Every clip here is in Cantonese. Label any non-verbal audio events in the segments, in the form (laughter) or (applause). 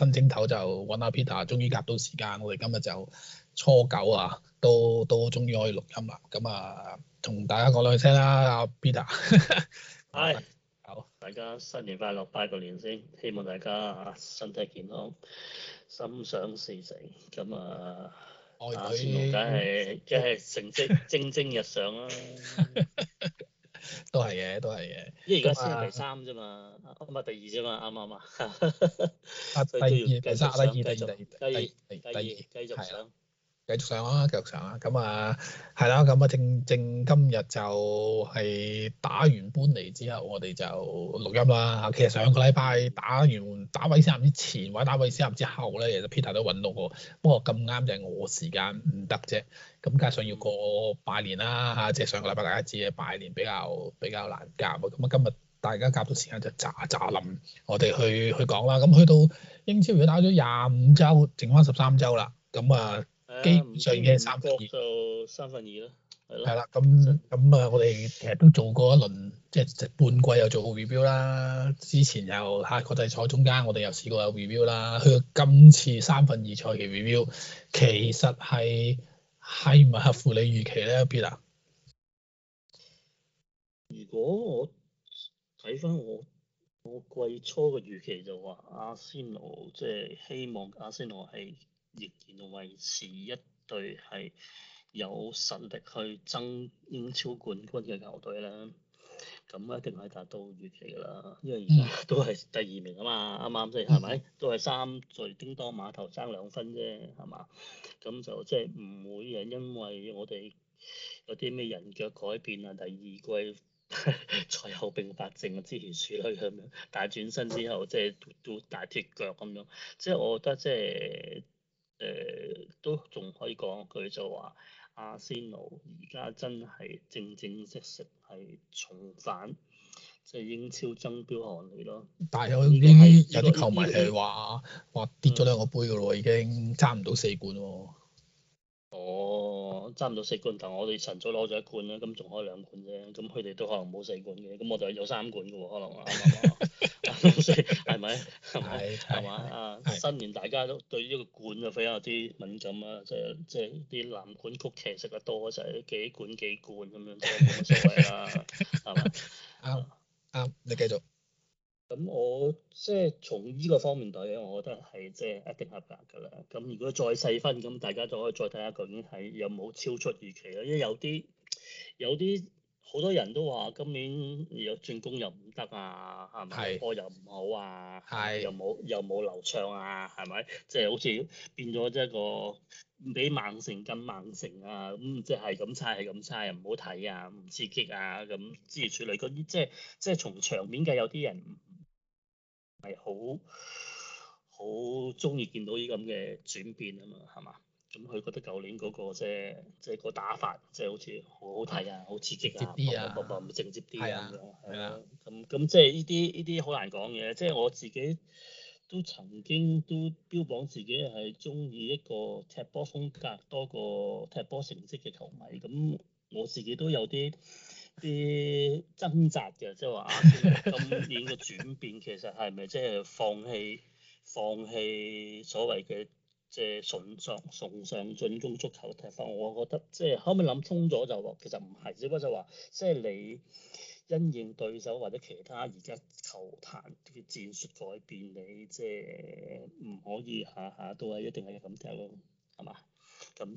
新蒸頭就揾阿、啊、Peter，終於夾到時間。我哋今日就初九啊，都都終於可以錄音啦。咁啊，同大家講兩聲啦，阿 Peter。係 (laughs) ，Hi, 好，大家新年快樂，拜個年先。希望大家身體健康，心想事成。咁啊，阿仙奴梗係即係成績蒸蒸日上啦、啊。 (laughs) 都係嘅，都係嘅。因為而家先係第三啫嘛，咁啊第二啫嘛，啱唔啱啊？啊，第二、第三、第二、第二、第二、第二，繼續上。繼續上，繼續上啊，繼續上啊，咁啊係啦，咁啊正正今日就係打完般尼之後，我哋就錄音啦。其實上個禮拜打完打韋斯咸之前，或者打韋斯咸之後咧，其實 Peter 都揾到我，不過咁啱就係我時間唔得啫。咁加上要過拜年啦，嚇、啊，即係上個禮拜大家知嘅拜年比較比較難夾。咁啊今日大家夾到時間就渣渣冧，我哋去去講啦。咁去到英超如果打咗廿五周，剩翻十三周啦，咁啊～基本上嘅三分二，就三、嗯、分二咯，係啦。係啦，咁咁啊，我哋其實都做過一輪，即係半季又做 review 啦。之前又下國際賽中間，我哋又試過有 review 啦。去到今次三分二賽期 review，其實係係唔係合乎你預期咧，Peter？如果我睇翻我我季初嘅預期，就話阿仙奴，即係希望阿仙奴係。仍然維持一隊係有實力去爭英超冠軍嘅球隊啦，咁一定係達到預期噶啦，因為而家都係第二名啊嘛，啱唔啱先？係咪？都係三聚叮噹馬頭爭兩分啫，係嘛？咁就即係唔會係因為我哋有啲咩人腳改變啊，第二季賽 (laughs) 後並發症啊，之前處女咁樣，但係轉身之後即係都大脫腳咁樣，即係我覺得即係。誒、呃、都仲可以講句就話，阿仙奴而家真係正正式式係重返，即、就、係、是、英超爭標行列咯。但係有啲有啲球迷係話，哇，跌咗兩個杯嘅咯喎，嗯、已經爭唔到四冠喎。哦，爭唔到四冠，但係我哋晨早攞咗一冠啦，咁仲可以兩冠啫，咁佢哋都可能冇四冠嘅，咁我哋有三冠嘅喎，可能啊。 (laughs) 所以係咪？係咪 (laughs) 是？係嘛？啊！ (laughs) 新年大家都對呢個罐啊，比較啲敏感啊，即係即係啲藍罐曲奇食得多就係幾罐幾罐咁樣都冇乜所謂啦，啊，係嘛？啱，啱，你繼續。咁我即係從呢個方面睇咧，我覺得係即係一定合格噶啦。咁如果再細分，咁大家就可以再睇下究竟係有冇超出預期咧，因為有啲有啲，有好多人都話今年有進攻又唔得啊，係咪？係波又唔好啊，係又冇又冇流暢啊，係咪？即係好似變咗即係個比曼城更曼城啊，咁即係咁差係咁差，又唔好睇啊，唔刺激啊，咁之類處理嗰啲，即係即係從場面嘅有啲人唔係好好中意見到啲咁嘅轉變啊嘛，係嘛？咁佢覺得舊年嗰個啫，即係個打法，即係好似好好睇啊，嗯、好刺激啊，嗯嗯嗯、直接啲啊，唔唔唔，正直啲啊，咁咁，啊啊，即係呢啲依啲好難講嘅，即係我自己都曾經都標榜自己係中意一個踢波風格多過踢波成績嘅球迷，咁我自己都有啲啲掙扎嘅，即係話 (laughs) 今年嘅轉變其實係咪即係放棄放棄所謂嘅？即係崇尚崇尚進攻足球踢法，我覺得即係後尾諗通咗就話，其實唔係，只不過就話，即係你因應對手或者其他而家球壇嘅戰術改變，你即係唔可以下下都係一定係咁踢咯，係嘛？咁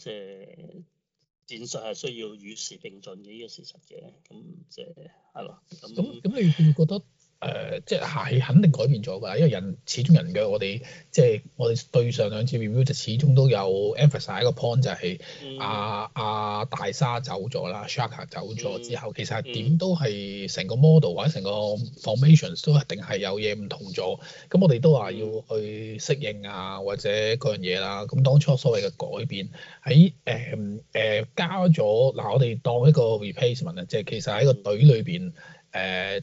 即係戰術係需要與時並進嘅呢個事實嘅，咁即係係咯。咁咁，你會唔會覺得？誒、呃，即係係肯定改變咗㗎，因為人始終人嘅。我哋即係我哋對上兩次 review 就始終都有 emphasize 一個 point 就係啊阿、嗯啊、大沙走咗啦，Xhaka 走咗之後，其實點都係成個 model 或者成個 formations 都一定係有嘢唔同咗。咁我哋都話要去適應啊，或者嗰樣嘢啦。咁當初所謂嘅改變喺誒誒加咗嗱、呃，我哋當一個 replacement 即係其實喺個隊裏邊誒。嗯呃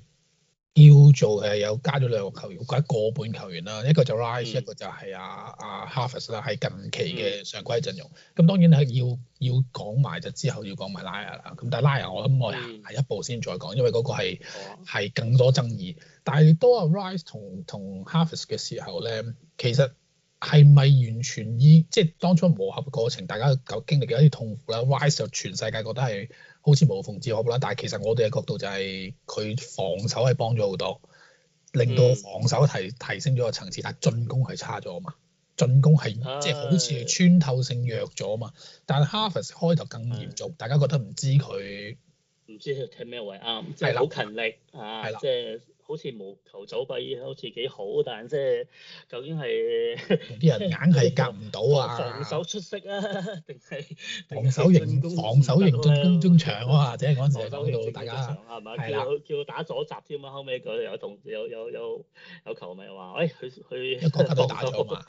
要做誒有加咗兩個球員，一個過半球員啦，一個就 Rice，一個就係阿阿 Havertz 啦，係、啊、近期嘅常規陣容。咁、嗯、當然咧要要講埋就之後要講埋 Raya 啦。咁但係 Raya 我諗我下一步先再講，嗯、因為嗰個係係、嗯、更多爭議。但係當阿 Rice 同同 Havertz 嘅時候咧，其實係咪完全以即係當初磨合過程大家夠經歷嘅一啲痛苦咧？Rice 就全世界覺得係。好似無縫之合啦，但係其實我哋嘅角度就係佢防守係幫咗好多，令到防守提提升咗個層次，但係進攻係差咗嘛，進攻係即係好似穿透性弱咗嘛。但係 Havertz 開頭更嚴重，的大家覺得唔知佢唔知佢踢咩位啱，啊，即係好勤力啊，即係的。即係好似冇球走位，好似幾好，但係即係究竟係啲人硬係夾唔到啊，防守出色啊，定係防守型，防守型進攻中場啊，或者嗰陣時大家係啦，叫打左閘添啊，後尾佢又同又又又有球迷話，誒佢去國家隊打咗嘛，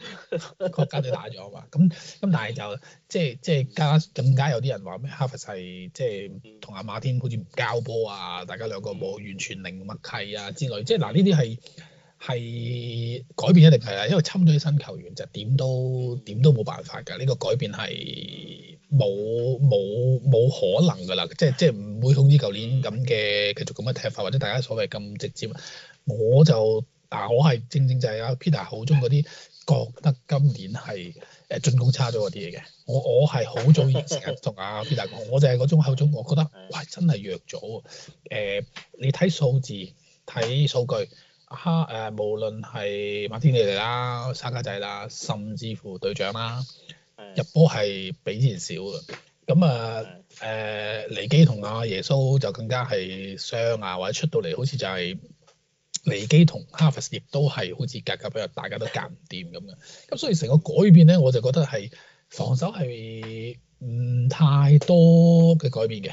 國家隊打咗嘛，咁咁但係就即係即係加更加有啲人話咩，哈佛斯係即係同阿馬天好似唔交波啊，大家兩個冇完全零默契啊即係嗱，呢啲係係改變一定係啦，因為添咗啲新球員就點都點都冇辦法㗎。呢、這個改變係冇冇冇可能㗎啦，即係即係唔會好似舊年咁嘅繼續咁嘅踢法，或者大家所謂咁直接。我就嗱、啊，我係正正就係阿 Peter 口中嗰啲覺得今年係誒進攻差咗嗰啲嘢嘅。我我係好早成日同阿 Peter 講，我就係嗰 (laughs) 種口中，我覺得哇，真係弱咗喎、呃。你睇數字。睇數據，啊、哈誒、呃，無論係馬天尼，尼尼啦、沙家仔啦，甚至乎隊長啦，的入波係比之前少嘅。咁啊誒，離機同阿耶穌就更加係傷啊，或者出到嚟好似就係尼基同哈佛 r 都係好似價格比較大家都夾唔掂咁嘅。咁所以成個改變咧，我就覺得係防守係唔太多嘅改變嘅。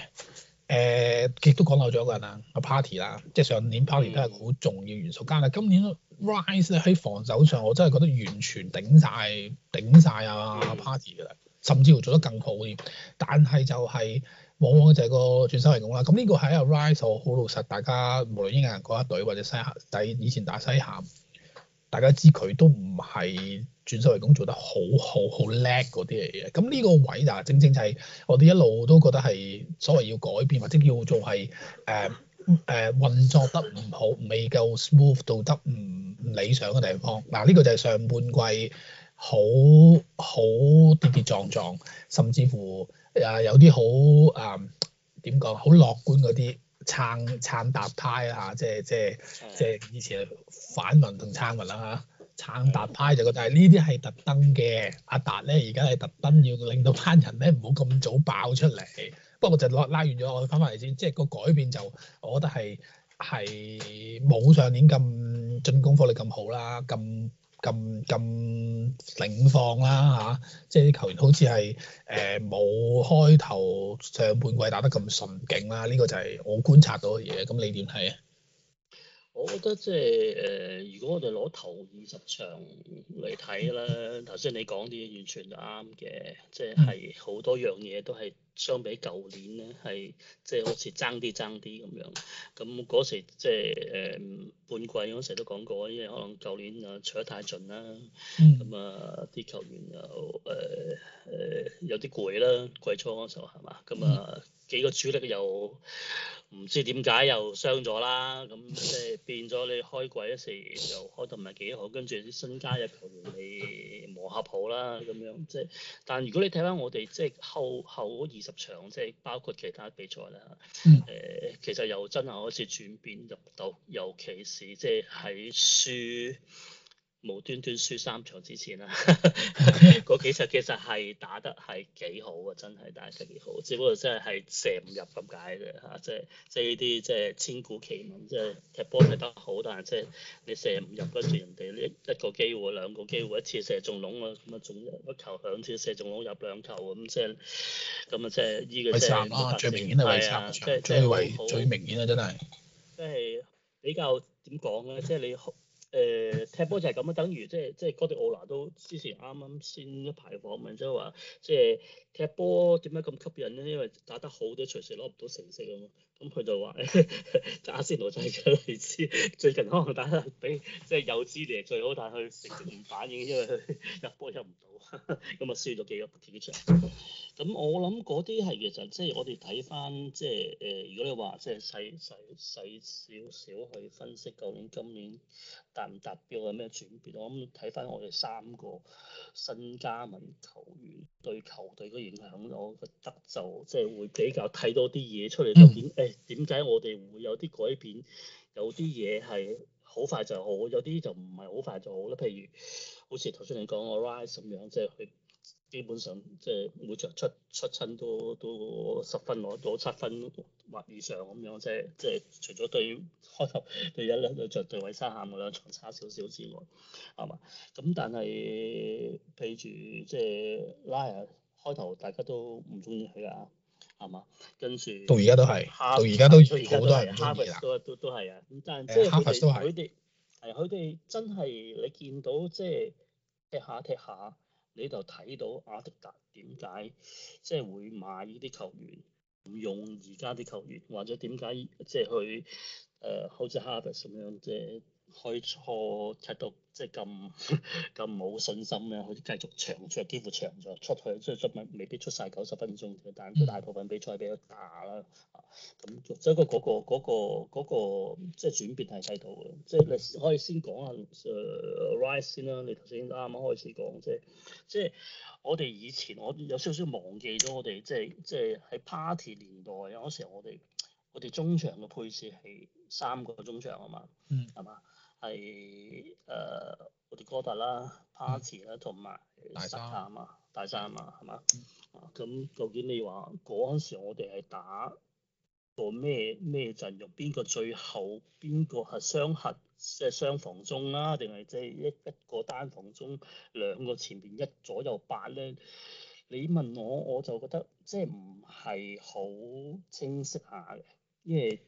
誒，亦都講漏咗一個人啦，阿 Party 啦，即係上年 Party 都係好重要元素間啦。加今年 Rice 咧喺防守上，我真係覺得完全頂晒頂曬阿 Party 㗎啦，甚至乎做得更好添。但係就係往往就係個轉手嚟講啦。咁呢個係阿 Rice，我好老實，大家無論英格蘭嗰一隊或者西鹹第以前打西鹹，大家知佢都唔係轉手為工做得好好好叻嗰啲嚟嘅。咁呢個位嗱，正正就係，我哋一路都覺得係所謂要改變或者叫做係誒誒運作得唔好，未夠 smooth 到得唔理想嘅地方。嗱、呃，呢、這個就係上半季好好跌跌撞撞，甚至乎啊、呃、有啲好啊點講好樂觀嗰啲。撐撐達派啊，即係即係即係以前反民同撐民啦嚇，撐達派就覺得係、啊、呢啲係特登嘅，阿達咧而家係特登要令到班人咧唔好咁早爆出嚟。不過我就拉拉完咗，我翻返嚟先。即係個改變就，我覺得係係冇上年咁進攻火力咁好啦，咁。咁咁領放啦嚇，即係啲球員好似係誒冇開頭上半季打得咁順勁啦，呢、這個就係我觀察到嘅嘢，咁你點睇啊？我覺得即係誒、呃，如果我哋攞頭二十場嚟睇啦，頭先你講啲嘢完全啱嘅，即係好多樣嘢都係相比舊年咧，係即係好似爭啲爭啲咁樣。咁嗰時即係誒、呃、半季嗰時都講過，因為可能舊年啊取得太盡啦，咁、嗯、啊啲球員又誒誒、呃呃、有啲攰啦，季初嗰時候係嘛，咁啊幾個主力又～唔知點解又傷咗啦，咁即係變咗你開季一時又開得唔係幾好，跟住啲新加入球員你磨合好啦，咁樣即係。但如果你睇翻我哋即係後後二十場，即係包括其他比賽啦，誒，嗯，呃，其實又真係開始轉變入到，尤其是即係喺輸。無端端輸三場之前啊，嗰幾場其實係打得係幾好啊，真係打得幾好，只不過真係係射唔入咁解啫吓，即係即係呢啲即係千古奇聞，即係踢波踢得好，但係即係你射唔入，跟住人哋一一個機會、兩個機會一次射中籠啊，咁啊仲一球，兩次射中籠入兩球咁即係，咁啊即係呢個即係最明顯係最即係最明顯啊真係，即係比較點講咧，即係你。誒、呃，踢波就係咁樣，等於即係即係哥迪奧拿都之前啱啱先一排訪問，即係話即係踢波點解咁吸引咧？因為打得好都隨時攞唔到成績啊嘛～咁佢就話打先，阿仙奴就係例子，最近可能打得比即係有知嘅最好，但係佢成績唔反映，因為佢入波入唔到，咁啊輸咗幾多幾場。咁我諗嗰啲係其實即係我哋睇翻即係誒，如果你話即係細細細少少去分析究竟今年達唔達標有咩轉變，我諗睇翻我哋三個新加盟球員對球隊嘅影響，我覺得就即係會比較睇多啲嘢出嚟，究竟。點解我哋會有啲改變？有啲嘢係好快就好，有啲就唔係好快就好啦。譬如，好似頭先你講個 Raya 咁樣，即係佢基本上即係即係每着出出親都都十分攞到七分或以上咁樣，即係即係除咗對開頭 (laughs) 對一兩對着對位沙喊嗰兩場差少少之外，係嘛？咁但係譬如即係 Raya 開頭大家都唔中意佢啊。係嘛？跟住到而家都係，到而家都好多人中意啦。都都、uh, 都係啊！咁但係即係佢哋，佢哋係佢哋真係你見到即係踢下踢下，你就睇到阿迪達點解即係會買呢啲球員，唔用而家啲球員，或者點解即係佢誒好似哈維咁樣即係。開錯尺度，即係咁咁冇信心咧，好似繼續長場幾乎長場出去，即係即未必出晒九十分鐘嘅，但係大部分比賽比較大啦，咁、啊、即係、嗰個嗰、嗰個嗰、嗰個、嗰個、即係轉變係喺度，即係你可以先講下 Rice 先啦，你頭先啱啱開始講即係即係我哋以前，我有少少忘記咗，我哋即係即係喺 party 年代有時候我哋我哋中場嘅配置係三個中場啊嘛，係嘛？嗯係誒、呃、我哋哥達啦、p a r t y 啦，同埋大三啊嘛，大三啊嘛係嘛？咁、嗯、究竟你話嗰陣時我哋係打個咩咩陣容？邊個最後？邊個係雙核？即係雙防中啦、啊，定係即係一一個單防中兩個前邊一左右八咧？你問我我就覺得即係唔係好清晰下嘅，因為誒、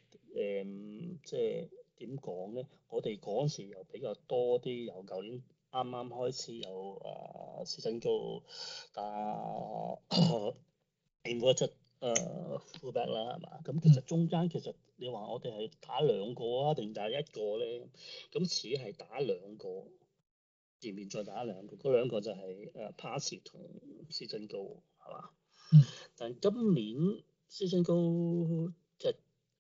嗯、即係。點講咧？我哋嗰時又比較多啲，由舊年啱啱開始有誒斯進高打 inverted fullback 啦，係、啊、嘛？咁、 (coughs) 嗯 (coughs) 嗯、其實中間其實你話我哋係打兩個啊，定打一個咧？咁似係打兩個，前面再打兩個，嗰兩個就係誒 pass 同斯進高，係、啊、嘛？Go, (coughs) 但係今年斯進高。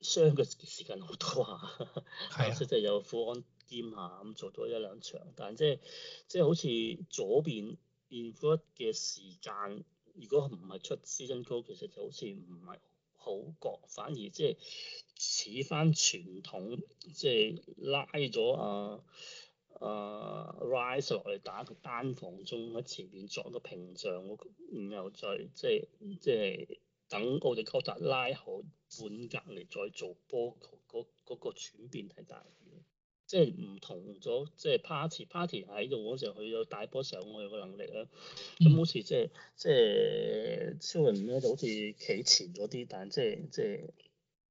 傷嘅時間好多啊，的啊下，即係有富安兼下咁做咗一兩場，但即係即係好似左邊 i n 嘅時間，如果唔係出 Zinchenko 其實就好似唔係好覺，反而即係似翻傳統，即係拉咗啊啊 Rice 落嚟打個單防中喺前面作個屏障，然後再即係即係。等奧迪高達拉好換隔嚟再做波嗰嗰、嗰個轉變係大啲，即係唔同咗，即係 party party 喺度嗰時候，佢有帶波上去嘅能力啦。咁好似即係即係超人咧、就係，就好似企前咗啲，但即係即係。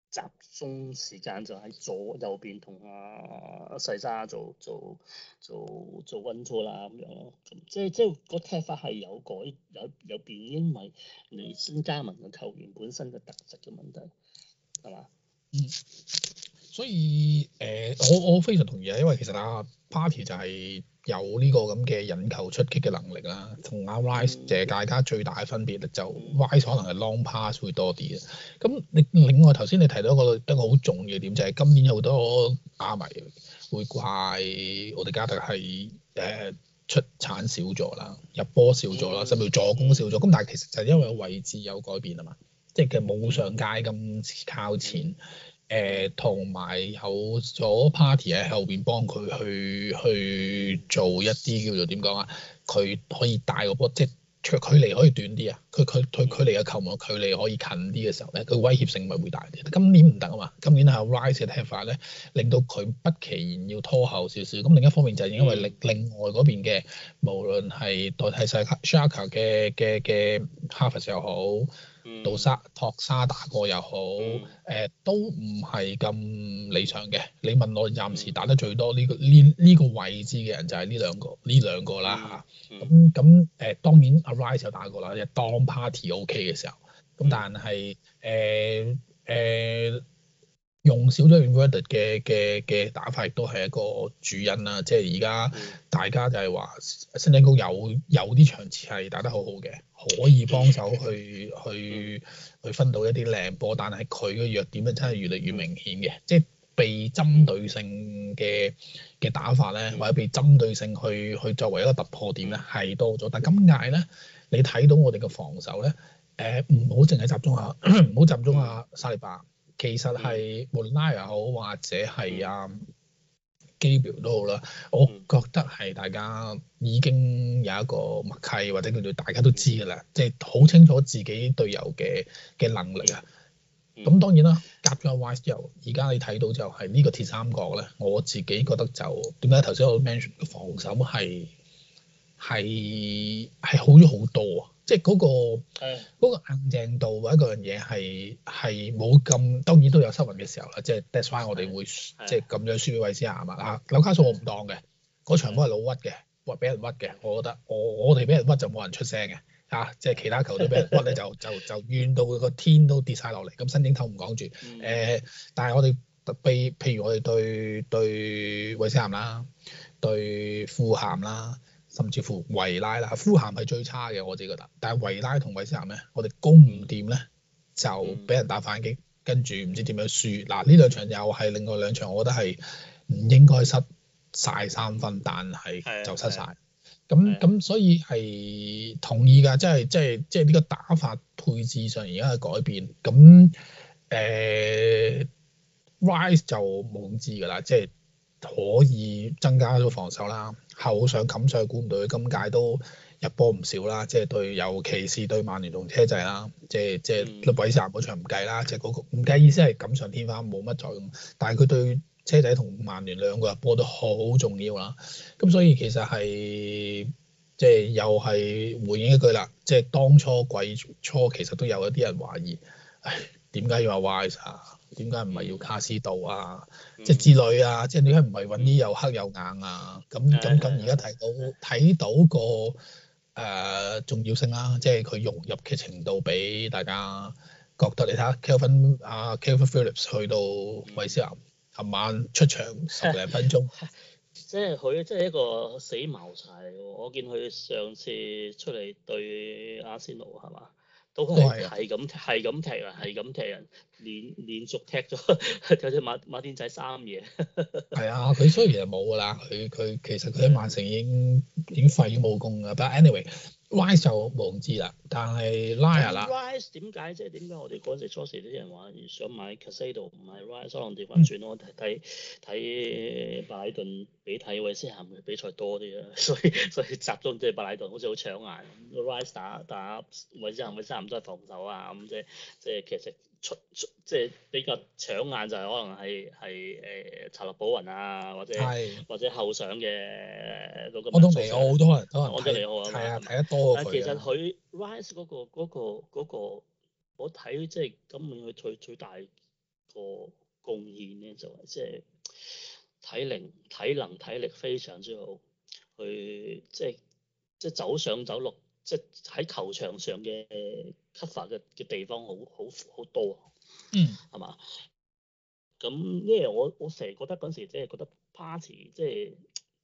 集中時間就喺左右邊同阿阿細沙做做做做溫啦咁樣咯，即即、個踢法係有改有有變，因為你先加盟嘅球員本身嘅特質嘅問題，係嘛？嗯。所以誒、呃，我我非常同意啊，因為其實阿 Party 就係、是。有呢個咁嘅引球出擊嘅能力啦，同阿 Rice 就係大家最大嘅分別就 Rice 可能係 long pass 會多啲啊。咁你另外頭先你提到一個好重要點就係、是、今年有好多亞迷會怪奧迪加特係誒出產少咗啦，入波少咗啦，甚至助攻少咗。咁但係其實就因為位置有改變啊嘛，即係佢冇上屆咁靠前。誒同埋有咗 party 喺後邊幫佢去去做一啲叫做點講啊，佢可以帶個波，即係距離可以短啲啊，佢佢佢距離嘅球門距離可以近啲嘅時候咧，佢威脅性咪會大啲。今年唔得啊嘛，今年係 Rice 嘅踢法咧，令到佢不其然要拖後少少。咁另一方面就係因為另另外嗰邊嘅，嗯、無論係代替曬 Xhaka 嘅嘅嘅 Havertz 又好。杜沙托沙打過又好，誒、呃、都唔係咁理想嘅。你問我暫時打得最多呢、呢個呢呢、呢個位置嘅人就係呢兩個呢兩個啦嚇。咁咁誒當然 Rice 就打過啦，又當 Partey OK 嘅時候。咁但係誒誒。呃呃用少咗 inverted 嘅嘅嘅打法，亦都係一個主因啦。即係而家大家就係話，辛真高有有啲場次係打得好好嘅，可以幫手去去去分到一啲靚波。但係佢嘅弱點咧，真係越嚟越明顯嘅，即係被針對性嘅嘅打法咧，或者被針對性去去作為一個突破點咧，係多咗。但今屆咧，你睇到我哋嘅防守咧，誒唔好淨係集中下，唔好 (coughs) 集中下沙利巴。其實係、嗯、無論 line 又好，或者係 Gabriel 都好啦，我覺得係大家已經有一個默契，或者叫做大家都知噶啦，即係好清楚自己隊友嘅嘅能力啊。咁、嗯嗯、當然啦，夾咗 Rice 之後，而家你睇到就係呢個鐵三角咧。我自己覺得就點解頭先我 mention 嘅防守係係係好咗好多啊！即係嗰、那個、的個硬淨度或者嗰樣嘢係係冇咁，當然都有失魂嘅時候啦，即係 that’s why 我哋會的即係咁樣輸俾韋斯咸啊。啊紐的卡素我唔當嘅，嗰場波係老屈嘅，屈俾人屈嘅，我覺得我我哋俾人屈就冇人出聲嘅啊，即係其他球都俾人屈咧 (laughs) 就就就怨到個天都跌晒落嚟，咁新丁頭唔講住誒，但係我哋特別譬如我哋對對韋斯咸啦，對富咸啦。甚至乎維拉啦，富咸係最差嘅，我自己覺得。但係維拉同韋斯咸咧，我哋攻唔掂咧，就俾人打反擊，跟住唔知點樣輸。嗱，呢兩場又係另外兩場，我覺得係唔應該失晒三分，但係就失晒。咁咁，所以係同意㗎，即係即係即係呢個打法配置上而家嘅改變。咁誒、呃、Rise 就冇咁知㗎啦，即係可以增加咗防守啦。後上錦賽，估唔到佢今屆都入波唔少啦，即係對，尤其是對曼聯同車仔啦，即係即係維斯亞嗰場唔計啦，即係嗰個唔計，意思係錦上添花冇乜作用。但係佢對車仔同曼聯兩個入波都好重要啦，咁所以其實係即係又係回應一句啦，即係當初季初其實都有一啲人懷疑。唉點解要話 wise、嗯、啊？點解唔係要卡斯導啊？即係之類啊？即係點解唔係揾啲又黑又硬啊？咁咁咁而家睇到睇、哎、呀到個誒、呃、重要性啦、啊，即係佢融入嘅程度俾大家覺得。你睇下 Kelvin 啊，Kelvin Phillips 去到韋斯咸，琴晚出場十零分鐘。即係佢，即係一個死茅柴嚟喎！我見佢上次出嚟對阿仙奴係嘛？係係咁係咁踢啊，係咁踢啊，連連續踢咗頭先馬馬天仔三嘢係啊，佢雖然係冇噶啦，佢佢其實佢喺曼城已經、嗯、已經廢咗武功噶，but anyway。Rice 就無知啦，但係拉啊拉。Rice 點解即係點解我哋嗰陣時初時啲人話想買 cassado 唔係 Rice 可能調翻轉囉，睇睇睇，白禮頓比睇韋斯咸嘅比賽多啲啊，所以所以集中即係白禮頓好似好搶眼，Rice 打打韋斯咸韋斯咸都係防守啊，咁即係即係其實。出即係比較搶眼就係可能係係誒查立保雲啊或者係或者後上嘅誒嗰個，我覺得嚟好多人多人睇，係啊睇得多過佢但其實佢 rise 嗰個嗰個我睇即係今年佢最最大個貢獻咧，就係，就係即係體能體能體力非常之好，佢即係即係走上走落。即喺球場上嘅 cover 嘅嘅地方好好好多啊，嗯，係嘛？咁因為我我成日覺得嗰陣時即係覺得 party 即係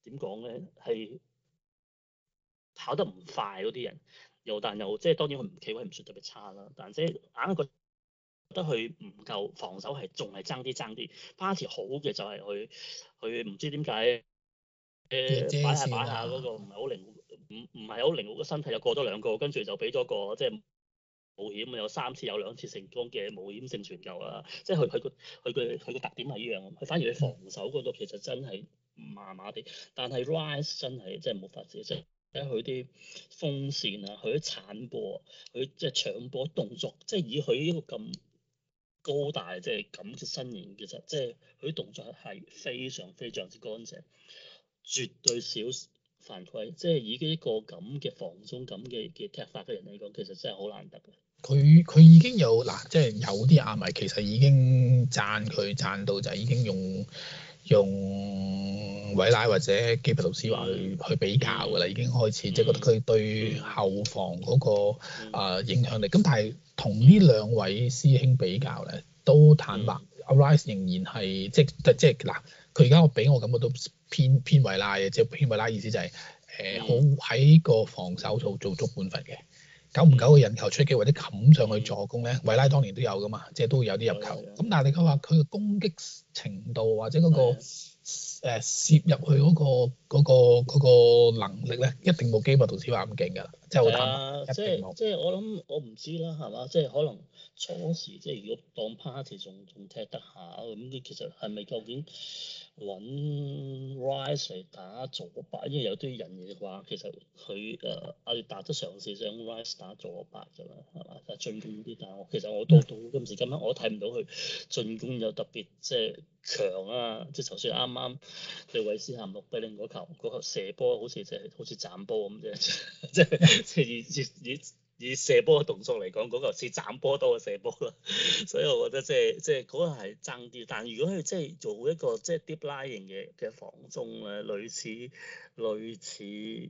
點講咧，係跑得唔快嗰啲人，又但又即係當然佢企位唔算特別差啦，但即係硬係覺得佢唔夠防守係仲係爭啲爭啲。party 好嘅就係佢佢唔知點解誒擺下擺下嗰個，唔係好靈活。唔唔係好靈活嘅身體又過多兩個，跟住就俾咗個即係冒險，有三次有兩次成功嘅冒險性傳球啊！即係佢佢個佢佢嘅特點係一樣，佢反而佢防守嗰度其實真係麻麻地，但係 Rice 真係真係冇法子，即係佢啲風扇啊，佢啲鏟波，佢即係搶波動作，即係以佢呢個咁高大、就是、即係咁嘅身形，其實即係佢啲動作係非常非常之乾淨，絕對少犯規，即係以呢一個咁嘅防中咁嘅嘅踢法嘅人嚟講，其實真係好難得。佢佢已經有嗱，即係有啲阿迷其實已經讚佢讚到就係已經用用韋拉或者基普老師話去、嗯、去比較㗎啦，已經開始、嗯、即係覺得佢對後防嗰個、嗯呃、影響力。咁但係同呢兩位師兄比較咧，都坦白、嗯、，Rice 仍然係即係即係嗱，佢而家我俾我感覺都。偏偏維拉嘅，即係偏維拉意思就係、是、誒、呃嗯、好喺個防守度做足本分嘅。久唔久佢人球出擊或者冚上去助攻咧，維、嗯、拉當年都有㗎嘛，即係都會有啲入球。咁、嗯、但係你講話佢嘅攻擊程度或者嗰、嗰個。嗯誒攝入去嗰、嗰個嗰、嗰個嗰個、能力咧，一定冇基密同小眼鏡咁勁㗎啦，真係好慘。即係即係我諗，我唔知啦，係嘛？即係可能初時即係、即係、如果當 party 仲仲踢得下咁，佢其實係咪究竟揾 Rice 嚟打左八？因為有啲人嘅話，其實佢誒阿迪達都嘗試想 Rice 打左八㗎嘛，係嘛？但進攻啲，但係我其實我都到今時今日，我睇唔到佢進攻有特別即係。即係長啊！即係頭先啱啱對韋斯咸六比零嗰球，嗰球射波好似就係、是、好似斬波咁啫， (laughs) 即係即係以以以射波嘅動作嚟講，嗰球似斬波多嘅射波啦。 (laughs) 所以我覺得即係即係嗰個係爭啲。但係如果佢即係做一個即係 deep lying 嘅嘅防中咧，類似類似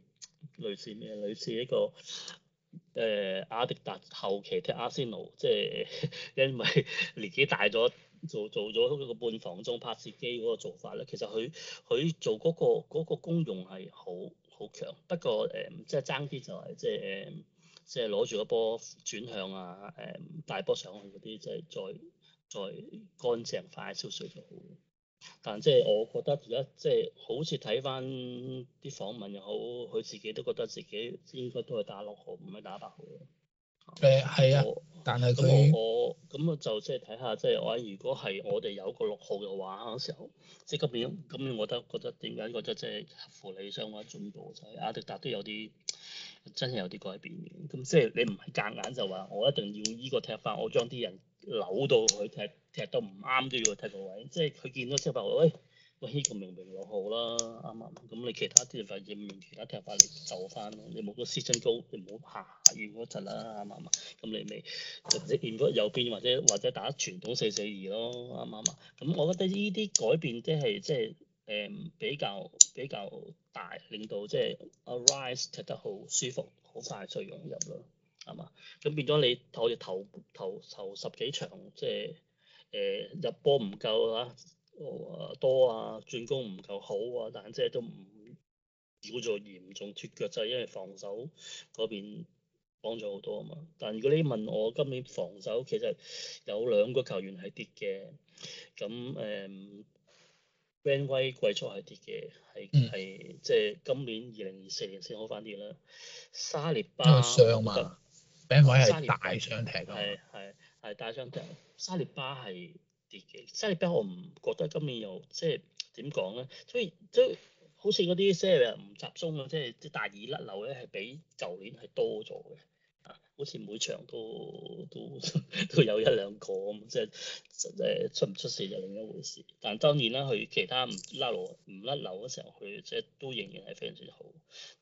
類似咩？類似一個誒阿、呃、迪達後期踢阿仙奴，即係因為年紀大咗。做做咗個半防中拍攝機嗰個做法咧，其實佢佢做嗰、嗰個嗰個功用係好好強，不過誒即係爭啲就係即係誒，即係攞住嗰波轉向啊誒、呃、大波上去嗰啲，即、就、係、是、再再乾淨快少少就好。但即係我覺得而家即係好似睇翻啲訪問又好，佢自己都覺得自己應該都係打六號，唔係打八號。誒係啊，嗯、我但係咁我咁啊就即係睇下，即係我如果係我哋有個六號嘅話，嗰時候即係今年咁，我覺得覺得點解覺得即係合乎理想或者進步就係、是、阿迪達都有啲真係有啲改變嘅，咁即係你唔係夾硬就話我一定要依個踢法，我將啲人扭到去踢踢到唔啱都要去踢個位，即係佢見到即係話喂。喂，呢個明明落好啦，啱唔啱？咁你其他啲就係用用其他踢法你就翻咯。你冇個 season 高，你唔好下完嗰陣啦，啱唔啱？咁你咪或者 move 右邊，或者或者打傳統四四二咯，啱唔啱？咁我覺得呢啲改變即係即係誒比較比較大，令到即係 a Rice 踢得好舒服，好快再融入咯，係嘛？咁變咗你我哋頭頭頭十幾場，即係誒入波唔夠啊！多啊，轉攻唔夠好啊，但係即係都唔叫做嚴重脱腳就係、係、因為防守嗰邊幫咗好多啊嘛。但如果你問我今年防守其實有兩個球員係跌嘅，咁誒，Ben White 季初係跌嘅，係係即係今年二零二四年先好翻啲啦。沙列巴傷嘛 Ben White 係大傷踢啊，係係大傷踢，踢，沙列巴係。即係比我唔覺得今年又即係點講咧，所以係好似嗰啲 share 唔集中咁，即係即係大意甩漏咧係比舊年係多咗嘅。好似每場都都都有一兩個咁，即係誒出唔出事就另一回事。但當然啦，佢其他唔甩落唔甩漏嘅時候，佢即係都仍然係非常之好。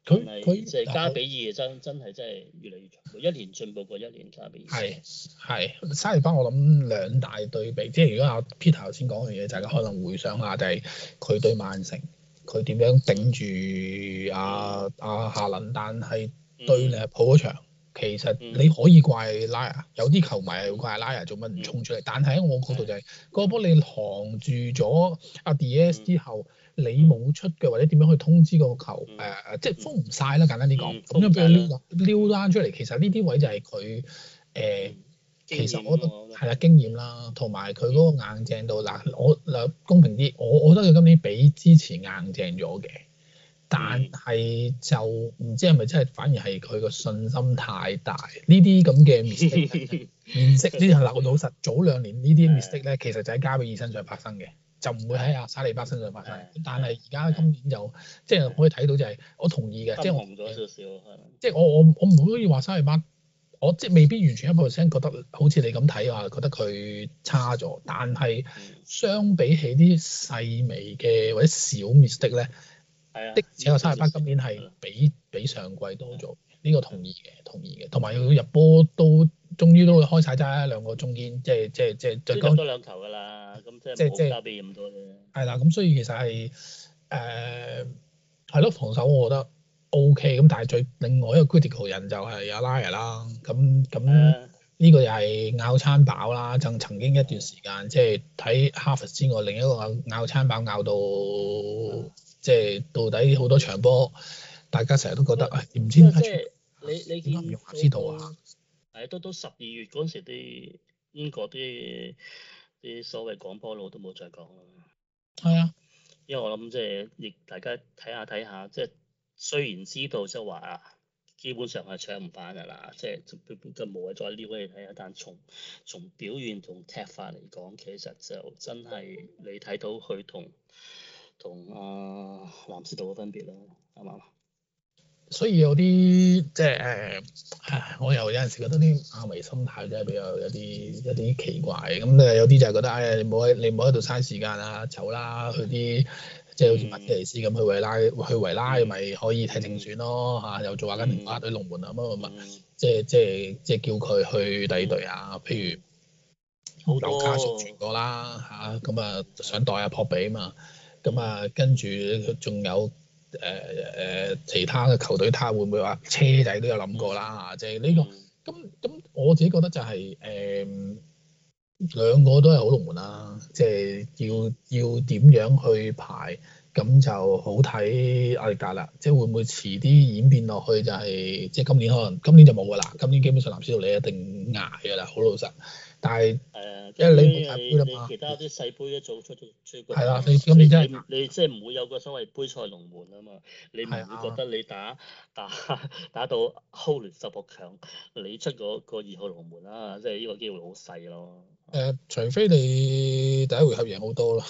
佢佢即係加比爾真真係真係越嚟越強，一年進步過一年加比爾，係係沙利班，我諗兩大對比，即係如果阿 Peter 頭先講嘅嘢，大、就、家、是、可能回想下就係、是、佢對曼城，佢點樣頂住阿阿夏倫，但係對利物浦嗰其實你可以怪拉亞，有啲球迷係怪阿拉亞，做乜唔衝出嚟？但係喺我嗰度就係、是，嗰波你行住咗阿 DS 之後，你冇出嘅或者點樣去通知個球誒、呃？即係封唔晒啦，簡單啲講。咁、嗯、樣俾人撩撩都出嚟，其實呢啲位就係佢誒，呃、其實我都係啦經驗啦，同埋佢嗰個硬淨度嗱，我嗱公平啲，我我覺得佢今年比之前硬淨咗嘅。但係就唔知係咪真係反而係佢個信心太大，呢啲咁嘅 mistake，mistake 呢啲係流到好實。早兩年呢啲 mistake 咧，其實就喺加比爾身上發生嘅，就唔會喺阿沙利巴身上發生。 (laughs) 但係而家今年就即係、就是、可以睇到就係、是、我同意嘅， (laughs) 即係唔咗少少即係我我我唔可以話沙利巴，我即係未必完全一百 percent 覺得好似你咁睇啊，覺得佢差咗。但係相比起啲細微嘅或者小 mistake 咧。的確個三十八今年係比比上季多咗，呢個同意嘅，同意嘅。同埋要入波都終於都開晒齋兩個中堅，即係即係即係再講多兩球㗎啦。咁即係即係加俾咁多啫。係啦，咁所以其實係誒係咯，防守，我覺得 O K。咁但係最另外一個 critical 人就係阿拉爾啦。咁咁呢個又係咬餐飽啦。曾曾經一段時間即係睇哈弗斯之外，另一個咬餐飽咬到。即係到底好多場波，大家成日都覺得誒唔知點解。你你見唔知道啊？係啊，到到十二月嗰陣時啲英國啲啲所謂講波佬都冇再講啦。係啊，因為我諗即係亦大家睇下睇下，即係雖然知道即係話基本上係搶唔翻㗎啦，即係根本冇謂再撩你睇啊。但係從從表現同踢法嚟講，其實就真係你睇到佢同。同啊藍斯道嘅分別咯，啱啱所以有啲即係誒，我又有陣時覺得啲亞迷心態真係比較有啲有啲奇怪咁，你有啲就係覺得，哎，你唔好喺你唔好喺度嘥時間啊，走啦，去啲即係好似馬天尼斯咁去維拉去維拉咪、嗯、可以踢正選咯嚇，又做阿根廷啊隊龍門啊乜乜即係即係即係叫佢去第二隊啊，譬如好，有卡索轉過啦嚇，咁啊想代阿、啊、博比啊嘛～咁啊，跟住仲有誒誒其他嘅球隊，睇下會唔會話車仔都有諗過啦？即係呢個，咁咁我自己覺得就係誒兩個都係好龍門啦，即係要要點樣去排，咁就好睇阿力達啦。即係會唔會遲啲演變落去就係，即係今年可能今年就冇噶啦，今年基本上藍斯圖你一定捱噶啦，好老實。但係，係啊，即係你唔打其他啲細杯一早出咗出過。係啦，咁你即係你即係唔會有個所謂杯賽龍門啊嘛，你咪會覺得你打打打到歐聯十六強，你出嗰個二號龍門啦，即係呢個機會好細咯。誒、呃，除非你第一回合贏多 (laughs) (laughs) (music) 好多咯。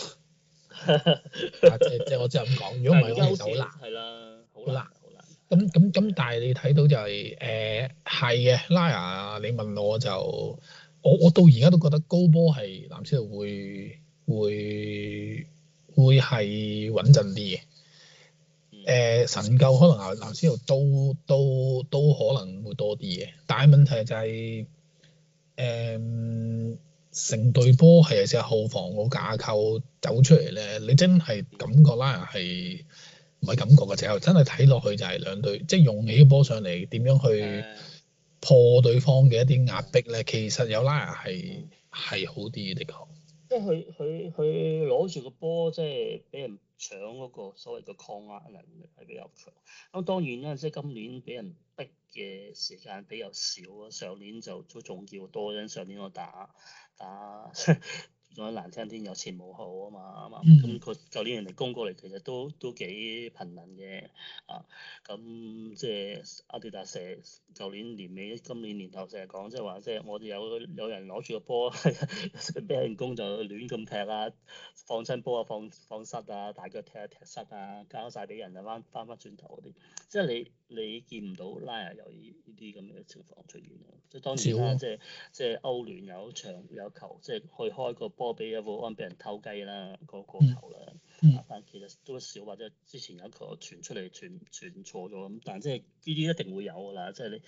即即係我即係咁講，如果唔係我好難。係啦，好難好難。咁咁咁，但係你睇到就係誒係嘅，Raya，你問我就。我我到而家都覺得高波係藍超會會會係穩陣啲嘅，誒、呃、神救可能啊，藍超都都都可能會多啲嘅，但係問題就係誒成隊波係係後防個架構走出嚟咧，你真係感覺啦，係唔係感覺嘅就又真係睇落去，就係兩隊即係用起個波上嚟點樣去。嗯破對方嘅一啲壓迫咧，其實有拉係係好啲嘅，的確，即係佢佢佢攞住個波，即係俾人搶嗰個所謂嘅抗壓能力係比較強。咁當然啦，即係今年俾人逼嘅時間比較少咯，上年就都仲要多。因上年我打打。講得難聽啲，有前冇後啊嘛，啊嘛、嗯，咁佢舊年人哋攻過嚟，其實都都幾頻臨嘅，啊，咁即係阿迪達蛇，舊年年尾、今年年頭成日講，即係話即係我哋有有人攞住個波，俾人攻就亂咁踢啊，放親波啊，放放失啊，大腳踢啊踢失啊，交晒俾人啊，翻翻翻轉頭嗰啲，即係你你見唔到拉亞有呢啲咁嘅情況出現咯，就是哦、即係當時啦，即係即係歐聯有一場有球，即係去開個波。個比啊個案俾人偷雞啦，嗰個頭啦，嗯、但其實都少或者之前有一個傳出嚟傳傳錯咗咁，但即係呢啲一定會有㗎啦，即係你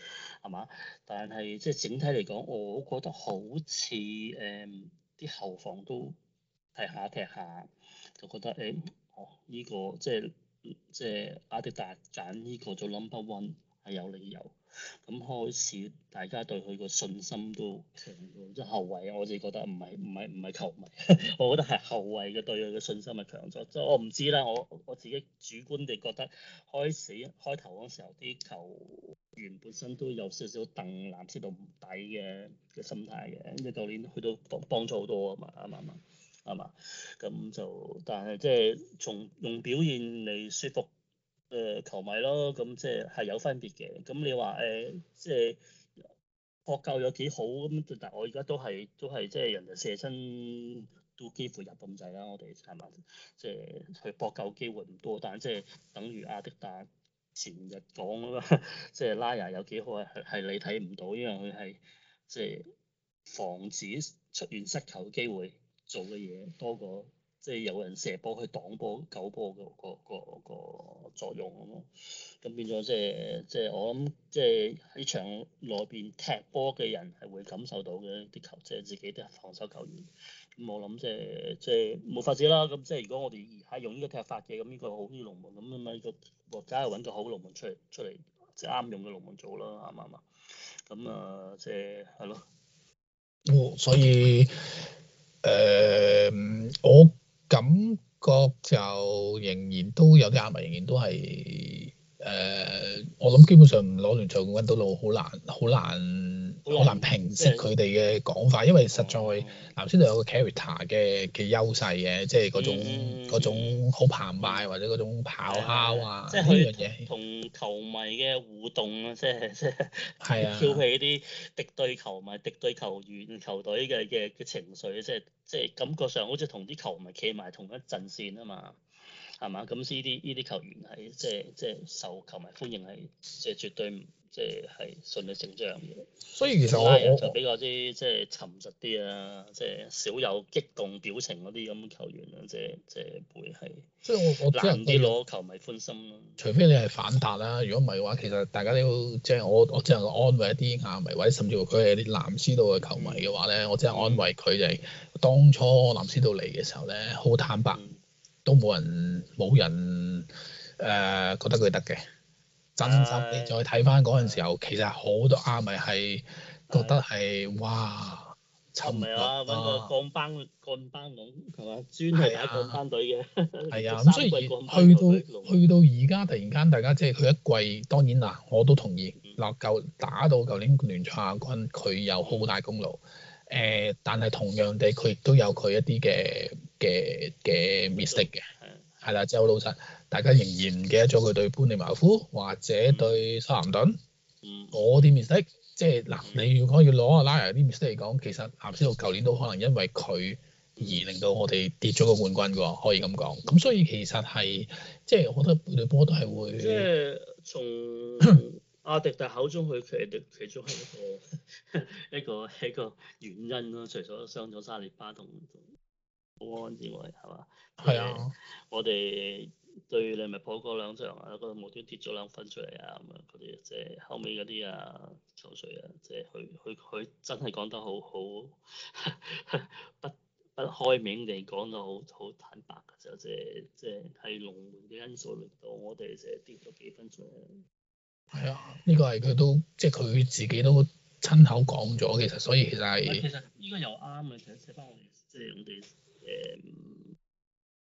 係嘛？但係即係整體嚟講，我覺得好似誒啲後防都踢下踢下，就覺得誒、欸、哦呢個即係即係阿迪達揀呢個做 number one 係有理由。咁開始，大家對佢個信心都強咗，即係後衞啊。我自己覺得唔係唔係唔係球迷， (laughs) 我覺得係後衞嘅對佢嘅信心係強咗。即係我唔知啦，我我，我自己主觀地覺得開，開始開頭嗰時候啲球員本身都有少少掟藍色度底嘅嘅心態嘅。咁你舊年去到幫幫咗好多啊嘛，啱唔啱？啱嘛？咁就但係即係從用表現嚟説服。誒、呃、球迷咯，咁、嗯、即係係有分別嘅。咁、嗯、你話誒、呃，即係撲救有幾好咁？但我而家都係都係即係人哋射親都幾乎入咁滯啦。我哋係咪即係去撲救機會唔多？但係即係等於阿迪達前日講啦，即係拉亞有幾好啊？係你睇唔到，因為佢係即係防止出現失球嘅機會做嘅嘢多過。即係有人射波去擋波救波嘅個個個作用咯，咁變咗即係即係我諗即係喺場內邊踢波嘅人係會感受到嘅啲球，即係自己都係防守球員。咁我諗即係即係冇法子啦。咁即係如果我哋而家用呢個踢法嘅，咁呢個好啲龍門咁啊嘛呢家我梗係揾個好龍門出嚟出嚟，即係啱用嘅龍門做啦，啱唔啱啊？咁啊、即係，即係係咯。所以誒、呃，我。感覺就仍然都有啲壓力，仍然都係。誒，uh, 我諗基本上唔攞聯賽冠軍到路，好難，好難，好難，難平息佢哋嘅講法，因為實在頭先就有個 character 嘅嘅優勢嘅，即係嗰種好、嗯、澎湃、嗯、或者嗰種咆哮啊，即係同球迷嘅互動啊，即係即係，係啊，挑起啲敵對球迷、的敵對球員、球隊嘅嘅嘅情緒，即係即係感覺上好似同啲球迷企埋同一陣線啊嘛。係嘛？咁呢啲呢啲球員係即係即係受球迷歡迎係，即係絕對即係順理成章嘅。所以其實我、哎、我就比較啲即係沉實啲啊，即係我少有激動表情嗰啲咁嘅球員啊，即係即係會係即係我我難啲攞球迷歡心，除非你係反彈啦，如果唔係嘅話，其實大家都要即係我我只能安慰一啲亞迷，或者甚至乎佢係啲藍絲度嘅球迷嘅話咧，嗯、我只能安慰佢哋、就係、當初藍絲度嚟嘅時候咧，好坦白。都冇人冇人誒、呃、覺得佢得嘅，真心地再睇翻嗰陣時候，其實好多阿迷係覺得係哇尋覓啊，揾、啊、個降班降班佬，係嘛，專係打一個降班隊嘅。係啊，咁、啊桂嗯、所以去到去到而家突然間，大家即係佢一季，當然嗱，我都同意嗱，舊、嗯、打到舊年聯賽亞軍，佢有好大功勞。誒、呃，但係同樣地，佢亦都有佢一啲嘅。嘅嘅 mistake 嘅，係啦，即係好老實，大家仍然唔記得咗佢對般尼茅夫或者對修咸頓。 (music) 我啲 mistake，即係嗱， (music) 你如果可以攞阿拉啲 mistake 嚟講，其實阿先圖舊年都可能因為佢而令到我哋跌咗個冠軍㗎，可以咁講。咁所以其實係，即係我覺得半對波都係會，即係從阿迪達口中去，佢其其其中一個 (laughs) 一個一個，一個原因咯，除咗傷咗沙利巴同保安之外，係嘛？係啊，我哋對利物浦嗰兩場啊，嗰個無端跌咗兩分出嚟啊，咁樣佢哋即係後尾嗰啲啊抽水啊，即係佢佢佢真係講得好好，不不開名地講咗好好坦白嘅啫，即係即係係龍門嘅因素令到，我哋就跌咗幾分出嚟。係啊，呢個係佢都即係佢自己都親口講咗，其實所以其實係、啊。其實呢個又啱嘅，成一成班即係我哋。就是誒，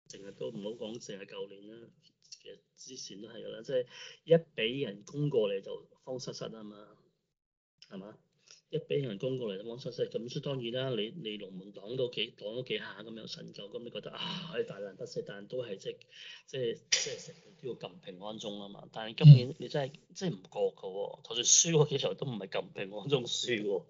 成日、嗯、都唔好講，成日舊年啦，其實之前都係噶啦，即係一俾人攻過嚟就慌失失啊嘛，係嘛？一俾人攻過嚟咁樣塞塞咁，所以當然啦，你你龍門擋都幾擋咗幾下咁有神救，咁你覺得啊，係大難不死，但都係即即即，即成日都要撳平安鐘啦嘛。但係今年你真係即唔覺嘅喎、哦，就算輸嗰幾場都唔係撳平安鐘輸喎，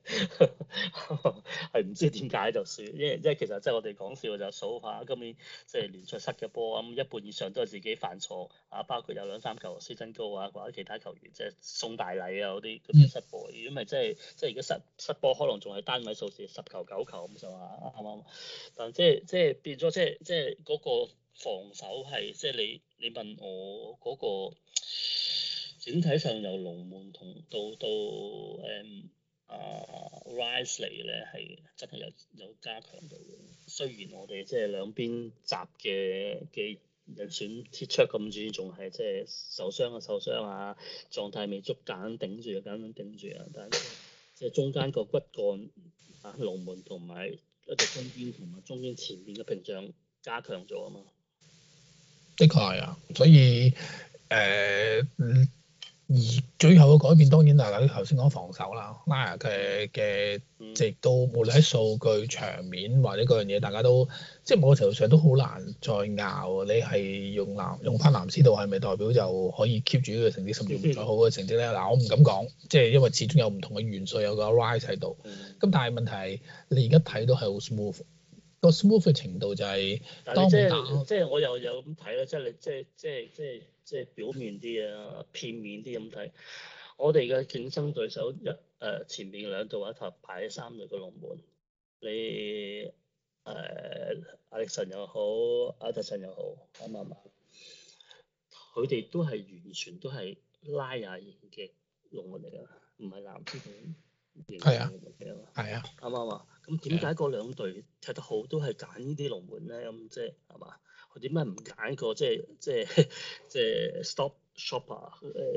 係 (laughs) 唔知點解就輸。因為即係其實即我哋講笑就數下今年即聯賽失嘅波咁，一半以上都係自己犯錯啊，包括有兩三球辛真高啊，或者其他球員即送、就是、大禮啊嗰啲咁嘅失波。如果咪即係即而家。失波可能仲係單位數字，十球九球咁就話啱啱，但即係即係變咗即係即係嗰個防守係即係你你問我嗰個整體上由龍門同到到誒啊 Rice 嚟咧係真係有有加強到嘅，雖然我哋即係兩邊集嘅嘅人選踢出咁主要仲係即係受傷啊受傷啊，狀態未足緊頂住啊緊緊頂住啊，但係。但頂即中間個骨幹啊，龍門同埋一個中間同埋中間前面嘅屏障加強咗啊嘛，的確係啊，所以誒、呃嗯而最後嘅改變當然就係你頭先講防守啦 Raya 嘅嘅，直到無論喺數據場面或者嗰樣嘢，大家都即係某個程度上都好難再拗。你係用南用翻 Ramsdale 係咪代表就可以 keep 住呢個成績，甚至乎再好嘅成績咧？嗱，我唔敢講，即係因為始終有唔同嘅元素有個 rise 喺度。咁但係問題你而家睇到係好 smooth。個 smooth 嘅程度就係、是，但係即係即係我又有咁睇啦。即係即係即係即係表面啲啊，片面啲咁睇。我哋嘅競爭對手一誒、呃、前面兩度一頭排喺三隊嘅龍門，你誒亞歷臣又好，艾達臣又好，啱唔啱？佢哋都係完全都係拉雅型嘅龍門嚟㗎，唔係藍色型型嘅龍門嚟咯，係啊的，啱唔啱啊？咁點解嗰兩隊踢得好都係揀呢啲龍門咧？咁、即係即係、 (laughs) 即係係嘛？佢點解唔揀個即係即係即係 stop shopper 誒、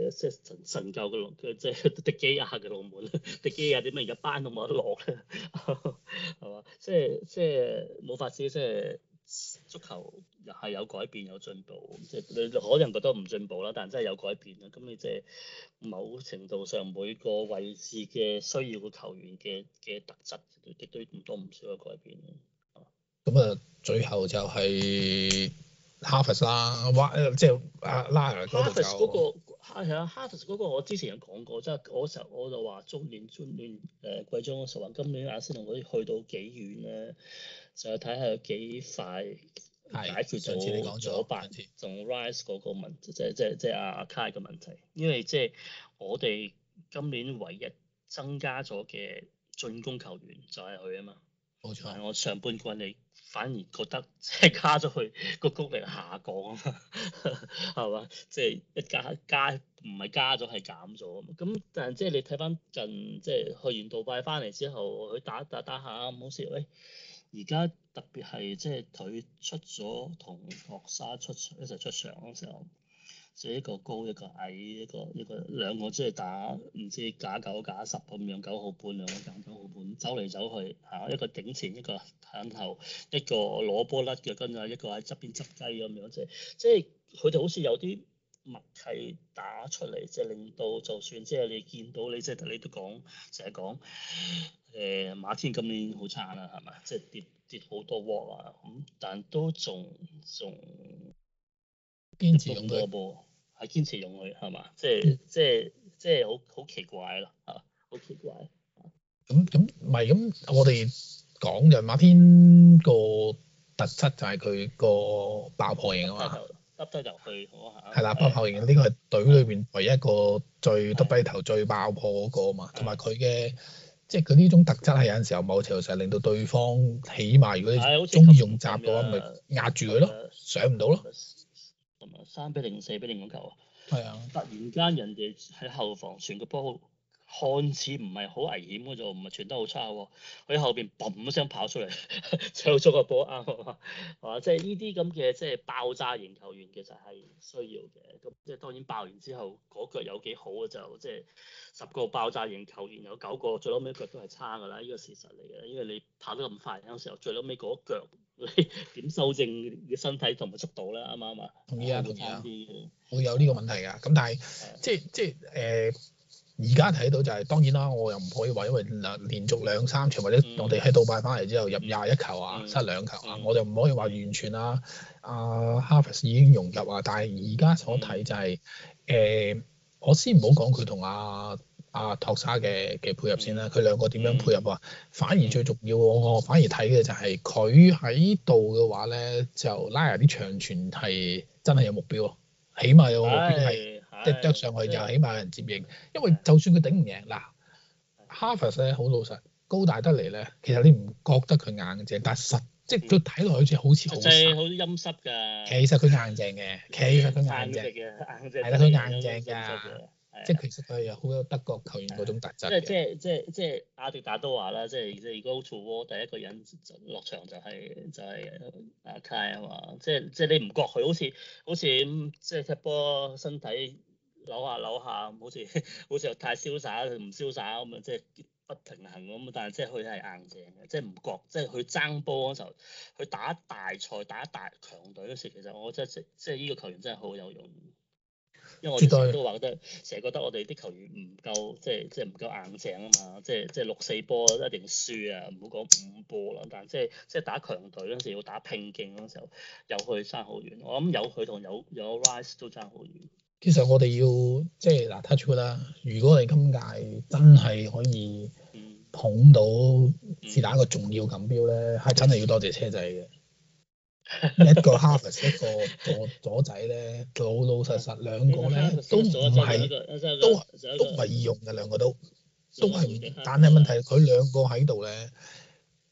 呃？即係神神教嘅龍，即係迪基亞嘅龍門。迪基亞點解而家班都冇得落咧？係 (laughs) 嘛、即係？即係即係冇法子即係。即係足球又係有改變有進步，即係你可能覺得唔進步啦，但係真係有改變啦。咁你即係某程度上每個位置嘅需要嘅球員嘅嘅特質，亦都唔多唔少嘅改變。咁啊，最後就係 Havertz 啦，即係拉 Lara 嗰、嗰個。嗰、啊、個我之前有講過，即係嗰時候我就話中年中年誒季中嘅時候，今年阿仙奴可以去到幾遠咧？就睇下有幾快解決。上次你講咗一半，仲 rise 嗰個問題，即係即係即係阿卡嘅問題，因為即係我哋今年唯一增加咗嘅進攻球員就係佢啊嘛，冇錯。但係我上半季你反而覺得即係加咗佢個攻力下降啊，係嘛？ (laughs) (laughs) 即係一加加唔係加咗係減咗啊嘛。咁但係即係你睇翻近即係去完杜拜翻嚟之後，佢打打打，打下唔好笑喂。而家特別係即係佢出咗同洛沙出一齊出場嗰時候，即係一個高一個矮一個一個兩個即係打唔知假九假十咁樣九號半兩個減九號半走嚟走去吓，一個頂前一個向後，一個攞波甩嘅，跟住一個喺側邊執雞咁樣，即係即係佢哋好似有啲默契打出嚟，即係令到就算即係你見到你即係你都講成日講。誒馬天今年好差啦，係嘛？即係跌跌好多鑊啊！咁但都仲仲堅持用個波，係堅持用佢係嘛？即係即係即係好好奇怪咯吓，好奇怪咁咁唔係咁，我哋講就馬天個特質就係佢個爆破型啊嘛，耷低就去嗰下，係啦，爆破型呢個係隊裏邊唯一一個最耷低頭、最爆破嗰個啊嘛，同埋佢嘅。即係佢呢種特質係有陣時候某程度上令到對方起碼，如果你中意用閘嘅話，咪壓住佢咯，上唔到咯。咁啊，三比零、四比零咁球啊，係啊，突然間人哋喺後防傳個波。看似唔係好危險嘅啫，唔係傳得好差喎。佢喺後邊砰一聲跑出嚟，搶 (laughs) 咗個波啱啊。即係呢啲咁嘅即係爆炸型球員，其實係需要嘅。咁即係當然爆完之後，嗰腳有幾好嘅就即係、就係、十個爆炸型球員有九個最撈尾腳都係差嘅啦。呢個事實嚟嘅，因為你跑得咁快有時候，最撈尾嗰腳你點 (laughs) 修正你身體同埋速度咧，啱唔啱啊？同意啊，同意啊，會有呢個問題㗎。咁但係、呃、即係即係誒。而家睇到就係、是、當然啦，我又唔可以話，因為兩連續兩三場或者我哋喺杜拜翻嚟之後入廿一球啊，嗯、失兩球啊，嗯、我就唔可以話完全啊。阿哈弗斯已經融入啊，但係而家所睇就係、是、誒、嗯欸，我先唔好講佢同阿阿托沙嘅嘅配合先啦，佢兩個點樣配合啊？嗯、反而最重要我反而睇嘅就係佢喺度嘅話咧，就拉亞啲長傳係真係有目標啊，起碼有目標係。哎即係啄上去又起碼有人接應，因為就算佢頂唔贏，嗱，Havertz 咧好老實，高大得嚟咧，其實你唔覺得佢硬淨但實，即係佢睇落好似好似好細，好陰濕㗎。其實佢硬淨嘅，其實佢硬淨嘅，硬淨。係啦，佢硬淨㗎，即係其實係有好有德國球員嗰種特質。即係即係即係即係阿迪達都話啦，即係即係如果好 o t 第一個人落場就係就係阿 Kai 啊嘛，即係即係你唔覺佢好似好似即係踢波身體。扭下扭下，好似好似又太瀟灑，唔瀟灑咁啊，即係不平衡咁。但係即係佢係硬淨嘅，即係唔覺，即係佢爭波嗰時候，佢打大賽、打大強隊嗰時，其實我真係即係呢個球員真係好有用。因為我以前都話覺得，成日覺得我哋啲球員唔夠，即係即係唔夠硬淨啊嘛！即係即係六四波一定輸啊，唔好講五波啦。但係即係即係打強隊嗰陣時，要打拼勁嗰時候，有去爭好遠。我諗有佢同有有 Rice 都爭好遠。其實我哋要即係嗱 touch wood 啦。Good, 如果我哋今屆真係可以捧到是但一個重要錦標咧，係真係要多謝車仔嘅 (laughs) 一個 harvest 一個左左仔咧。老老實實兩個咧都唔係 (laughs) 都都唔係易用嘅兩個都都係， (laughs) 但係問題佢兩個喺度咧，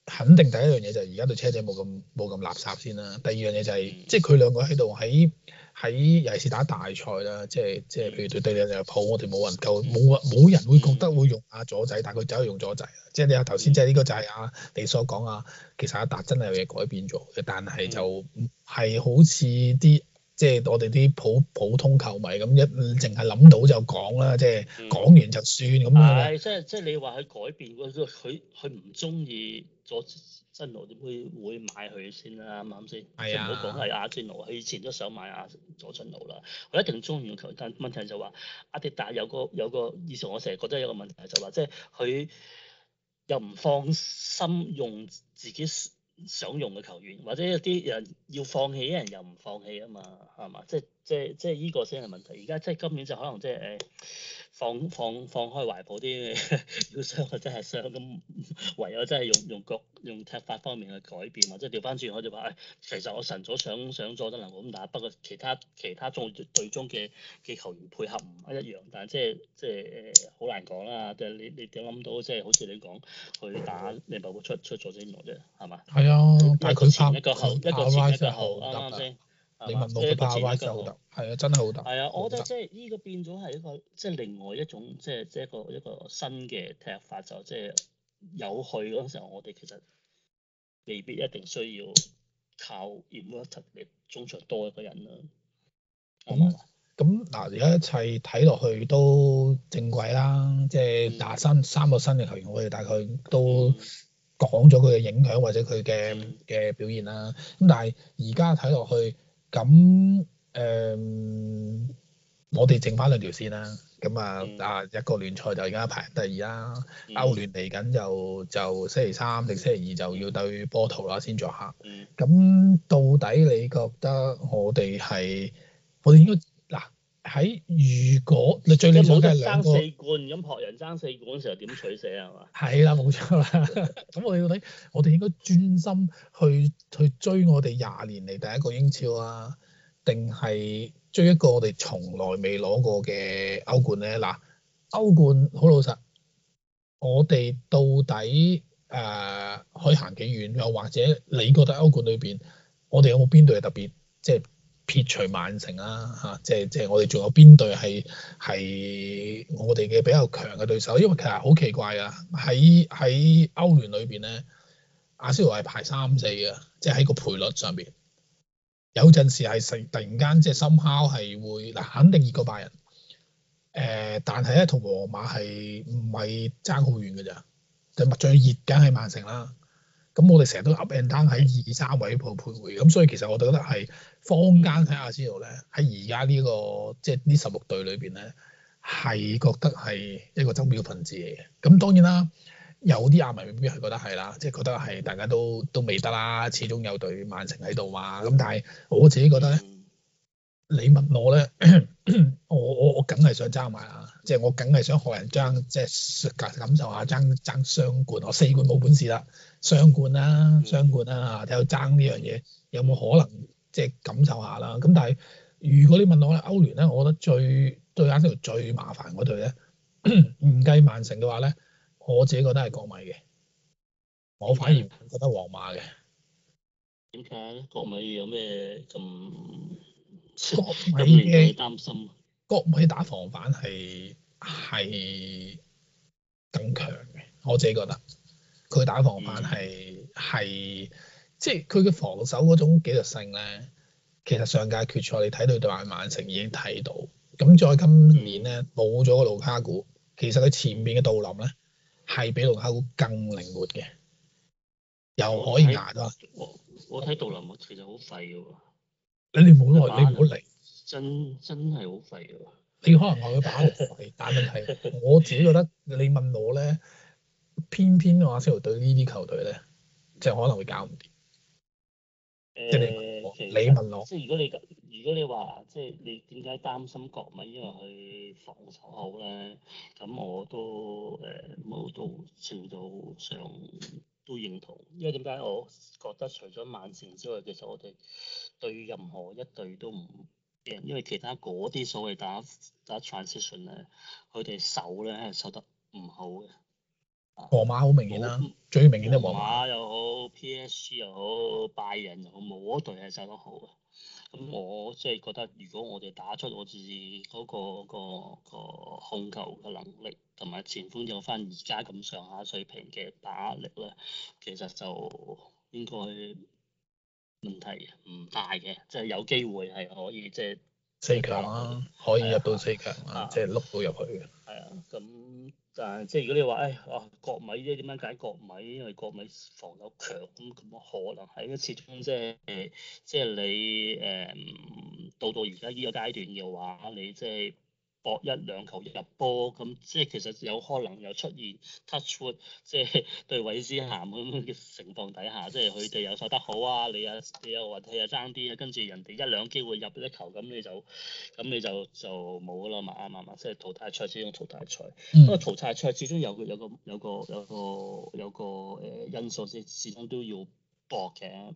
肯定第一樣嘢就係而家對車仔冇咁冇咁垃圾先啦。第二樣嘢就係、是嗯、即係佢兩個喺度喺。喺尤其是打大賽啦，即係即係，譬如對對人又抱，嗯、我哋冇人夠，冇冇、嗯、人會覺得會用阿左仔，但係佢走去用左仔。即係你阿頭先即係呢個就係阿、啊嗯、你所講啊，其實阿、啊、達真係有嘢改變咗嘅，但係就係好似啲即係我哋啲普普通球迷咁，一淨係諗到就講啦，即係講完就算咁、嗯、樣即係即係你話佢改變，佢佢唔中意左真奴點會會買佢先啦，啱啱先，唔好講係阿真奴，佢以前都想買阿佐真奴啦，佢一定中意用球，但問題就話阿迪達有個有個，有個，以前我成日覺得有個問題就話即係佢又唔放心用自己想用嘅球員，或者一啲人要放棄一啲人又唔放棄啊嘛，係嘛？即係即係即係呢個先係問題，而家即係今年就可能即係誒。哎放放放開懷抱啲要傷嘅真係傷，咁唯有真係用用腳用踢法方面去改變，或者調翻轉我就話，哎，其實我晨早想想咗得能咁打，不過其他其他，其他中隊中嘅嘅球員配合唔一樣，但係即係即係誒好難講啦。即係你你點諗到？即係好似你講佢打利物浦出出咗先來啫，係嘛？係啊，但係佢前一個後 (laughs) 他打 一個前一個後啱啱先。你問我嘅 power，係啊，真係好大。係啊的，我覺得即係呢個變咗係一個即係、就是、另外一種即係即係個一個新嘅踢法就即、是、係有佢嗰陣時候，我哋其實未必一定需要靠 immediate 嘅中場多一個人啦。咁咁嗱，而家的、嗯、一切睇落去都正軌啦，即係打新三個新嘅球員，我哋大概都講咗佢嘅影響或者佢嘅嘅表現啦。咁但係而家睇落去，咁誒、嗯，我哋剩翻兩條線啦。咁啊啊，嗯、一個聯賽就而家排第二啦。歐聯嚟緊就就星期三定星期二就要對波圖啦，先作客。咁、嗯、到底你覺得我哋係我哋應該？喺如果你最理冇得係四冠，咁學人爭四冠嘅時候點取捨啊？係嘛？係啦，冇錯啦。咁我哋到底我哋應該專心去去追我哋廿年嚟第一個英超啊？定係追一個我哋從來未攞過嘅歐冠咧？嗱、呃，歐冠好老實，我哋到底誒、呃、可以行幾遠？又或者你覺得歐冠裏面我有有邊我哋有冇邊隊係特別即係？撇除曼城啦、啊、嚇、啊，即係即係我哋仲有邊隊係係我哋嘅比較強嘅對手，因為其實好奇怪啊，喺喺歐聯裏邊咧，阿仙奴係排三四嘅，即係喺個賠率上邊，有陣時係突然間即係深敲係會嗱、啊，肯定熱過拜仁，誒、呃，但係咧同皇馬係唔係差好遠嘅咋，最最熱梗係曼城啦、啊。咁我哋成日都 up and down 喺二三位度徘徊嘅，咁所以其實我哋覺得係坊間睇下視度咧，喺而家呢個即係呢十六隊裏邊咧，係覺得係一個爭標分子嚟嘅。咁當然啦，有啲亞迷未必係覺得係啦，即係覺得係大家都都未得啦，始終有隊曼城喺度嘛。咁但係我自己覺得咧。你問我咧，我我我梗係想爭埋啦，即係我梗係想學人爭，即係感受下爭爭雙冠，我四冠冇本事啦，雙冠啦，雙冠啦，睇下爭呢樣嘢有冇可能，即係感受下啦。咁但係如果你問我咧，歐聯咧，我覺得最最啱呢隊最麻煩嗰隊咧，唔計曼城嘅話咧，我自己覺得係國米嘅，我反而覺得皇馬嘅。點解？國米有咩咁？國米擔 (laughs) 心，國米打防反係係更強嘅，我自己覺得佢打防反係係即係佢嘅防守嗰種技術性咧，其實上屆決賽你睇到對曼曼城已經睇到，咁再今年咧冇咗個盧卡古，其實佢前面嘅杜林咧係比盧卡古更靈活嘅，又可以捱得。我我睇杜林，其實好廢嘅喎。你哋冇耐，他他你唔好嚟。真真係好肥喎！你可能我佢把落嚟， (laughs) 但係問題，我自己覺得你問我咧，偏偏我阿星豪對隊呢啲球隊咧，就是，可能會搞唔掂。誒、嗯，你問我。實問我即係如果你，如果你話，即係你點解擔心國米，因為佢防守好咧？咁我都誒，我都笑到上。到到到到到到到都認同，因為點解我覺得除咗曼城之外，其實我哋對任何一隊都唔驚，因為其他嗰啲所謂打打 transition 咧，佢哋守咧係守得唔好嘅。皇馬好明顯啦，啊，沒最明顯嘅皇馬又好 PSG 又好，拜仁又好，冇一隊係守得好嘅。咁我即係覺得，如果我哋打出我自己嗰個個個控球嘅能力，同埋前鋒有翻而家咁上下水平嘅把握力咧，其實就應該問題唔大嘅，即係有機會係可以即係四強啊，可以入到四強啊，即係碌到入去嘅。係啊，咁但係即係如果你話，誒、哎，哦、啊，國米啫，點樣解國米？因為國米防守強，咁咁可能係始終即係，誒，即係你誒，到到而家呢個階段嘅話，你即係。搏一兩球一入波咁、嗯，即係其實有可能又出現 touchwood，即係對韋斯咸咁嘅情況底下，即係佢哋有所得好啊，你啊你又或者又爭啲啊，跟住人哋一兩機會入一球咁，你就咁你就就冇咯，嘛啱嘛啱，即係淘汰賽始終淘汰賽，不過淘汰賽始終有個有個有個有個有個因素先，始終都要。博嘅，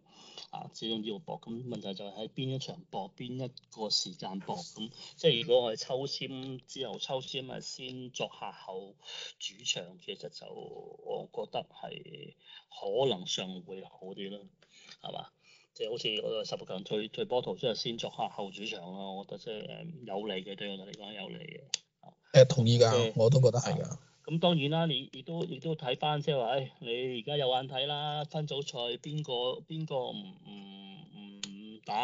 啊，始終要搏。咁問題就係喺邊一場搏，邊一個時間搏。咁，即係如果我係抽籤之後抽籤咪先作客後主場，其實就我覺得係可能上會好啲咯，係嘛？即係好似我十六強退，退波圖先係先作客後主場咯，我覺得即係誒有利嘅對我哋嚟講有利嘅。誒同意㗎，嗯、我都覺得係㗎。嗯咁當然啦，你亦都亦都睇翻，即係話，唉，你而家有眼睇啦，分組賽邊個邊個唔唔唔打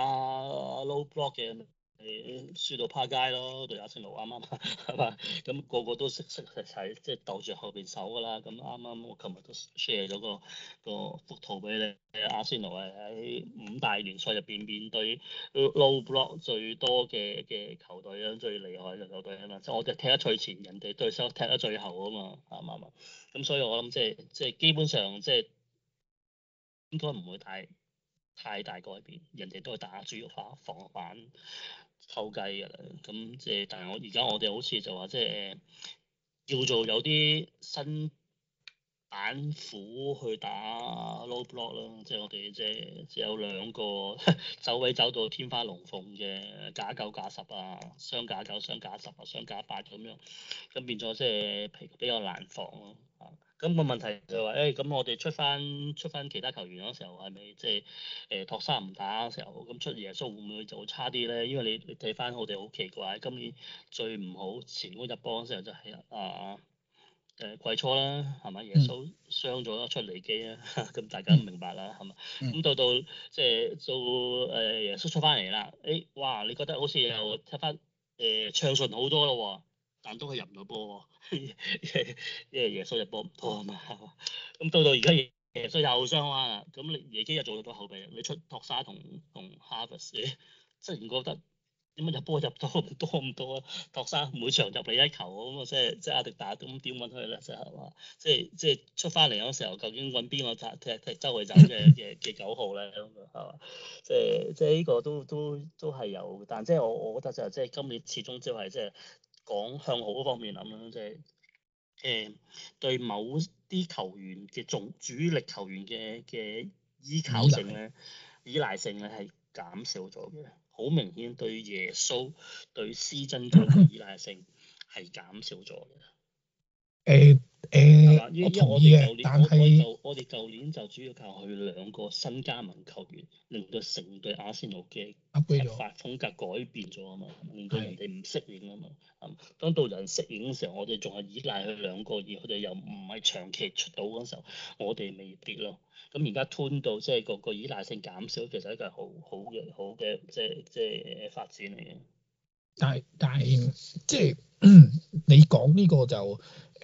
low block 嘅？輸到趴街咯，對阿仙奴啱啱係嘛？咁、 (laughs) 嗯、個個都識識係即係鬥住後邊守㗎啦。咁啱啱我琴日都 share 咗個個幅圖俾你。阿仙奴係喺五大聯賽入邊面面對 low block 最多嘅嘅球隊啊，最厲害嘅球隊啊嘛。即係我哋踢得最前，人哋對手踢得最後啊嘛，啱唔啱啊？咁、嗯、所以我諗即係即係基本上即係應該唔會大太大改變。人哋都係打豬肉化防反。偷雞嘅啦，咁即係，但係我而家我哋好似就話即係叫做有啲新板斧去打 low block 咯，即係我哋即係只有兩個 (laughs) 走位走到天花龍鳳嘅假九假十啊，雙假九雙假十啊，雙假八咁樣，咁變咗即係比較難防咯，啊！咁個問題就係話，誒、欸、咁我哋出翻出翻其他球員嗰時候，係咪即係誒托沙唔打嗰時候，咁出耶穌會唔會就會差啲咧？因為你你睇翻我哋好奇怪，今年最唔好前嗰日幫嗰時候就係、是、啊誒季、啊欸、初啦，係咪、嗯、耶穌傷咗出嚟機啦？咁大家都明白啦，係嘛？咁、嗯、到、就是、到即係到誒耶穌出翻嚟啦，誒、欸、哇！你覺得好似又踢翻誒暢順好多咯喎、哦、～但都係入唔到波喎，因為耶穌入波唔多啊嘛，咁到到而家耶穌又傷灣啦，咁你耶穌又做到多後備，你出托沙同同 Harvest，即係我覺得點解入波入多唔多咁多啊？托沙每場入嚟一球，咁啊即係即係阿迪達咁點揾佢咧？就係話即係即係出翻嚟嗰時候，究竟揾邊個踢踢周圍走嘅嘅嘅九號咧？咁啊係嘛？即係即係呢個都都都係有，但即係我我覺得就係即係今年始終即係即係。講向好方面諗諗，即係誒，對某啲球員嘅重主力球員嘅嘅依靠性咧，依賴性咧係減少咗嘅，好明顯對耶穌對施珍聰嘅依賴性係減少咗嘅。誒 (laughs) 哎。誒，我同意嘅。但係我哋舊年就主要靠佢兩個新加盟球員，令到成隊阿仙奴嘅打法風格改變咗啊嘛，的令到人哋唔適應啊嘛。咁當到人適應嘅時候，我哋仲係依賴佢兩個，而佢哋又唔係長期出到嗰陣時候，我哋未必咯。咁而家吞到即係個個依賴性減少，其實係一個好好嘅、好嘅即係即係發展嚟嘅。但係但係即係你講呢個就。誒、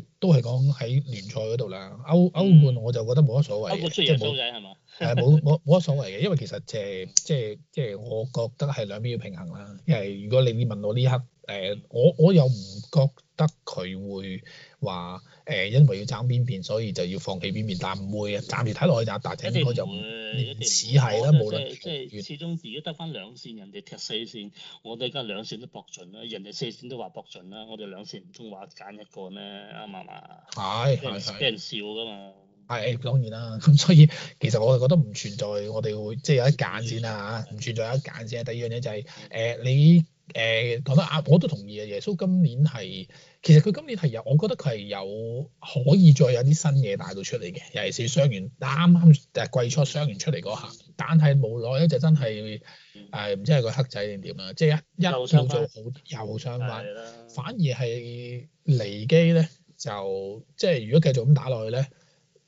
呃、都係講喺聯賽嗰度啦，歐歐冠我就覺得冇乜所謂。歐冠輸咗係嘛？誒，冇冇冇乜所謂嘅，因為其實誒即係即係我覺得係兩邊要平衡啦。因為如果你問我呢刻誒、呃，我我又唔覺得佢會話。誒，因為要爭邊邊，所以就要放棄邊邊，但唔會嘅，暫時睇落去就大隻，邊個就只係啦，無論即係，始終自己得返兩線，人哋踢四線，我哋而家兩線都博盡啦，人哋四線都話博盡啦，我哋兩線唔通話揀一個咩？啱唔啱啊？係，係。俾人笑噶嘛？係當然啦，咁所以其實我係覺得唔存在，我哋會即係有得揀先啦嚇，唔存在有得揀先。第二樣嘢就係誒你。誒講得啱，我都同意啊！耶穌今年係，其實佢今年係有，我覺得佢係有可以再有啲新嘢帶到出嚟嘅，尤其是傷完啱啱誒季初傷完出嚟嗰下，但係冇耐咧就真係誒唔知係個黑仔定點啊。即係一一叫做好又傷翻，反而係離機咧就即係如果繼續咁打落去咧，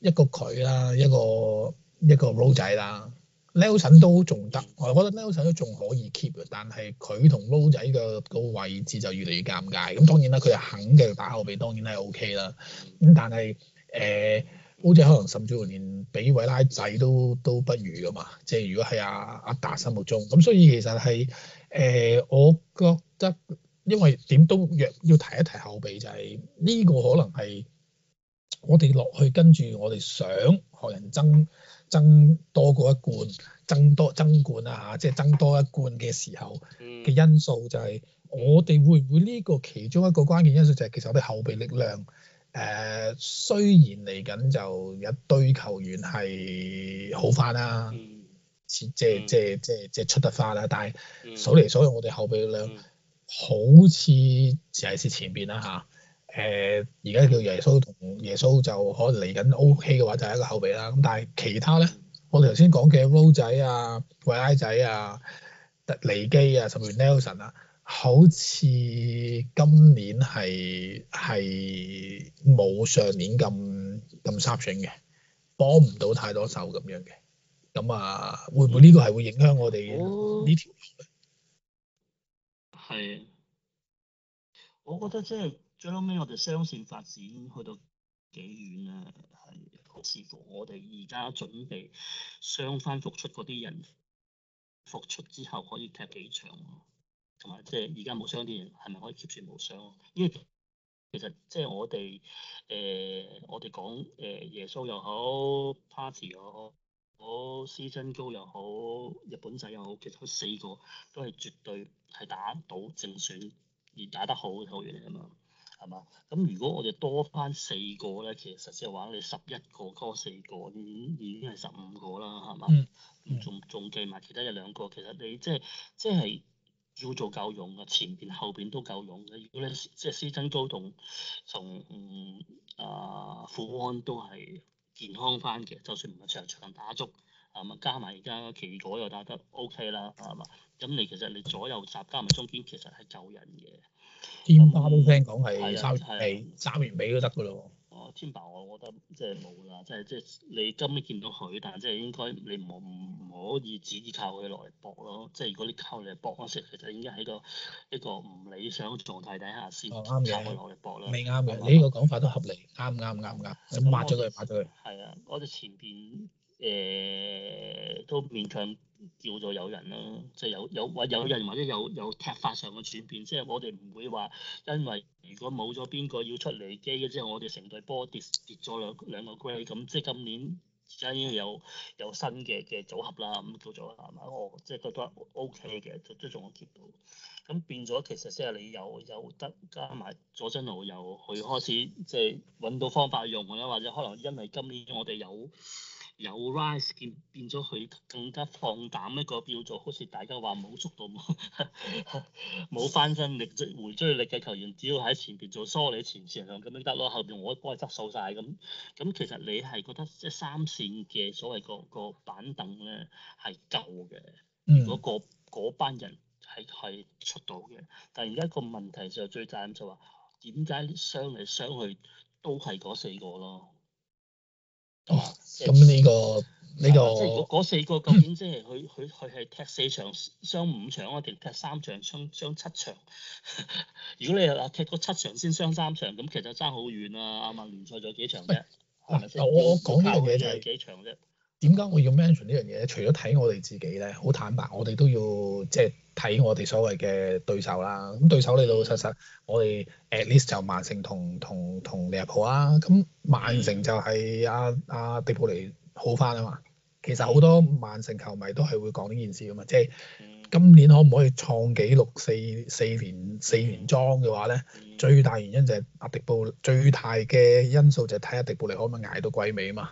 一個佢啦，一個一個 low 仔啦。Nelson 都仲得，我覺得 Nelson 都仲可以 keep，嘅，但係佢同撈仔嘅個位置就越嚟越尷尬。咁、嗯、當然啦，佢又肯定打後備當然係 O K 啦。咁、嗯、但係誒撈仔可能甚至乎連比偉拉仔都都不如噶嘛。即係如果係阿阿達心目中，咁、嗯、所以其實係誒、呃、我覺得，因為點都若要，要提一提後備就係、是、呢個可能係我哋落去跟住我哋想學人爭。增多過一冠，增多爭冠啊嚇，即係增多一冠嘅時候嘅因素就係，我哋會唔會呢個其中一個關鍵因素就係，其實我哋後備力量誒、呃、雖然嚟緊就有一堆球員係好翻啦、嗯，即即即即，即出得翻啦，但係數嚟數去我哋後備力量、嗯、好似仲係似前邊啦嚇。啊誒，而家、呃、叫耶穌同耶穌就可能嚟緊 O K 嘅話，就係一個後備啦。咁但係其他咧，我哋頭先講嘅羅仔啊、維、mm hmm. 拉仔啊、尼基啊，甚至 Nelson 啊，好似今年係係冇上年咁咁 substantial 嘅，幫唔到太多手咁樣嘅。咁啊，會唔會呢個係會影響我哋呢條路？係、嗯，我覺得即係。最撈尾，我哋雙線發展去到幾遠啊？係，似乎我哋而家準備雙翻復出嗰啲人復出之後可以踢幾場啊，同埋即係而家冇傷啲人，係咪可以 keep 住冇傷？因為其實即係我哋誒、呃，我哋講誒耶穌又好 Party 又好，好 Zinchenko 又好，日本仔又好，其實佢四個都係絕對係打到正選而打得好嘅球員嚟㗎嘛～係嘛？咁如果我哋多翻四個咧，其實即係話你十一個加四個，已已經係十五個啦，係嘛？嗯、mm。仲仲計埋其他一兩個，其實你即係即係要做夠用嘅，前邊後邊都夠用嘅。如果你即係施珍高同同、嗯、啊富安都係健康翻嘅，就算唔係長長打足，啊咁加埋而家奇異果又打得 OK 啦，係嘛？咁你其實你左右集加埋中間其實係夠人嘅。天霸都聽講係三月尾，三月、嗯、尾都得㗎咯喎。哦，天霸我覺得即係冇啦，即係即係你今日見到佢，但係即係應該你唔好唔可以只依靠佢落嚟搏咯。即係如果你靠你搏我時，其實已經喺個一個唔理想狀態底下先。唔啱嘅，未啱嘅。你呢個講法都合理，啱唔啱？啱唔啱？抹咗佢，抹咗佢。係啊，我哋前邊誒都勉強。叫做有人啦，即係有有或有人或者有有踢法上嘅轉變，即係我哋唔會話因為如果冇咗邊個要出嚟機嘅之後，我哋成隊波跌跌咗兩兩個 grade 咁，哦，即係今年而家已經有有新嘅嘅組合啦，咁叫做係咪我即係覺得 OK 嘅都都仲可 keep 到，咁變咗其實即係你有有得加埋佐真奴又去開始即係揾到方法用啦，或者可能因為今年我哋有。有 rise 變變咗，佢更加放膽一個叫做，好似大家話冇速度冇 (laughs) 翻身力即回追力嘅球員，只要喺前邊做梳理前前兩咁樣得咯，後邊我幫你執數曬咁。咁其實你係覺得即三線嘅所謂、嗰個嗰個板凳咧係夠嘅，如果、嗰個嗰班人係係出到嘅，但而家個問題最就最大就話點解傷嚟傷去都係嗰四個咯？哦，咁呢個呢個，啊這個、即係嗰四個究竟、嗯、即係佢佢佢係踢四場雙五場，我哋踢三場雙雙七場。如果你話踢個七場先雙三場，咁其實爭好遠啊！阿曼聯賽咗有幾場啫，係咪先？是是啊、我我講呢個嘢就係幾場啫。點解我要 mention 呢樣嘢咧？除咗睇我哋自己咧，好坦白，我哋都要即係睇我哋所謂嘅對手啦。咁對手你老老實實，我哋 at least 就曼城同同同利物浦啊。咁曼城就係阿阿迪布尼好翻啊嘛。其實好多曼城球迷都係會講呢件事噶嘛，即係今年可唔可以創紀錄四四,四年四連莊嘅話咧？最大原因就係阿、啊、迪布最大嘅因素就係睇下迪布尼可唔可以捱到季尾啊嘛。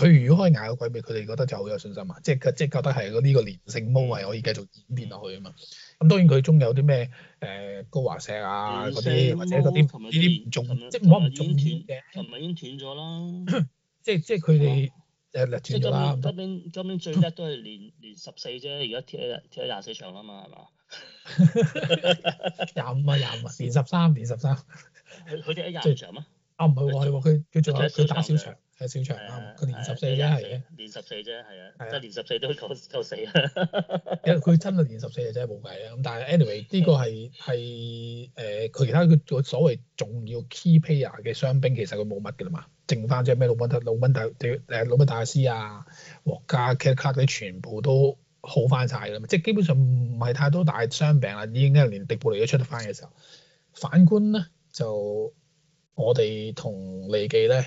佢如果開眼有鬼秘，佢哋覺得就好有信心啊！即係即係覺得係呢個連勝 mode 可以繼續演變落去啊嘛！咁當然佢中有啲咩誒高華石啊嗰啲，或者嗰啲呢啲唔中，即係冇乜中斷嘅。琴日已經斷咗啦，即係即係佢哋誒斷咗啦。今邊今邊最叻都係連連十四啫，而家踢踢廿四場啦嘛，係嘛？廿五啊廿五，連十三連十三。佢佢哋廿四場啊？啊唔係喎，佢佢仲有佢打小場，係、啊、小場啊，佢年十四啫係年十四啫係啊，即係年十四都夠夠死啊！因為佢真係年十四係真係冇計啊！咁但係 anyway 呢個係係誒佢其他佢所謂重要 key player 嘅傷兵其實佢冇乜㗎啦嘛，剩翻即咩魯賓特，魯賓大、誒魯賓大師啊、霍家 Kak 等全部都好翻晒㗎嘛，即係基本上唔係太多大傷病啦，已經係連迪布尼都出得翻嘅時候。反觀咧就。我哋同利記咧，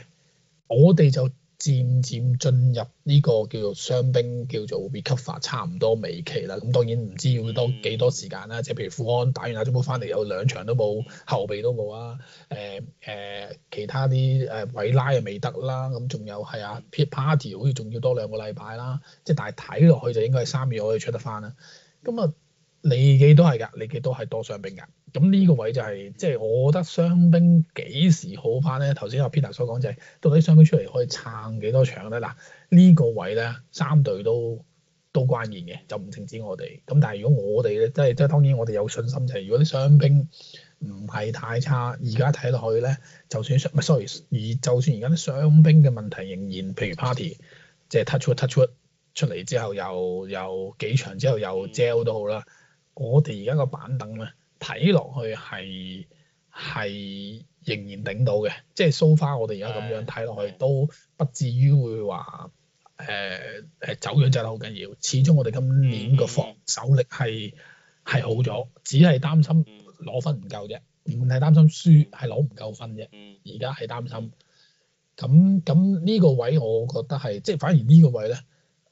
我哋就漸漸進入呢個叫做傷兵叫做 recover 差唔多尾期啦。咁當然唔知要多幾多時間啦。即係譬如富安打完亞洲盃翻嚟有兩場都冇，後備都冇啊。誒、呃、誒、呃，其他啲誒韋拉又未得啦。咁仲有係啊 Partey 好似仲要多兩個禮拜啦。即係但係睇落去就應該係三月可以出得翻啦。咁啊～你記都係㗎，你記都係多傷兵㗎。咁呢個位就係、是、即係我覺得傷兵幾時好返咧？頭先阿 Peter 所講就係到底傷兵出嚟可以撐幾多場咧？嗱，呢、呢個位咧三隊都都關鍵嘅，就唔淨止我哋。咁但係如果我哋咧，即係即係當然我哋有信心就係如果啲傷兵唔係太差，而家睇落去咧，就算唔係 sorry，而就算而家啲傷兵嘅問題仍然，譬如 Partey 即係 touch wood touch wood 出嚟之後又又幾場之後又 gel 都好啦。我哋而家個板凳咧，睇落去係係仍然頂到嘅，即係 so far 我哋而家咁樣睇落去，都不至於會話誒誒走樣走得好緊要。始終我哋今年個防守力係係好咗，只係擔心攞分唔夠啫，唔係擔心輸，係攞唔夠分啫。而家係擔心咁咁呢個位，我覺得係即係反而呢個位咧。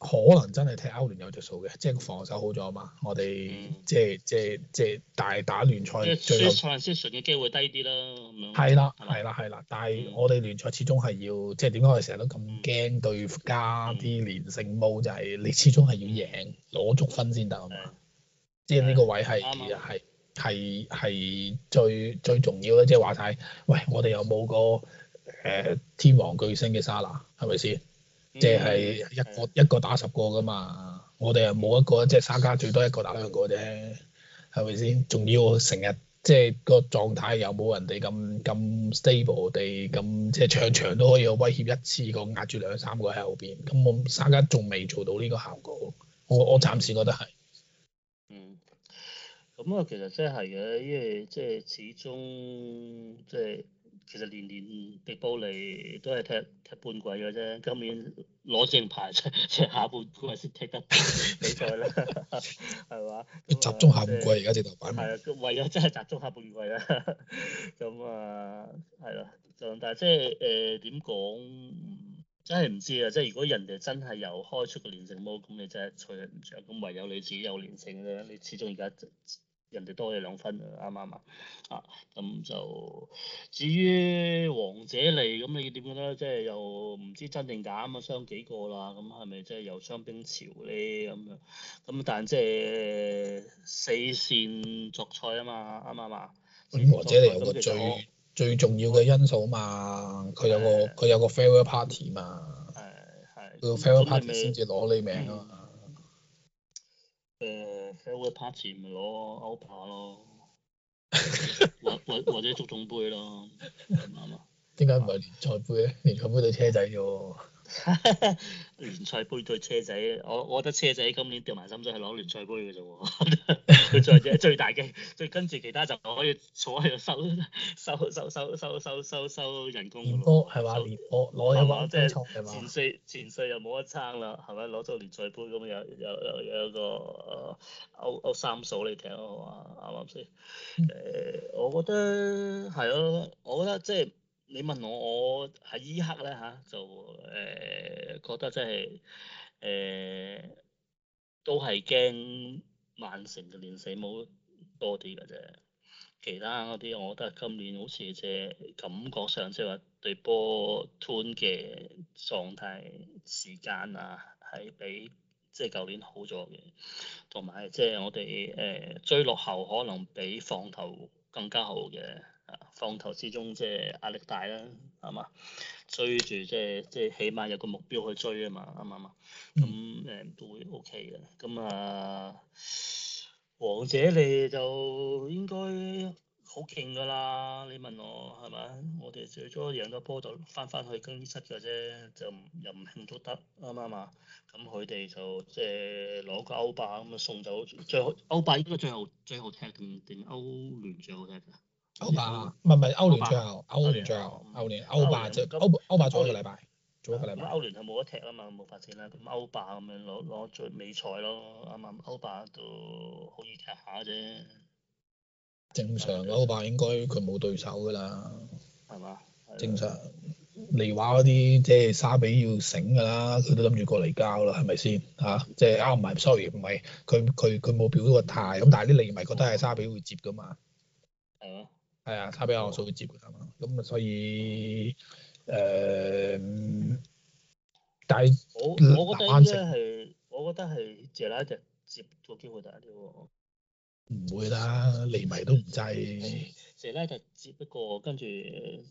可能真係踢歐聯有著數嘅，即係個防守好咗啊嘛！我哋即係即係即係大打聯賽，即係 transition 嘅機會低啲啦，咁係啦，係啦，係啦，但係我哋聯賽始終係要，即係點解我哋成日都咁驚對家啲連勝 mode？就係你始終係要贏，攞足分先得啊嘛！即係呢個位係係係係最最重要咧，即係話晒，喂，我哋有冇個誒天王巨星嘅沙拿係咪先？即係、嗯、一個一個打十個噶嘛，我哋又冇一個，即係沙卡最多一個打兩個啫，係咪先？仲要成日即係個狀態又冇人哋咁咁 stable 地咁，即係場場都可以有威脅一次過壓住兩三個喺後邊，咁我沙卡仲未做到呢個效果，我我暫時覺得係、嗯。嗯，咁、嗯、啊、嗯，其實真係嘅，因為即係始終即、就、係、是。其實年年迪布尼都係踢踢半季嘅啫，今年攞正牌出出下半季先踢得比賽啦，係嘛 (laughs) (laughs) 集中下半季而家直頭擺明係啊，為咗真係集中下半季 (laughs) 啊，咁啊係咯，但係即係誒點講，真係唔知啊！即係如果人哋真係有開出個連勝 mode，咁你真係隨人唔著，咁唯有你自己有連勝嘅，你始終而家。人哋多你兩分，啱唔啱啊？啊，咁就至於王者嚟，咁你點樣咧？即係又唔知真定假啊？傷幾個啦？咁係咪即係又傷兵潮咧？咁樣咁但係即係四線作賽啊嘛，啱唔啱啊？咁、嗯、王者嚟有個最、嗯、最重要嘅因素啊嘛，佢有個佢、哎、有個 farewell party 嘛。誒係、哎。個、哎、farewell party 先至攞你命啊嘛～、嗯 sell 嘅 part 前咪攞歐霸咯，或或或者足總杯咯，啱唔啱？點解唔係聯賽杯咧？聯賽杯對車仔啫喎。聯賽 (laughs) 杯對車仔，我我覺得車仔今年掉埋心水係攞聯賽杯嘅啫喎，佢再者最大嘅，最跟住其他就可以坐喺度收收收收收收收收人工。聯波係嘛？聯波攞咗嘛？即係收、就是、前四前四又冇得爭啦，係咪？攞咗聯賽杯咁又又又有一個歐歐、呃、三嫂嚟睇好嘛？啱唔啱先？誒，我覺得係咯，我覺得即係。你問我，我喺依刻咧嚇，就誒、呃、覺得真係誒都係驚曼城嘅連勝 mode 多啲嘅啫。其他嗰啲，我覺得今年好似即係感覺上即係話對波 turn 嘅狀態、時間啊，係比即係舊年好咗嘅。同埋即係我哋誒、呃、追落後可能比放頭更加好嘅。放頭之中即係壓力大啦，係嘛？追住即係即係起碼有個目標去追啊嘛，啱唔啱啊？咁誒都會 OK 嘅，咁啊王者你就應該好勁噶啦！你問我係咪？我哋最多贏咗波就翻翻去更衣室嘅啫，就又唔慶祝得，啱唔啱啊？咁佢哋就即係攞個歐霸咁啊送走最歐最，最好歐霸應該最好最好踢定定歐聯最好踢啊？歐霸唔係唔係歐聯最後，歐聯最後，歐聯歐霸啫，歐歐霸做一個禮拜，做一個禮拜。歐聯係冇得踢啊嘛，冇發展啦。咁歐霸咁樣攞攞最尾賽咯。啱啱歐霸都可以踢下啫。正常歐霸應該佢冇對手噶啦，係嘛？正常利華嗰啲即係沙比要醒噶啦，佢都諗住過嚟交啦，係咪先？嚇、啊，即係啱，唔係。Sorry，唔係佢佢佢冇表到個態，咁但係啲利迷覺得係沙比會接噶嘛。係啊，他比較容易接嘅嘛，咁、嗯、啊所以誒、呃，但係我我覺得依家係我覺得係謝拉特接個機會大啲喎。唔會啦，離迷都唔制。謝拉特接一個，跟住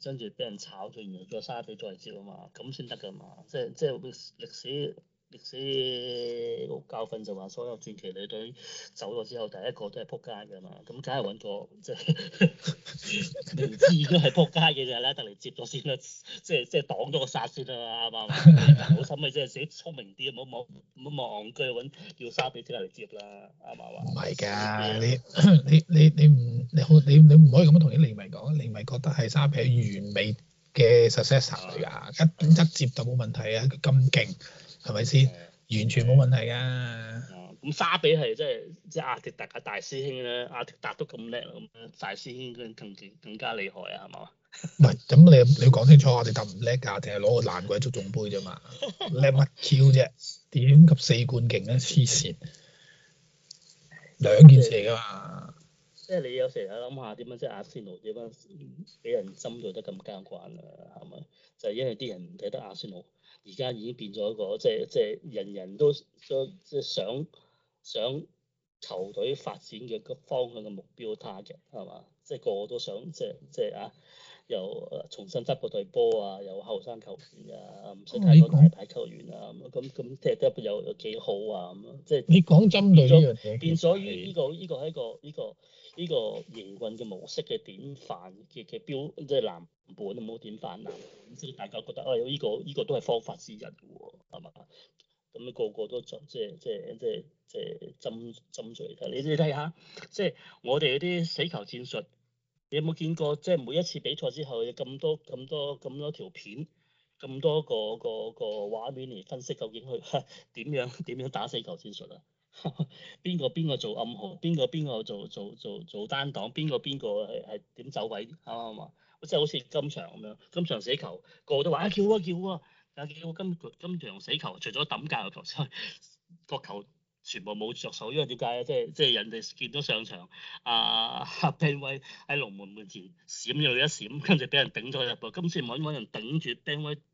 跟住俾人炒咗，然後再沙地再接啊嘛，咁先得噶嘛，即係即係歷史。歷史個教訓就話，所有傳奇領隊走咗之後，第一個都係撲街嘅嘛。咁梗係揾個即係未知都係撲街嘅啫。拉特嚟接咗先啦、啊，即係即係擋咗個殺先啦、啊，啱唔啱？ (laughs) 好心你即係寫聰明啲，唔好望唔好望，跟住揾要沙比啲人嚟接啦，啱唔啱？唔係㗎，你你你你唔你好你你唔可以咁樣同啲球迷講，球迷覺得係沙比完美嘅 successor 嚟㗎，一一接就冇問題啊，咁、嗯、勁。嗯嗯 (laughs) 係咪先？完全冇問題噶。咁、嗯、沙比係即係即係阿迪達嘅大師兄啦，阿迪達都咁叻，咁大師兄更更加厲害啊，係咪？唔係，咁 (laughs) 你你講清楚，阿迪達唔叻㗎，淨係攞個爛鬼足總杯啫嘛，叻乜 Q 啫？點及四冠勁咧，黐線！ (laughs) 兩件事嚟㗎嘛。即係你有時啊諗下點樣，即係阿仙奴點樣俾人針對得咁精關啊？係咪？就係、是、因為啲人唔睇得阿仙奴，而家已經變咗一個即係即係人人都即係、就是、想想球隊發展嘅個方向嘅目標 target 係嘛？即係、就是、個、個個都想即係即係啊！又重新執個隊波啊，又後生球員啊，唔使太多大牌球員啊咁咁咁踢得有又又幾好啊咁即係。你講針對咗樣、就、嘢、是。變咗呢呢個呢個係一個呢個。呢個營運嘅模式嘅典範嘅嘅標即係藍本冇典範藍本，所以大家覺得哦、哎，依、這個依、這個都係方法之一嘅喎，係嘛？咁、那個個都即係即係即係即係針針住嚟睇，你你睇下，即係我哋嗰啲死球戰術，你有冇見過？即係每一次比賽之後有，有咁多咁多咁多條片，咁多個個個畫面嚟分析，究竟佢點樣點樣打死球戰術啊？邊個邊個做暗號？邊個邊個做做做做單擋？邊個邊個係係點走位啱唔啱啊？即係、就是、好似今場咁樣，今場死球，個個都話啊叫啊叫啊！但係叫今今場死球，除咗抌界嘅球，就是、個球全部冇着手。因為點解咧？即係即係人哋見到上場，阿 Ben 威喺龍門門前閃咗一閃，跟住俾人頂咗入波，今次揾唔揾人頂住 Ben 威啱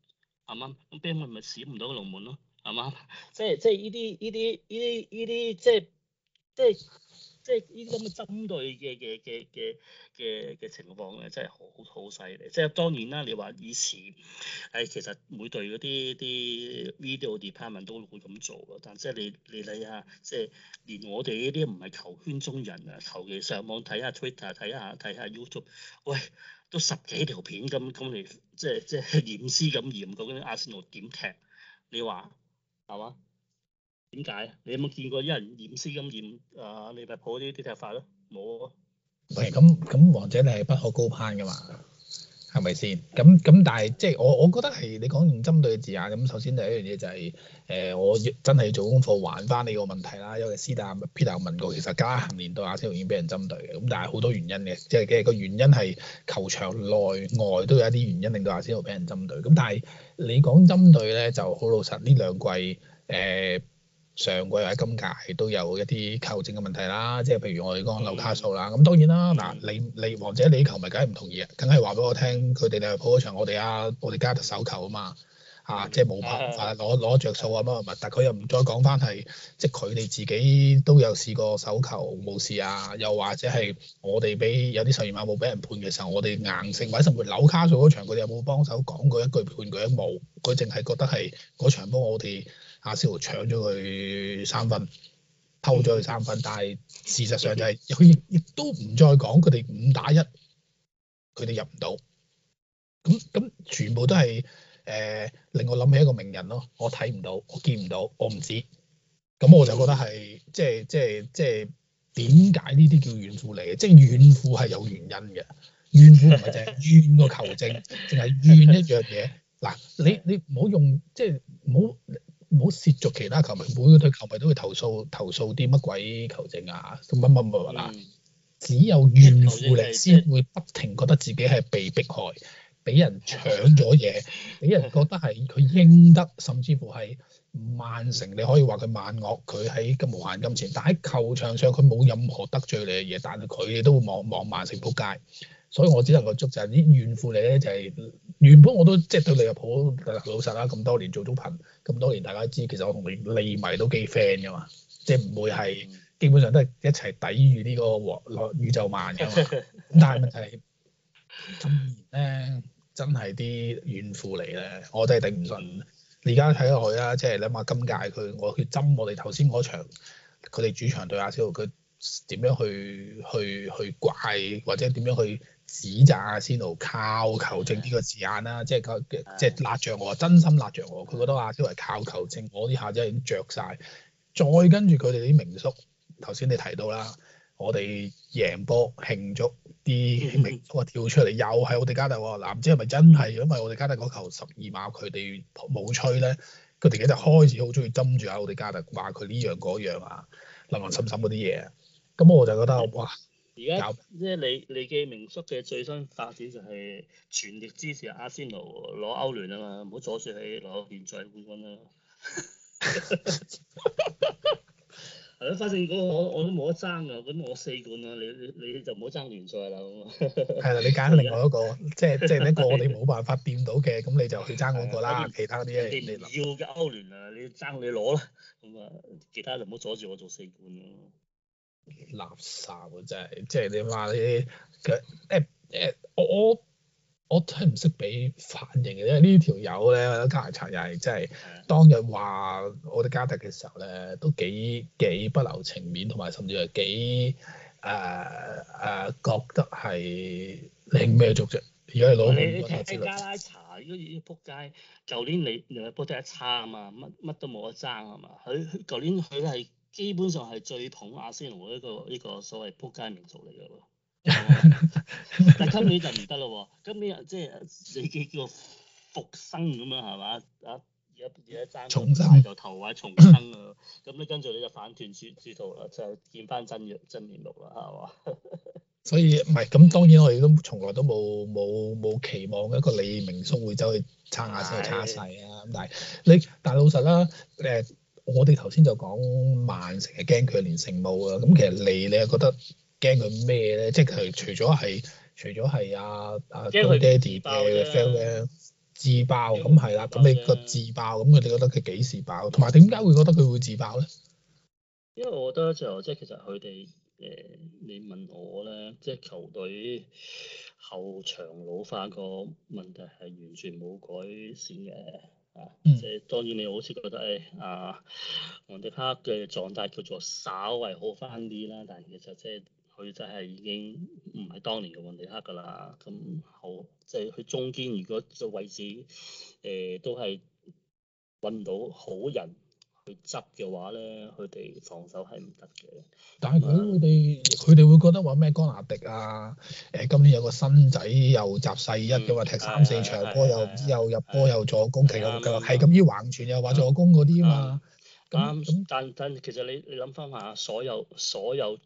唔啱？咁 Ben 威咪閃唔到個龍門咯？係嘛？即係即係呢啲呢啲呢啲呢啲即係即係即係依啲咁嘅針對嘅嘅嘅嘅嘅情況咧，真係好好犀利。即係當然啦，你話以前係、欸、其實每隊嗰啲啲 video department 都會咁做，但係即係你你睇下，即係連我哋呢啲唔係球圈中人啊，求其上網睇下 Twitter 睇下睇下 YouTube，喂、欸、都十幾條片咁咁嚟，即係即係驗屍咁驗嗰啲阿仙奴點踢？你話？係嘛？點解？你有冇見過啲人驗屍咁驗啊？你咪普啲啲踢法咯，冇。喂，唔係咁咁，王者你係不可高攀噶嘛？係咪先？咁咁，但係即係我我覺得係你講用針對嘅字眼。咁首先第一樣嘢就係、是、誒、呃，我真係要做功課還翻你個問題啦。有嘅史打 Peter 問過，其實加恆連對阿仙奴已經俾人針對嘅。咁但係好多原因嘅，即係嘅個原因係球場內外都有一啲原因令到阿仙奴俾人針對。咁但係你講針對咧，就好老實呢兩季誒。呃上季或者今屆都有一啲球證嘅問題啦，即係譬如我哋講紐卡素啦，咁、嗯、當然啦，嗱、嗯、你你王者你球迷梗係唔同意啊，梗係話俾我聽，佢哋利物浦嗰場我哋啊我哋加特手球啊嘛，嗯、啊即係冇辦法攞攞著數啊嘛。乜乜、啊啊，但佢又唔再講翻係即係佢哋自己都有試過手球冇事啊，又或者係我哋俾有啲十二碼冇俾人判嘅時候，我哋硬性或者甚至紐卡素嗰場，佢哋有冇幫手講過一句判佢一冇，佢淨係覺得係嗰場幫我哋。阿斯豪搶咗佢三分，偷咗佢三分，但係事實上就係佢亦都唔再講佢哋五打一，佢哋入唔到，咁咁全部都係誒、呃、令我諗起一個名人咯，我睇唔到，我見唔到，我唔知，咁我就覺得係即係即係即係點解呢啲叫怨婦嚟嘅？即係怨婦係有原因嘅，怨婦唔係淨係怨個球證，淨係怨一樣嘢。嗱，你你唔好用即係唔好。唔好涉足其他球迷，每個隊球迷都會投訴，投訴啲乜鬼球證啊？乜乜乜啦！只有怨婦你先會不停覺得自己係被迫害，俾人搶咗嘢，俾 (laughs) 人覺得係佢應得，甚至乎係曼城，你可以話佢萬惡，佢喺個無限金錢，但喺球場上佢冇任何得罪你嘅嘢，但係佢哋都會望望曼城撲街。所以我只能夠捉就係啲怨婦嚟咧，就係原本我都即係對利物浦老實啦。咁多年做咗朋，咁多年大家都知，其實我同你利迷都幾 friend 嘅嘛。即係唔會係，基本上都係一齊抵禦呢個落宇宙曼嘅嘛。但係問題係，今年咧真係啲怨婦嚟咧，我真係頂唔順。而家睇落去啊，即係諗下今屆佢，我去針我哋頭先嗰場，佢哋主場對阿超，佢點樣去去去怪，或者點樣去？指責阿仙奴靠球證呢個字眼啦，即係佢即係辣著我，真心辣著我。佢覺得阿仙奴靠球證，我啲下子已經着晒。再跟住佢哋啲名宿，頭先你提到啦，我哋贏波慶祝啲名宿啊跳出嚟又係奧迪加特喎，嗱唔知係咪真係因為奧迪加特嗰球十二碼佢哋冇吹咧，佢哋已經就開始好中意針住阿奧迪加特話佢呢樣嗰樣啊，林林審審嗰啲嘢，咁我就覺得哇～而家即係你利記名宿嘅最新發展就係全力支持阿仙奴攞歐聯啊嘛，唔好阻住你攞聯賽冠軍啦。係 (laughs) 咯， (laughs) (laughs) (laughs) 反正我我都冇得爭噶，咁我四冠啦、啊。你你就唔好爭聯賽啦。係 (laughs) 啦，你揀另外一個， (laughs) 即係即係一個我哋冇辦法掂到嘅，咁 (laughs) 你就去爭嗰個啦。其他啲你要嘅歐聯啊，你要爭你攞啦。咁啊，其他就唔好阻住我做四冠咯、啊。垃圾啊！真係，即係你話啲嘅 a 我我我真係唔識俾反應嘅，因為呢條友咧，加拉茶又係真係當日話我哋加特嘅時候咧，都幾幾不留情面，同埋甚至係幾誒誒覺得係令咩足啫？如果係攞你你加拉茶，如果已經扑街，舊年你你撲得一餐啊，乜乜都冇得爭啊嘛，佢舊年佢係。基本上係最捧阿仙奴一個呢個所謂撲街名族嚟嘅喎，但今年就唔得咯喎，今年即係死幾個復生咁啊，係嘛啊？而家而家爭重晒個頭位重生啊，咁你跟住你就反轉主轉頭就見翻真真面目啦，係嘛？所以唔係咁當然我哋都從來都冇冇冇期望一個李明松會走去撐阿仙，撐阿世啊咁，但係你但係老實啦，誒。我哋頭先就講曼城係驚佢連勝 mode 啊，咁其實你你又覺得驚佢咩咧？即係除咗係除咗係啊啊老爹哋嘅 feel 嘅自爆咁係啦，咁你個自爆咁，佢哋覺得佢幾時爆？同埋點解會覺得佢會自爆咧？因為我覺得就即係其實佢哋誒，你問我咧，即係球隊後場老化個問題係完全冇改善嘅。即係、嗯、當然你好似覺得誒，阿蒙地克嘅狀態叫做稍微好翻啲啦，但其實即係佢真係已經唔係當年嘅蒙地克噶啦，咁好即係佢中間如果個位置誒、呃、都係搵唔到好人。去執嘅話咧，佢哋防守係唔得嘅。但係佢哋，佢哋、啊、會覺得話咩？江納迪啊，誒、哎，今年有個新仔又集世一嘅話，嗯啊、踢三四場波又又、啊啊、入波又助攻，啊啊、其實係咁，要橫傳又話助攻嗰啲啊嘛。咁咁，但但其實你你諗翻下，所有所有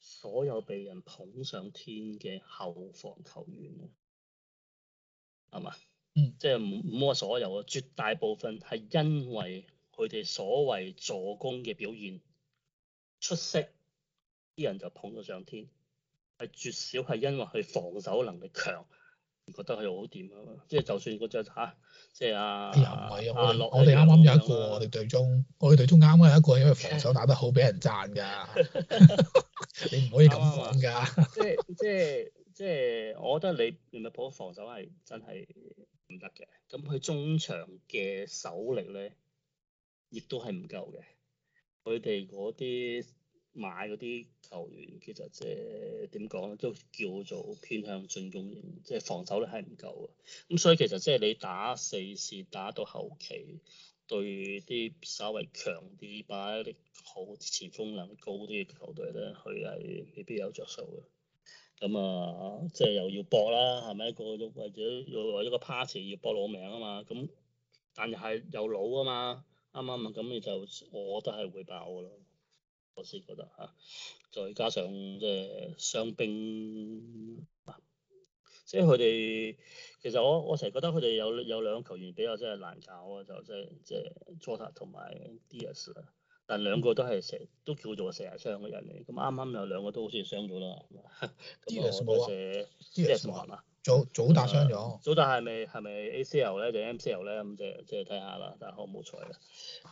所有被人捧上天嘅後防球員係嘛？嗯即。即係唔唔好所有啊，絕大部分係因為。佢哋所謂助攻嘅表現出色，啲人就捧咗上天，係絕少係因為佢防守能力強，覺得佢好掂啊！即係就算嗰隻吓，即係阿，唔係啊！我我哋啱啱有一個我哋隊中，我哋隊中啱啱有一個，剛剛一個因為防守打得好，俾人讚噶。你唔可以咁講噶。即係即係即係，我、就是、覺得你唔係補防守係真係唔得嘅。咁佢中場嘅手力咧？亦都係唔夠嘅，佢哋嗰啲買嗰啲球員，其實即係點講咧，都叫做偏向進攻型，即係防守咧係唔夠嘅。咁所以其實即係你打四試打到後期，對啲稍微強啲、把啲好前鋒能高啲嘅球隊咧，佢係未必有着數嘅。咁啊，即係又要搏啦，係咪一個為咗要為一個 party 而搏老命啊嘛？咁但係又老啊嘛～啱啱啊！咁你就我都係會爆噶咯，我先覺得嚇。再加上即係傷兵，即係佢哋其實我我成日覺得佢哋有有兩個球員比較真係難搞啊，就即係即係托特同埋 d s 但兩個都係成都叫做成日傷嘅人嚟，咁啱啱又兩個都好似傷咗啦。d (laughs) 我 s s 冇啊 d s s 冇嘛？早早打傷咗，早打係咪係咪 ACL 咧定 MCL 咧，咁即係即係睇下啦，但係好冇彩啦，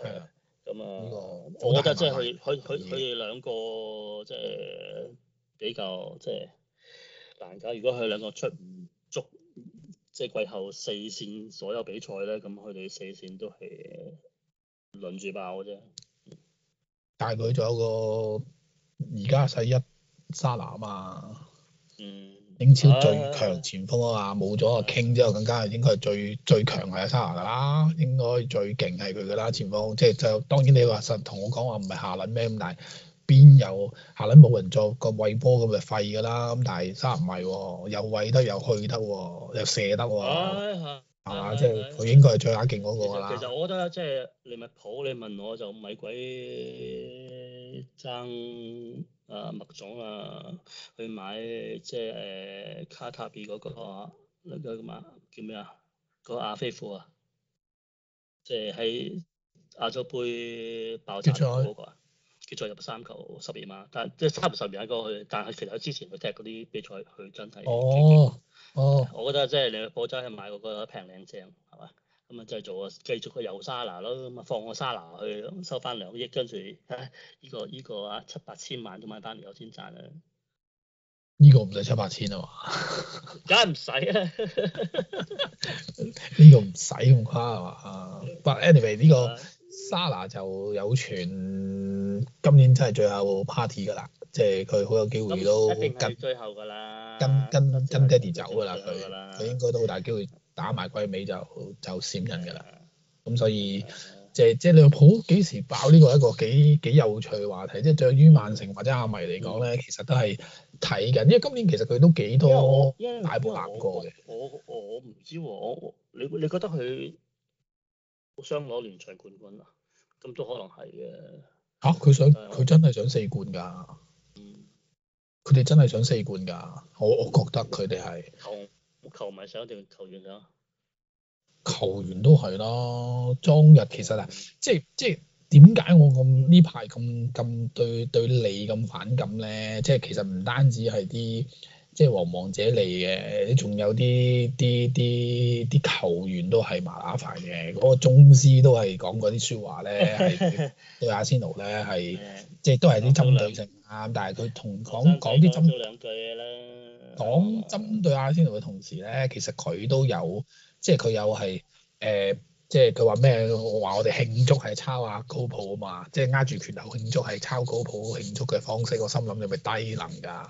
係啊，咁的啊，我覺得即係佢佢佢佢哋兩個即係、呃、比較即係大家如果佢兩個出唔足，即係季後四線所有比賽咧，咁佢哋四線都係輪住爆嘅啫。嗯、但係佢仲有個而家世一沙拿嘛，啊。嗯。.英超最強前鋒啊嘛，冇咗阿 King 之後，更加應該係最最強係阿沙拿噶啦，應該最勁係佢噶啦，前鋒即係就當然你話實同我講話唔係下輪咩咁，但係邊有下輪冇人做個喂波咁咪廢噶啦，咁但係沙拿唔係，又喂得又去得又射得，係嘛即？即係佢應該係最眼勁嗰個啦。其實我覺得即係你咪抱你問我就唔係鬼。生誒、啊、麥總啊，去買即係誒、呃、卡塔爾嗰、那個，嗰啊？叫咩啊？嗰、那個亞菲夫啊，即係喺亞洲杯爆炸嗰、那個啊，叫賽入三球十二碼，但即係差唔多十二碼一個去，但係其實之前佢踢嗰啲比賽，佢真係哦哦，我覺得即係你去澳洲去買，我覺得平靚正，係嘛？咁啊，製造啊，繼續去遊沙拿咯，咁啊放個沙拿去收翻兩億，跟住呢呢個依啊、這個、七八千萬同埋翻嚟有錢賺啦！呢個唔使七八千啊嘛，梗係唔使啊。呢 (laughs) (laughs) 個唔使咁誇啊嘛？不過 anyway 呢個沙拿就有傳今年真係最後 party 㗎啦，即係佢好有機會都跟最後㗎啦，跟跟、啊、跟爹哋走㗎啦，佢佢、嗯、他 應該都好大機會。打埋季尾就就閃人㗎啦，咁所以、嗯、即即利物浦幾時爆呢個一個幾幾有趣話題，即對於曼城或者阿迷嚟講咧，其實都係睇緊，因為今年其實佢都幾多大波藍哥嘅。我我唔知喎，你你覺得佢想攞聯賽冠軍啊？咁都可能係嘅。嚇、啊！佢想佢真係想四冠㗎。佢哋真係想四冠㗎，我我覺得佢哋係。球迷想定球員咯？球員都係咯，當日其實啊，即係即係點解我咁呢排咁咁對對你咁反感咧？即係其實唔單止係啲即係王王者嚟嘅，仲有啲啲啲啲球員都係麻麻煩嘅。嗰、那個宗師都係講嗰啲說話咧，係 (laughs) 對阿仙奴咧係即係都係啲針對性啊。 (laughs) 嗯、但係佢同講講啲針，講多兩句啦。講針對阿仙奴嘅同時咧，其實佢都有，即係佢有係誒、呃，即係佢話咩？我話我哋慶祝係抄下高普啊嘛，即係握住拳頭慶祝係抄高普慶祝嘅方式。我心諗你咪低能㗎，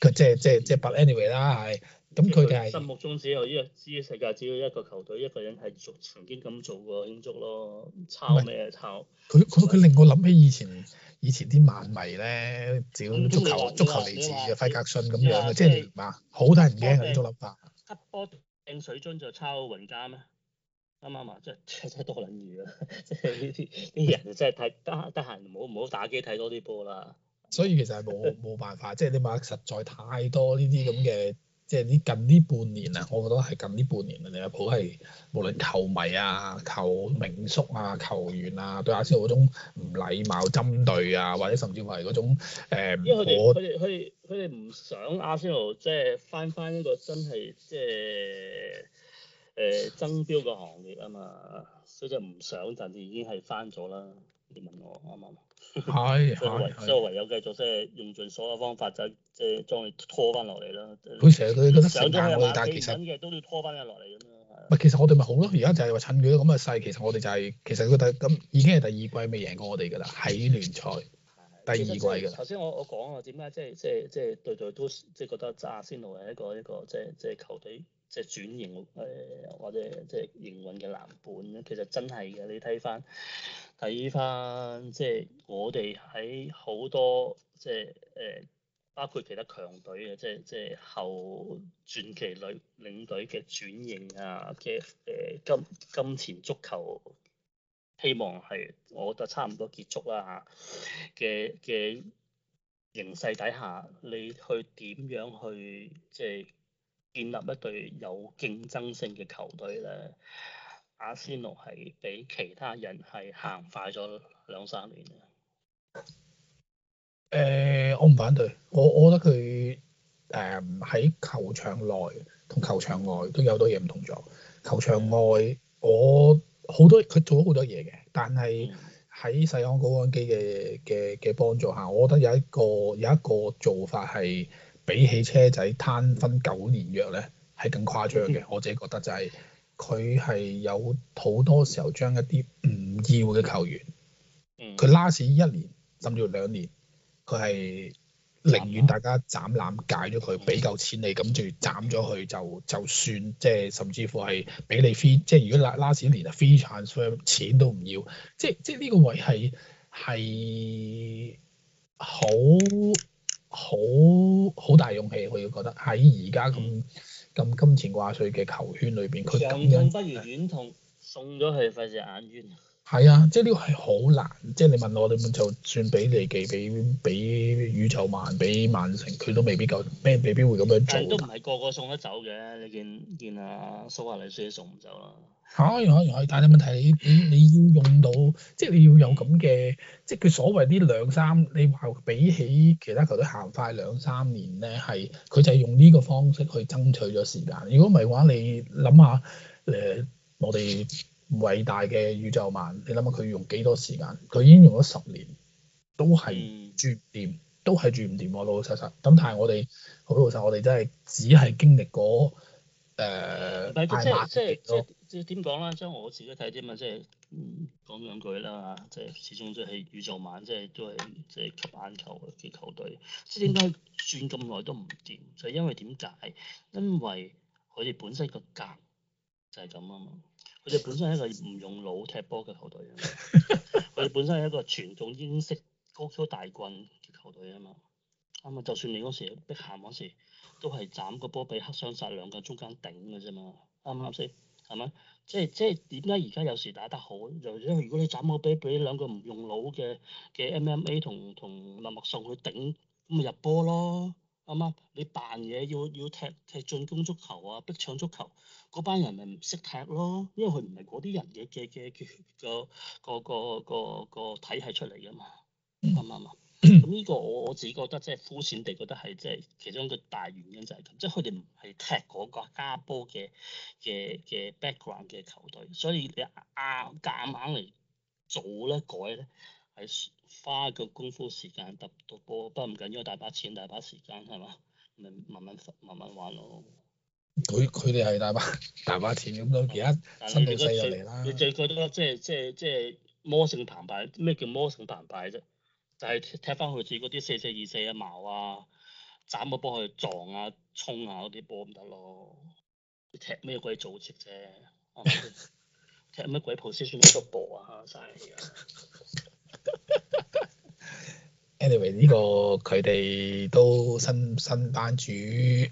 佢即係即係即係，but anyway 啦，係、就是。咁佢哋心目中只有呢個知，知世界只要一個球隊一個人係做曾經咁做過慶祝咯，抄咩抄？佢佢佢令我諗起以前。以前啲曼迷咧，照足球、嗯、足球嚟自嘅，費格遜咁樣嘅，即係你嘛，馬好睇唔驚啊，咁、嗯嗯、多粒白。執波掟水樽就抄雲監咩？啱唔啱啊？真即真多撚嘢咯，即係呢啲啲人真係睇得得閒唔好唔好打機睇多啲波啦。所以其實係冇冇辦法，即、就、係、是、你話實在太多呢啲咁嘅。即係呢近呢半年啊，我覺得係近呢半年啊，利物浦係無論球迷啊、球名宿啊、球員啊，對阿仙奴嗰種唔禮貌、針對啊，或者甚至乎係嗰種、呃、因為佢哋佢哋佢哋佢哋唔想阿仙奴即係翻翻呢個真係即係誒、呃、爭標嘅行業啊嘛，所以就唔想，甚至已經係翻咗啦。你問我啱唔啱？係，即 (laughs) 係唯，即係唯有繼續，即係用盡所有方法，就即係將佢拖翻落嚟啦。佢成日都想將佢帶起緊嘅，都要拖翻落嚟咁樣。唔係，其實我哋咪好咯，而家就係話趁住咁嘅勢，其實我哋就係、是、其實佢第咁已經係第二季未贏過我哋㗎啦，喺聯賽第二季㗎。頭先、就是、我我講啊，點解即係即係即係對對都即係、就是、覺得扎阿仙奴係一個一個即係即係球隊。即係轉型，誒、呃，或者即係營運嘅藍本咧，其實真係嘅。你睇翻睇翻，即係我哋喺好多即係誒，包括其他強隊嘅，即係即係後傳奇隊領,領隊嘅轉型啊嘅誒、呃、金金錢足球，希望係我覺得差唔多結束啦嚇嘅嘅形勢底下，你去點樣去即係？建立一隊有競爭性嘅球隊咧，阿仙奴係比其他人係行快咗兩三年。誒、呃，我唔反對，我我覺得佢誒喺球場內同球場外都有好多嘢唔同咗。球場外我好多佢做咗好多嘢嘅，但係喺世安高安基嘅嘅嘅幫助下，我覺得有一個有一個做法係。比起車仔攤分九年約呢，係更誇張嘅。我自己覺得就係佢係有好多時候將一啲唔要嘅球員，佢 last 一年甚至乎兩年，佢係寧願大家斬纜解咗佢，俾夠錢你，咁就要斬咗佢就就算，即係甚至乎係俾你 free，即係如果 last last 一年 free transfer 錢都唔要，即係即係呢個位係係好。好好大勇氣，佢要覺得喺而家咁咁金錢掛帥嘅球圈裏邊，佢咁樣。長痛不如短痛，送咗去費事眼冤。係啊，即係呢個係好難。即係你問我哋咪就算俾利記、俾俾宇宙萬、俾曼城，佢都未必夠，咩未必會咁樣做。但都唔係個個送得走嘅，你見見阿、啊、蘇亞雷斯送唔走啦。可以，可以、啊，可以，但係問題你，你，你，要用到，即係你要有咁嘅，即係佢所謂啲兩三，你話比起其他球隊行快兩三年咧，係佢就係用呢個方式去爭取咗時間。如果唔係嘅話，你諗下，誒，我哋偉大嘅宇宙曼，你諗下佢用幾多時間？佢已經用咗十年，都係轉唔掂，都係轉唔掂，老老實實。咁但係我哋，好老實，我哋真係只係經歷過。誒，太慢亦都即點講咧？將我自己睇啲嘛，即、嗯、講兩句啦嚇。即始終都係宇宙晚，即係都係即吸眼球嘅球隊。即點解轉咁耐都唔掂，就係、是、因為點解？因為佢哋本身個格就係咁啊嘛。佢哋本身係一個唔用腦踢波嘅球隊啊嘛。佢哋 (laughs) 本身係一個傳統英式高超大棍嘅球隊啊嘛。啱啊！就算你嗰時逼寒嗰時，都係斬個波俾黑雙殺兩個中間頂嘅啫嘛，啱唔啱先？係、hmm. 咪？即係即係點解而家有時打得好？就因為如果你斬個波俾兩個唔用腦嘅嘅 MMA 同同默默送去頂，咁咪入波咯？啱唔啱？你扮嘢要要踢踢進攻足球啊，逼搶足球，嗰班人咪唔識踢咯？因為佢唔係嗰啲人嘅嘅嘅個個個個個體系出嚟嘅嘛，啱唔啱？Mm hmm. 咁呢 (coughs) 個我我自己覺得即係膚淺地覺得係，即係其中一個大原因就係咁，即係佢哋唔係踢嗰個加波嘅嘅嘅 background 嘅球隊，所以你硬夾硬嚟做咧改咧，係花個功夫時間揼到波。不過唔緊要，大把錢大把時間係嘛，咪慢慢慢慢玩咯。佢佢哋係大把大把錢咁樣咯，其他新嘅勢入嚟啦。 (coughs) 你最覺得即係即係即係魔性澎湃？咩叫魔性澎湃啫？就係踢翻佢住嗰啲四四二四嘅矛啊，斬個波去撞啊衝啊，嗰啲波唔得咯。踢咩鬼組織啫、啊啊？踢咩鬼 position 呢個波啊，嘥氣啊！ (laughs) (laughs) Anyway 呢個佢哋都新新班主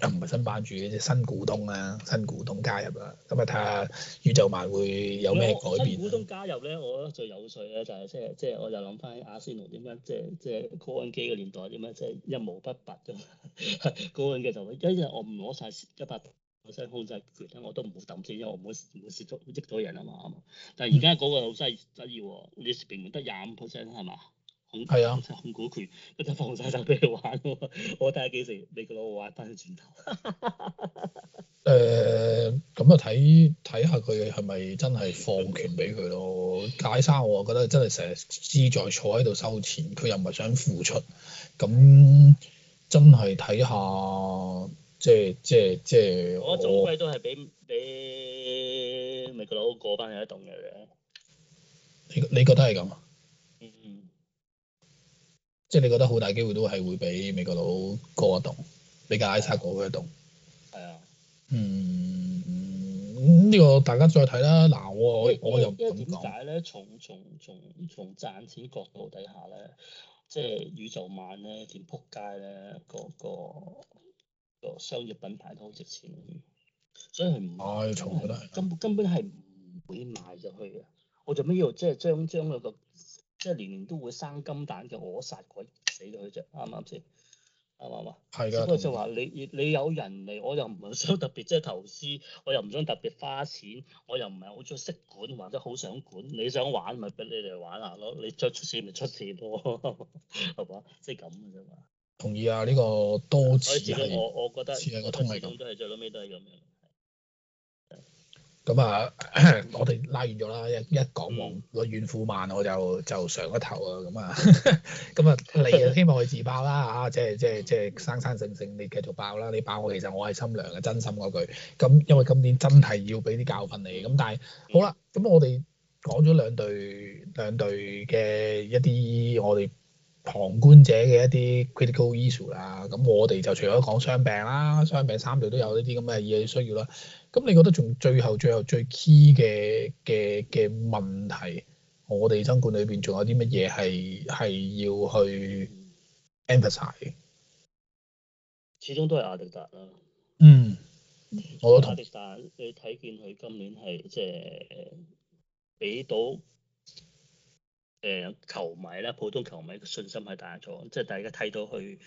啊，唔係新班主，即新股東啊，新股東加入啦、啊，咁啊睇下宇宙慢會有咩改變股、啊、東加入咧，我覺得最有趣咧就係即係即係我就諗翻阿仙奴點樣即係即係高銀 K 嘅年代點樣即係一毛不拔咁，高 (laughs) 銀機就因為我唔攞晒一百 percent 控制權咧，我都唔會抌錢，因為我唔會唔會蝕足蝕到人啊嘛，但係而家嗰個好犀得意喎，你平時得廿五 percent 係嘛？係啊，控股權一陣放晒手俾佢玩喎，我睇下幾時美國佬玩翻轉頭。誒，咁啊睇睇下佢係咪真係放權俾佢咯？解生，我覺得真係成日志在坐喺度收錢，佢又唔係想付出，咁真係睇下即係即係即係我總歸都係俾俾美國佬過翻有一棟嘅啫。你你覺得係咁啊？即係你覺得好大機會都係會比美國佬高一檔，比較挨差過佢一檔。係啊的。的嗯，呢個大家再睇啦。嗱，這我我又唔敢講。因為點解咧？從從從從賺錢角度底下咧，即係宇宙漫咧，連撲街咧，嗰個，個，個商業品牌都好值錢，所以係唔賣，根本根本係唔會賣咗去嘅。我做咩要即係將將佢即係年年都會生金蛋嘅，我殺鬼死咗佢啫，啱啱先？啱唔啱啊？係㗎的。所以就話你你有人嚟，我又唔想特別即係、就是、投資，我又唔想特別花錢，我又唔係好鍾意識管或者好想管。你想玩咪俾你哋玩下咯，你再出錢咪出錢咯，係 (laughs) 嘛、嗯？即係咁嘅啫嘛。就是、同意啊！呢、這個多次我我覺得。次啊！個通係咁。都係最屘尾都係咁樣。咁啊，我哋拉完咗啦，一一講王個怨婦慢，我就就上咗頭了啊，咁啊，咁啊你希望佢自爆啦，啊，即係即係即係生生性性，你繼續爆啦，你爆我，我其實我係心涼嘅，真心嗰句。咁因為今年真係要俾啲教訓你。咁但係好啦，咁我哋講咗兩隊兩隊嘅一啲我哋旁觀者嘅一啲 critical issue 啦，咁我哋就除咗講傷病啦，傷病三隊都有呢啲咁嘅嘢需要啦。咁你覺得仲最後最後最 key 嘅嘅嘅問題，我哋爭冠裏邊仲有啲乜嘢係係要去 emphasize？始終都係阿迪達啦。嗯，我都同阿迪達，你睇見佢今年係即係俾到。誒、球迷啦，普通球迷嘅信心係大咗，即係大家睇到佢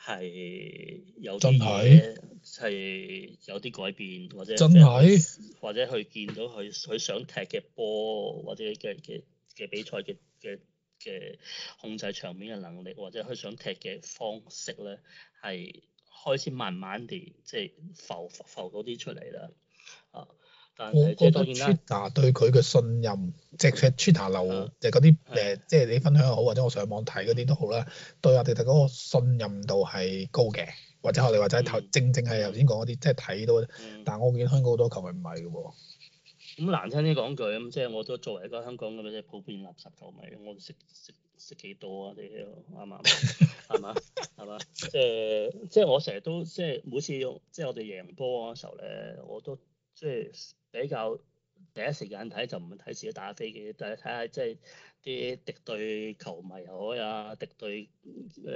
係有真嘢嘅，係有啲改變，或者真係嘅，或者佢見到佢佢想踢嘅波，或者嘅嘅嘅比賽嘅嘅嘅控制場面嘅能力，或者佢想踢嘅方式咧，係開始慢慢地即係、就係、浮浮嗰啲出嚟啦啊！啊、我覺得 Twitter 對佢嘅信任，即係 Twitter 流，即係嗰啲誒，即係你分享好，或者我上網睇嗰啲都好啦。對我哋嗰個信任度係高嘅，或者我哋或者頭正正係頭先講嗰啲，即係睇到。嗯、但係我見香港好多球迷唔係㗎喎。咁、嗯嗯嗯、難聽啲講句咁，即、就、係、是、我都作為一個香港嘅即係普遍垃圾球迷，我識識識幾多啊？你啱唔啱？係嘛？ (laughs) 係嘛？誒，即係我成日都即係每次即係我哋贏波嗰時候咧，我都。即係比較第一時間睇就唔係睇自己打飛機，但係睇下即係啲敵對球迷又好啊、敵對誒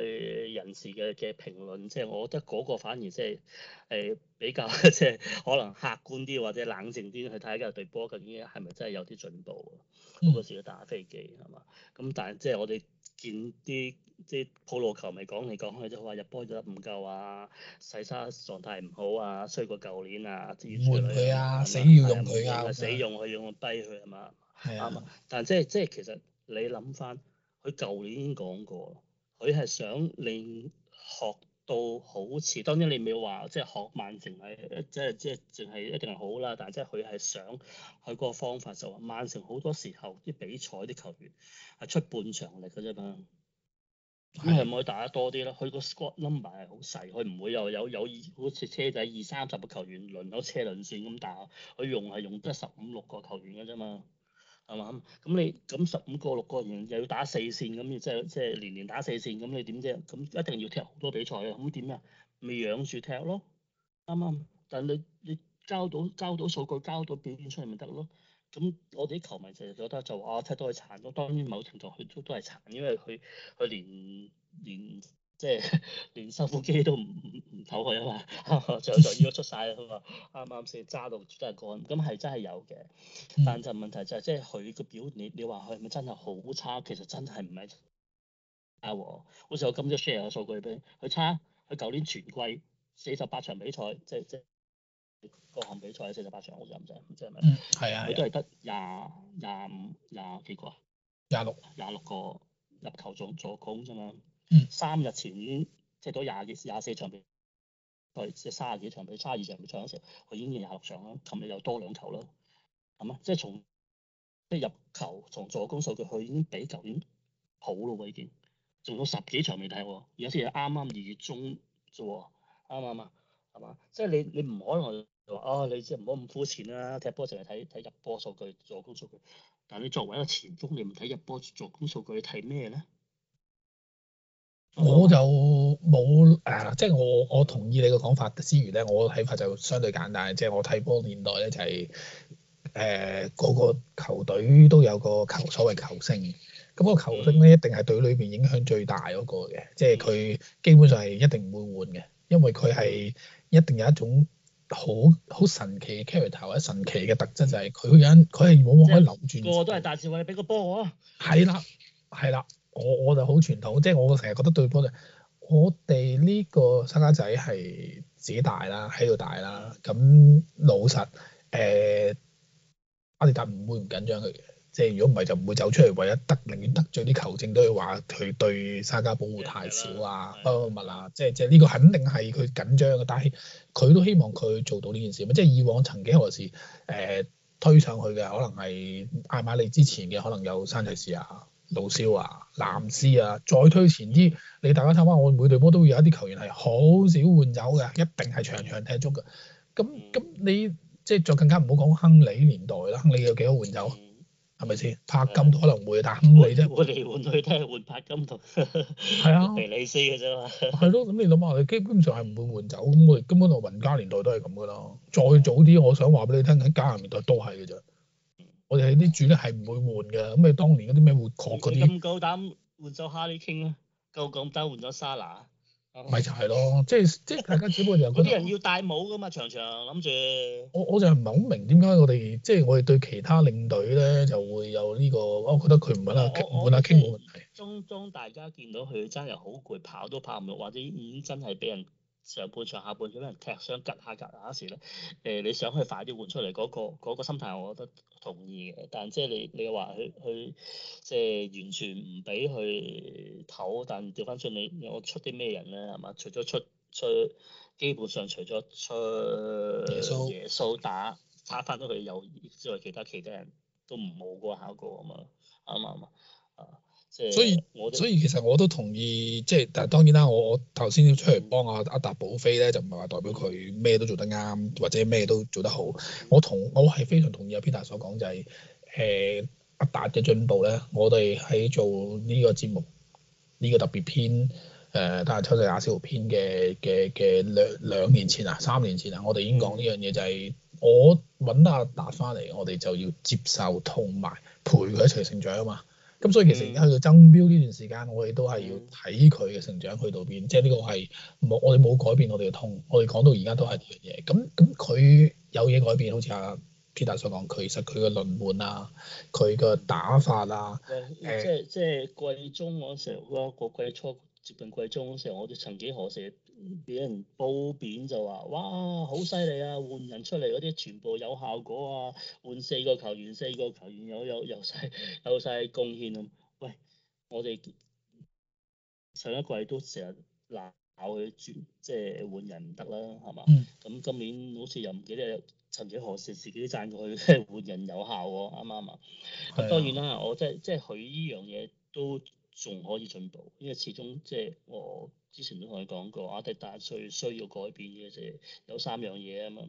人士嘅嘅評論，即係我覺得嗰個反而即係誒比較即係可能客觀啲或者冷靜啲去睇下今日對波究竟係咪真係有啲進步啊？嗰、嗯、個自己打飛機係嘛？咁但係即係我哋。見啲即係普羅球迷，咪講嚟講去就話入波入得唔夠啊，細沙狀態唔好啊，衰過舊年啊，要用啊，啊死要用佢啊，啊啊死用佢用到低佢係嘛？係啊，係啊，啊，但即係即係，其實你諗翻，佢舊年已經講過，佢係想令學。到好似，當然你唔要話即係學曼城係即係即係淨係一定係好啦，但係即係佢係想佢個方法就話曼城好多時候啲比賽啲球員係出半場力嘅啫嘛，佢係唔會打得多啲啦，佢個 squad number 係好細，佢唔會又有有好似車仔二三十個球員輪到車輪戰咁打，佢用係用得十五六個球員嘅啫嘛。係嘛？咁你咁十五個六個人又要打四線咁，即係即係年年打四線咁，你點啫？咁一定要踢好多比賽啊！咁點呀？咪養住踢咯，啱啱？但係你你交到交到數據，交到表現出嚟咪得咯。咁我哋啲球迷成日覺得就話踢、啊、都係殘咗。當然某程度佢都都係殘，因為佢佢連連。即係 (laughs) 連收腹機都唔唔唞佢啊嘛，仲就仲要出曬啊嘛，啱啱先揸到都係乾，咁係真係有嘅。但就問題就係、是，即係佢個表，你你話佢係咪真係好差？其實真係唔係。阿和，好似我今朝 share 個數據俾你，佢差，佢舊年全季四十八場比賽，即係即係各項比賽四十八場好，好記唔記即係咪？嗯，係啊，佢都係得廿廿五廿幾個廿六，廿六 26. 個入球做助攻啫嘛。嗯、三日前即20、即係、已經踢到廿幾廿四場比賽，佢即係三十幾場比，卅二場嘅時候，佢已經贏廿六場啦。琴日又多兩球咯，係嘛？即係從即係入球，從助攻數據，佢已經比舊年好咯喎已經。仲有十幾場未睇喎，而家先啱啱二月中啫喎，啱唔啱？係嘛？即係你你唔可能話啊、哦，你知唔好咁膚淺啦。踢波淨係睇睇入波數據、助攻數據，但你作為一個前鋒，你唔睇入波助攻數據，你睇咩咧？我就冇誒、啊，即係我我同意你嘅講法之餘咧，我睇法就相對簡單，即係我睇波年代咧就係誒個個球隊都有個球所謂球星，咁個球星咧一定係隊裏邊影響最大嗰個嘅，即係佢基本上係一定唔會換嘅，因為佢係一定有一種好好神奇嘅 character 或者神奇嘅特質，就係、是、佢有佢係冇可以留轉。個個都係大智慧，俾個波啊。係啦，係啦。我我就好傳統，即係我成日覺得對方就係、我哋呢個沙迦仔係自己大啦，喺度大啦，咁老實誒、呃，阿迪達唔會唔緊張佢嘅，即係如果唔係就唔會走出嚟為一得，寧願得罪啲球證都要話佢對沙迦保護太少啊，不物啊，的即係即係呢個肯定係佢緊張嘅，但係佢都希望佢做到呢件事，即係以往曾幾何時誒、呃、推上去嘅，可能係艾馬利之前嘅，可能有山齊士啊。老少啊，藍絲啊，再推前啲，你大家睇翻我每隊波都會有一啲球員係好少換走嘅，一定係場場踢足嘅。咁咁你即係再更加唔好講亨利年代啦，亨利有幾多換走？係咪先？柏金可能會，但亨利啫。我哋換去都係換柏金同。係啊，皮里斯 (laughs) 你斯嘅啫嘛。係咯，咁你諗下，你基本上係唔會換走，咁我哋根本就雲加年代都係咁噶啦。再早啲，我想話俾你聽，喺加連年代都係嘅啫。我哋喺啲主咧係唔會換嘅，咁你當年嗰啲咩活躍嗰啲咁夠膽換咗哈利 Kane 啦、 (laughs) 就是，夠夠膽換咗沙拿？咪就係咯，即係即係大家只不過又嗰啲人要戴帽噶嘛，長長諗住。我就我就係唔係好明點解我哋即係我哋對其他領隊咧就會有呢、這個，我覺得佢唔揾阿傾唔揾阿傾冇問題。中中大家見到佢真係好攰，跑都跑唔落，或者已經真係俾人。上半場下半場俾人踢傷趌下格下時咧，誒、呃、你想佢快啲換出嚟嗰個嗰個心態，我覺得同意嘅。但係即係你你話佢佢即係完全唔俾佢唞，但調翻出你我出啲咩人咧係嘛？除咗出出基本上除咗出耶穌耶穌打打翻到佢有意之外，其他其他，其他人都唔冇個效果。啊嘛，啱嘛？所以所以其實我都同意，即係但係當然啦。我我頭先要出嚟幫阿阿達補飛咧，就唔係話代表佢咩都做得啱或者咩都做得好。我同我係非常同意阿 Peter 所講就係誒阿達嘅進步咧。我哋喺做呢個節目呢、呢個特別篇誒，但、呃、係《抽射阿仙奴篇》嘅嘅嘅兩兩年前啊，三年前啊，我哋已經講呢樣嘢就係、係、我揾阿達翻嚟，我哋就要接受同埋陪佢一齊成長啊嘛。咁、嗯、所以其實而家去到爭標呢段時間，我哋都係要睇佢嘅成長去到邊，即係呢個係冇我哋冇改變我哋嘅痛，我哋講到而家都係呢樣嘢。咁咁佢有嘢改變，好似阿 Peter 所講，其實佢嘅輪換啊，佢嘅打法啊，即係即係季中嗰時候咯，個季初接近季中嗰時候，我哋曾幾何時，俾人褒貶就話，哇，好犀利啊！換人出嚟嗰啲全部有效果啊！換四個球員，四個球員有有有晒有晒貢獻啊！喂，我哋上一季都成日鬧佢轉，即係換人唔得啦，係嘛？咁、嗯、今年好似又唔記得係，曾幾何時自己都贊過佢換 (laughs) 人有效喎，啱啱啊？咁是、啊、當然啦，我即係即係佢依樣嘢都仲可以進步，因為始終即係我之前都同你講過，阿迪達最需要改變嘅就係有三樣嘢啊嘛。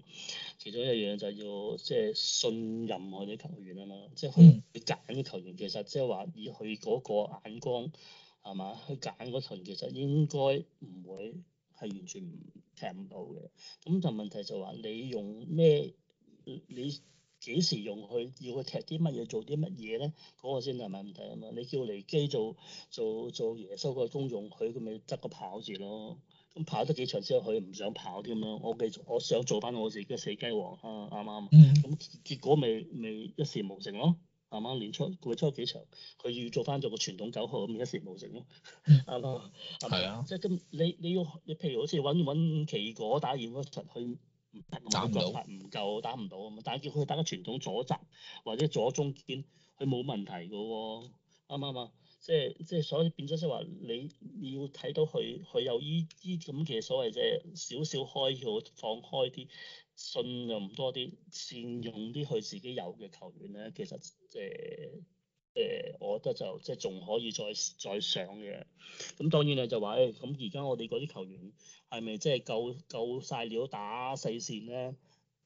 其中一樣就係要即係信任我哋球員啊嘛，即係佢揀嘅球員其實即係話以佢嗰個眼光係嘛，佢揀嗰群其實應該唔會係完全唔踢唔到嘅。咁就問題就話你用咩你？幾時用佢？要佢踢啲乜嘢？做啲乜嘢咧？嗰、嗰個先係問題啊嘛！你叫嚟基做做做耶穌個功用，佢佢咪執個跑住咯？咁跑得幾場之後，佢唔想跑添啦！我繼續，我想做翻我自己嘅死雞王啊！啱啱？咁、mm. 結果咪咪一事無成咯？啱唔啱？年初季初幾場？佢要做翻做個傳統九號咁，一事無成咯？啱唔啱？係、嗯、啊！即係咁，你你要你要譬如好似揾揾奇果打染屈臣去。打唔到，唔夠打唔到啊嘛！但係叫佢打個傳統左閘或者左中堅，佢冇問題嘅喎、哦，啱唔啱啊？即係即係所以變咗即係話，你要睇到佢，佢有依啲咁嘅所謂即係少少開竅，放開啲信任多啲，善用啲佢自己有嘅球員咧，其實誒。呃誒、欸，我覺得就即係仲可以再再上嘅。咁當然啦，就話誒，咁而家我哋嗰啲球員係咪即係夠夠晒料打四線咧？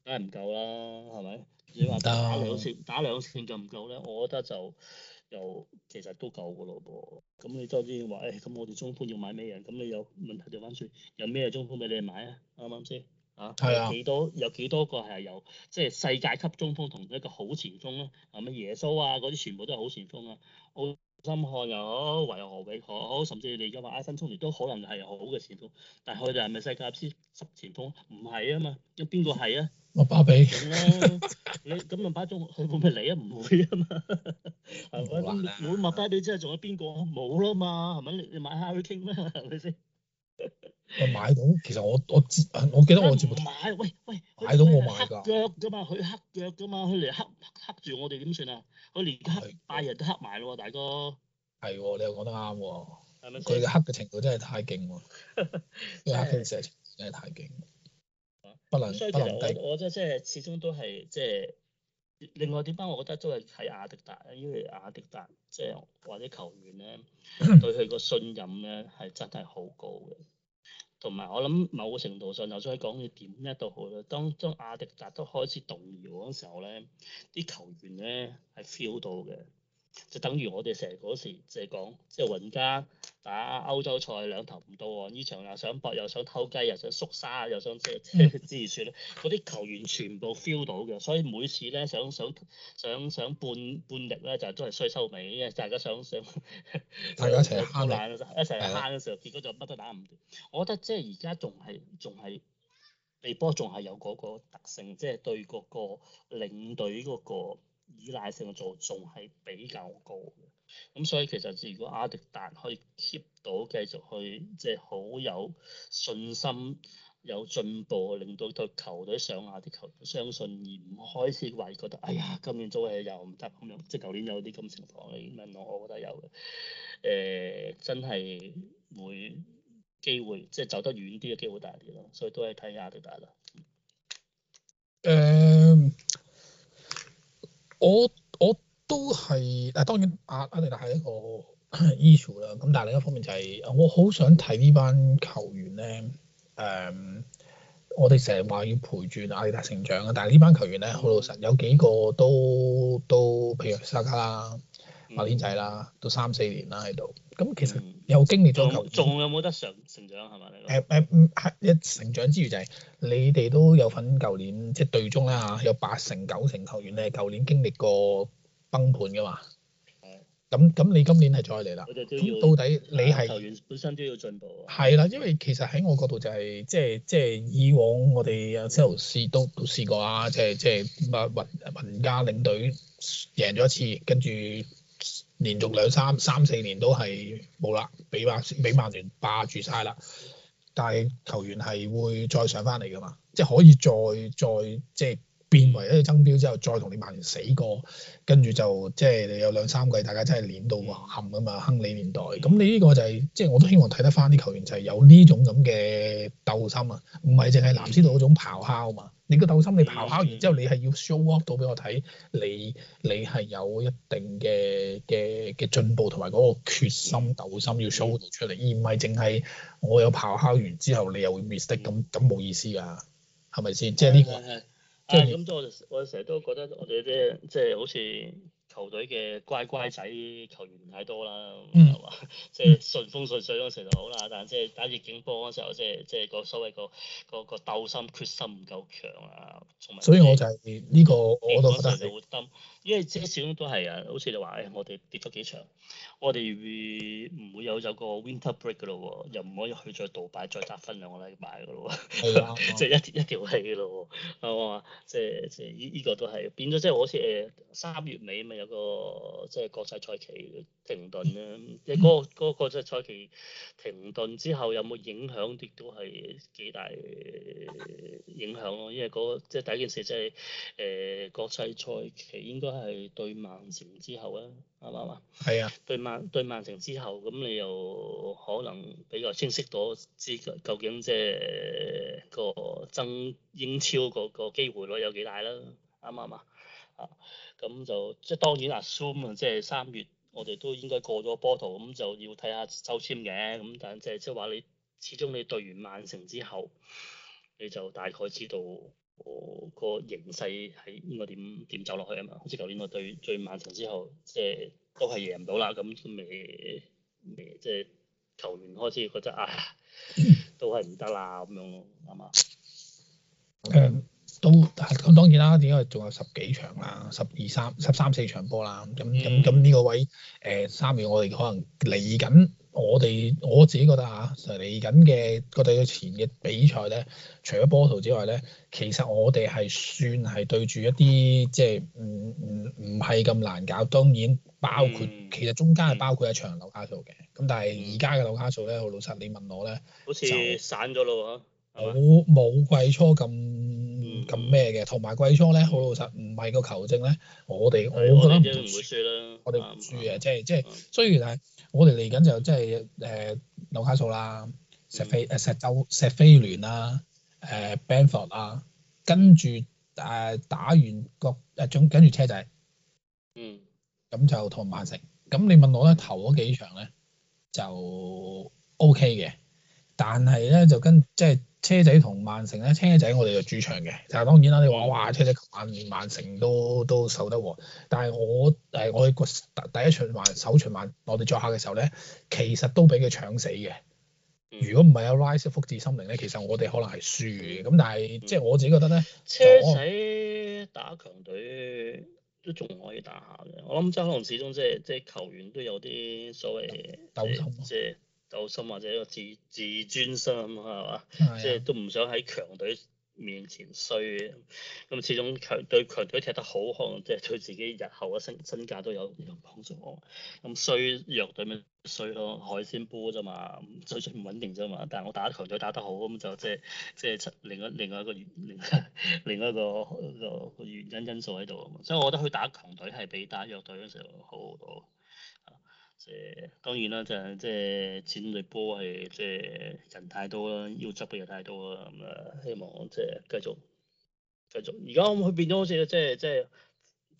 梗係唔夠啦，係咪？不行 你話打兩線，打兩線夠唔夠咧？我覺得就又其實都夠噶咯噃。咁你當然話誒，咁、欸、我哋中鋒要買咩人？咁你有問題就翻轉有咩中鋒俾你哋買啊？啱唔啱先？係啊，幾多有幾多個係由即係世界級中鋒同一個好前鋒啊，係咪耶穌啊嗰啲全部都係好前鋒啊，奧森漢又好，維何偉好好，甚至你而家話阿新中亦都可能係好嘅前鋒，但係佢哋係咪世界級十前鋒？唔係啊嘛，有邊個係啊？麥巴比，你咁麥巴中佢會唔會嚟啊？唔會啊嘛，係嘛？唔會麥巴比即係仲有邊個冇啦嘛？係咪你買 Harry Kane 咩？係咪先？我 (laughs) 買到，其實我我我記得我節目買，買喂，喂喂，買到我買噶，腳噶嘛，佢黑腳噶嘛，佢嚟黑黑住我哋點算啊？佢連黑拜仁都黑埋咯，大哥。係，你又講得啱。係咪？佢黑嘅程度真係太勁喎！佢 (laughs) (laughs) 黑嘅程度真係太勁。 (laughs) 不能， (laughs) 所以其實我其實我即係始終都係即係。就是另外點解我覺得都係睇阿迪達，因為阿迪達即係或者球員咧對佢個信任咧係真係好高嘅，同埋我諗某個程度上就算再講佢點咩都好啦，當阿迪達都開始動搖嗰時候咧，啲球員咧係 feel 到嘅。就等於我哋成日嗰時就講，即係雲加打歐洲賽兩頭唔到岸，呢場又想搏，又想偷雞，又想縮沙，又想即係即係點算咧？嗰啲 (music) 球員全部 feel 到嘅，所以每次咧想想想想半半力咧，就都係衰收尾嘅。大家想想笑笑大家一齊慳， (music) 一齊慳嘅時候，結果就乜都打唔掂。我覺得即係而家仲係仲係被波，仲係有嗰個特性，即係對嗰個領隊嗰個依賴性嘅做仲係比較高嘅，咁所以其實如果阿迪達可以 keep 到繼續去即係好有信心、有進步，令到個球隊上下啲球，球員相信，而唔開始話覺得哎呀，今年做嘢又唔得咁樣，即係舊年有啲咁情況你問我，我覺得有嘅。誒、呃，真係會機會即係、就是、走得遠啲嘅機會大啲咯，所以都係睇阿迪達啦。誒、uh。我我都係，但係當然阿阿迪達係一個 issue 啦。咁但係另一方面就係、是，我好想睇呢班球員咧。誒、嗯，我哋成日話要陪住阿迪達成長啊。但係呢班球員咧好老實，有幾個都都，譬如沙卡啦。馬天仔啦，嗯、都三四年啦喺度，咁其實又經歷咗，仲仲有冇得成成長係嘛？誒一成長之餘就係、是、你哋都有份舊年即隊、就是、中啦嚇，有八成九成球員咧，舊年經歷過崩盤嘅嘛。咁咁的你今年係再嚟啦。到底你係、啊、球員本身都要進步。係啦，因為其實喺我角度就係、是、即即以往我哋 sales 的都都試過啊，即即乜雲雲家領隊贏咗一次，跟住。連續兩三三四年都係冇啦，俾曼俾曼聯霸住曬啦。但係球員係會再上翻嚟㗎嘛，即係可以再再即係。變為一係爭標之後，再同你曼聯死過，跟住就即係你有兩三季，大家真係攣到冚啊嘛，亨利年代。咁你呢個就係、是、即係我都希望睇得返啲球員就係有呢種咁嘅鬥心啊，唔係淨係藍絲隊嗰種咆哮嘛。你個鬥心你咆哮完之後你係要 show up 到俾我睇，你你係有一定嘅嘅嘅進步同埋嗰個決心鬥心要 show 到出嚟，而唔係淨係我有咆哮完之後你又會 mistake 咁咁冇意思噶，係咪先？ (laughs) 即係呢、這個。係，咁即係我我成日都覺得我哋啲即係好似球隊嘅乖乖仔球員太多啦，係嘛、嗯？即係 (laughs) 順風順水嗰陣時就好啦，但係即係打熱競波嗰陣時候，即係即係個所謂、嗰個個、嗰個鬥心決心唔夠強啊，同埋所以我就係呢、呢個我都覺得。因為即係始終都係啊，好似你話，誒我哋跌咗幾場，我哋唔會有有個 winter break 嘅咯喎，又唔可以去再倒擺再集訓兩個禮拜嘅咯喎，即係、 (laughs) 嗯、 (laughs) 一一條氣嘅咯喎，係嘛？即係即係依依個都係變咗，即係好似誒三月尾咪有個即係、就是、國際賽期停頓咧，嗯、即係、那、嗰個即係、那個、賽期停頓之後有冇影響都都係幾大影響咯，因為嗰即係第一件事即係誒國際賽期應該係對曼城之後啊，啱唔啱啊？係啊，對曼對曼城之後，咁、啊、你又可能比較清晰到知究竟即、就、係、是呃個爭英超、個、個機會率有幾大啦，啱唔啱啊？啊，咁就即係、就是、當然啦 assume 即係三月我哋都應該過咗波圖咁就要睇下抽簽嘅，咁但即係即係話你始終你對完曼城之後，你就大概知道。個形勢喺應該點點走落去啊嘛？好似舊年我隊最最曼城之後，即係都係贏唔到啦，咁未未即係球員開始覺得啊，都係唔得啦咁樣啊嘛？誒、嗯 okay. 嗯，都係當然啦，點解仲有十幾場啦？十二三、十三四場波啦，咁咁咁呢個位誒，三、呃、月我哋可能嚟緊。我哋我自己覺得啊，嚟緊嘅個對前嘅比賽咧，除咗波圖之外咧，其實我哋係算係對住一啲即係唔唔唔係咁難搞。當然包括、嗯、其實中間係包括一場紐卡素嘅，咁但係而家嘅紐卡素咧，好老實你問我咧，好似散咗咯嗬，冇冇季初咁咁咩嘅，同埋、嗯、季初咧好老實，唔係個球證咧，我哋、嗯、我覺得唔、嗯、會輸啦，嗯、我哋唔輸嘅，即係即係雖然係。我哋嚟緊就即係誒紐卡素啦，石飛誒、呃、石州石飛聯啦，誒、呃、Benford 啊，跟住誒、呃、打完各誒總、呃、跟住車仔，嗯，咁就同曼城。咁你問我咧，頭嗰幾場咧就 O K 嘅，但係咧就跟即係。即係車仔同曼城咧，車仔我哋就主場嘅，但係當然啦，你話哇，車仔、曼曼城都都受得喎。但係我誒、嗯，我哋個第一循環首循環，我哋作客嘅時候咧，其實都俾佢搶死嘅。如果唔係有 Rice 福智心靈咧，其實我哋可能係輸嘅。咁但係、嗯、即係我自己覺得咧，車仔打強隊都仲可以打下嘅。我諗即係可能始終即係即係球員都有啲所謂鬥心，啊。鬥心或者個自自尊心啊嘛，係嘛？ (noise) 即係都唔想喺強隊面前衰。咁始終強隊強隊，踢得好，可能即係對自己日後嘅身身價都有有幫助。咁衰弱隊咪衰咯，海鮮煲啫嘛，最最唔穩定啫嘛。但係我打強隊打得好，咁就即係即係另外另外一個另另外一個呵呵一個，一個原因因素喺度啊嘛。所以我覺得佢打強隊係比打弱隊嗰陣時候好好多。誒，當然啦，就係即係錢力波係即係人太多啦，要執嘅嘢太多啦，咁啊，希望即係繼續繼續。而家佢變咗好似即係即係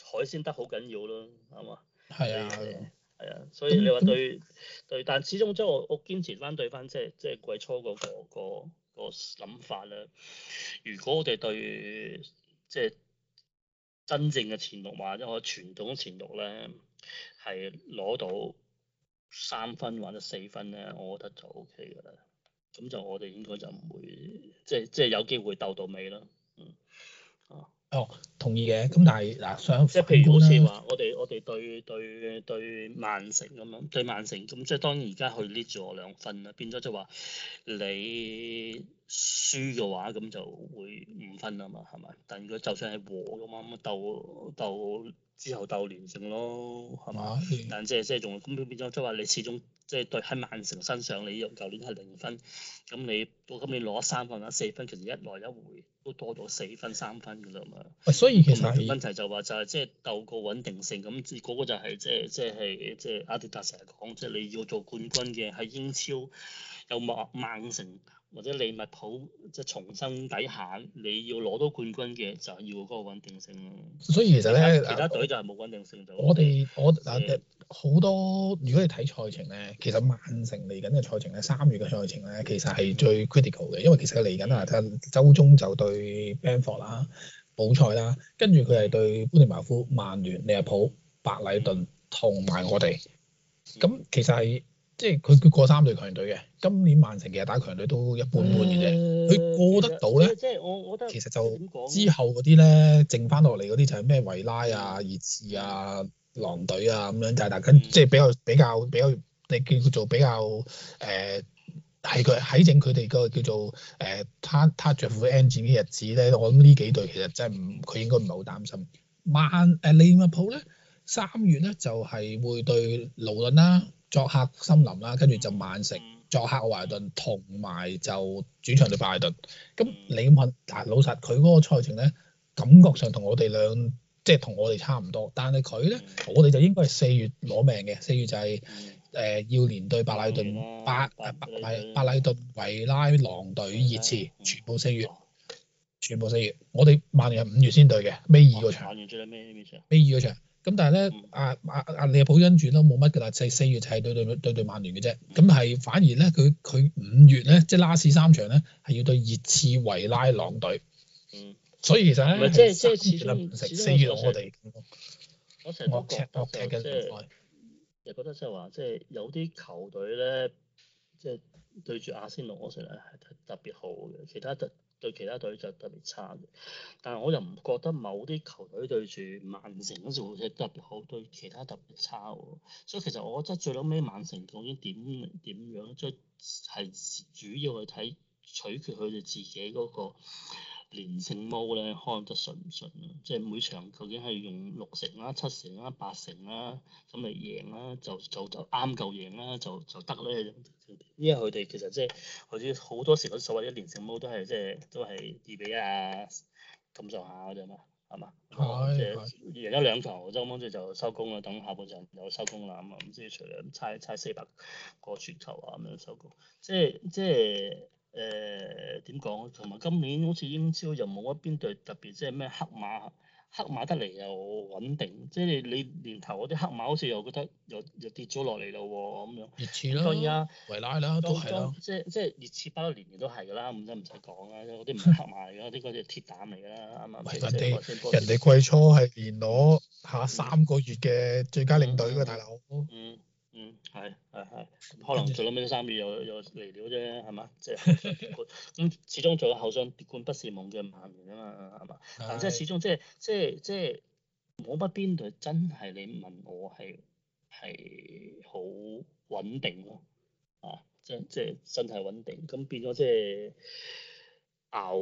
海鮮得好緊要咯，啱嘛？係啊，係啊，所以你話對、嗯、對，但始終即係我我堅持翻對翻，即係即係季初嗰、個、個、個諗法啦。如果我哋對即係、就是、真正嘅前六嘛，即係我傳統前六咧，係攞到。三分或者四分咧，我覺得就 O K 嘅啦。咁就我哋應該就唔會，即係即係有機會鬥到尾咯。嗯。哦，同意嘅。咁但係嗱，雙即係譬如好似話，我哋我哋對對對曼城咁樣，對曼城咁，即係當而家佢領住我兩分啦，變咗就話你輸嘅話，咁就會五分啊嘛，係咪？但如果就算係和咁啊，鬥鬥。之後鬥連勝咯，係嘛？嗯、但即係即係仲咁變咗，即係話你始終即係、就是、對喺曼城身上，你由舊年係零分，咁你到今年攞三分啦，四分，其實一來一回都多咗四分三分噶啦嘛、啊。所以其實問題就話就係即係鬥個穩定性，咁、那、嗰個就係即係即係即係阿迪達成日講，即、就、係、是、你要做冠軍嘅喺英超有曼曼城。或者利物浦，即係重新底下，你要攞到冠軍嘅，就要嗰個穩定性，所以其實咧，其他隊就係冇穩定性就。我哋我好多，如果你睇賽程咧，其實曼城嚟緊嘅賽程咧，三月嘅賽程咧，其實係最 critical 嘅，因為其實嚟緊啊，睇下週中就對 Brentford 啦，補賽啦，跟住佢係對般尼茅夫、曼聯、利物浦、白禮頓同埋我哋，咁、嗯嗯、其實係。即係佢佢過三隊強隊嘅，今年曼城其實打強隊都一般般嘅啫。佢、嗯、過得到咧，即係我覺得其實就之後嗰啲咧，剩翻落嚟嗰啲就係咩維拉啊、熱刺啊、狼隊啊咁樣，就係大家即係比較比較比較，你叫做比較誒，係佢喺整佢哋個叫做誒攤攤著褲 end 嘅日子咧。我諗呢幾隊其實真係唔，佢應該唔係好擔心。曼誒、啊、利物浦咧，三月咧就係、是、會對魯頓啦。作客森林啦，跟住就曼城作客懷頓，同埋就主場對白賴頓。咁你問嗱，老實佢嗰個賽程咧，感覺上同我哋兩即係同我哋差唔多，但係佢咧，嗯、我哋就應該係四月攞命嘅。四月就係、是、誒、嗯呃、要連對白賴頓、白誒白、白賴頓維拉狼隊熱刺，全部四月，嗯嗯、全部四月。嗯、我哋曼聯係五月先對嘅，尾二個場。曼聯最尾咩尾二個場。咁但係咧，阿阿阿利物浦跟住都冇乜噶啦，四、啊啊啊啊、四月就係對對對對曼聯嘅啫。咁係反而咧，佢佢五月咧，即係 last 三場咧，係要對熱刺、維拉兩隊。嗯。所以其實咧，即係即係，四月我哋惡赤惡踢，嘅終。即係們，又覺得即係話，即係有啲球隊咧，即、就、係、是、對住阿仙奴我成日係特別好嘅，其他都。對其他隊就特別差嘅，但係我又唔覺得某啲球隊對住曼城嗰陣時會特別好，對其他特別差喎。所以其實我覺得最撈尾曼城究竟點點樣，即係係主要去睇取決佢哋自己嗰、嗰個連勝 mode 咧，看得順唔順，即係每場究竟係用六成啦、啊、七成啦、啊、八成啦、啊，咁嚟贏啦、啊，就就就啱夠贏啦、啊，就就得咧。因為佢哋其實即係好似好多時所謂啲連勝 mode 都係即係都係二比一咁上下啫嘛，係嘛？係對贏咗兩球，就咁，即係就收工啦。等下半場又收工啦，咁啊即係除咗猜猜四百個傳球啊咁樣收工，即係即係。誒，點講、呃？同埋今年好似英超又冇一邊隊特別即係咩黑馬，黑馬得嚟又穩定。即係你年頭嗰啲黑馬好似又覺得又又跌咗落嚟咯，咁樣。熱刺啦，維拉當啦，都係啦。即即係熱刺，包年年都係噶啦，咁就唔使講啊！嗰啲唔係黑馬嚟噶，啲嗰隻鐵膽嚟噶啦。人哋人哋季初係連攞下三個月嘅最佳領隊噶大佬。嗯。嗯嗯嗯嗯嗯，係，係係，可能最屘尾三月又 (laughs) 又嚟料啫，係嘛？即係咁，始終做咗後生奪冠不是夢嘅漫延啊嘛，係嘛？但係即係始終即係即係即係冇乜邊度真係你問我係係好穩定咯，啊，即係即係身體穩定，咁、嗯、變咗即係熬，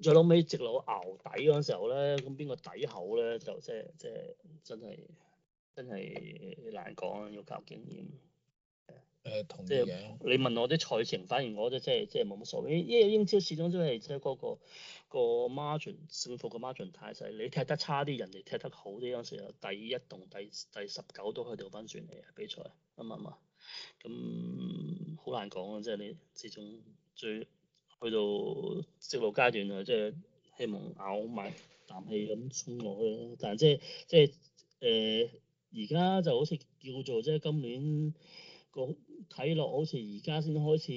最屘尾直落熬底嗰陣時候咧，咁邊個底厚咧就即係即係真係。真係難講，要靠經驗。誒、嗯、同樣即，你問我啲賽程，反而我都即係即係冇乜所謂。因為英超始終都係即係嗰個 margin 勝負嘅 margin 太細，你踢得差啲，人哋踢得好啲，時有時啊，第一同第第十九都可以調翻轉嚟啊比賽，啱唔啱？咁好難講啊！即係你始終最去到直路階段啊，即係希望咬埋啖氣咁衝落去咯。但係即係即係誒。呃而家就好似叫做即係今年個睇落好似而家先開始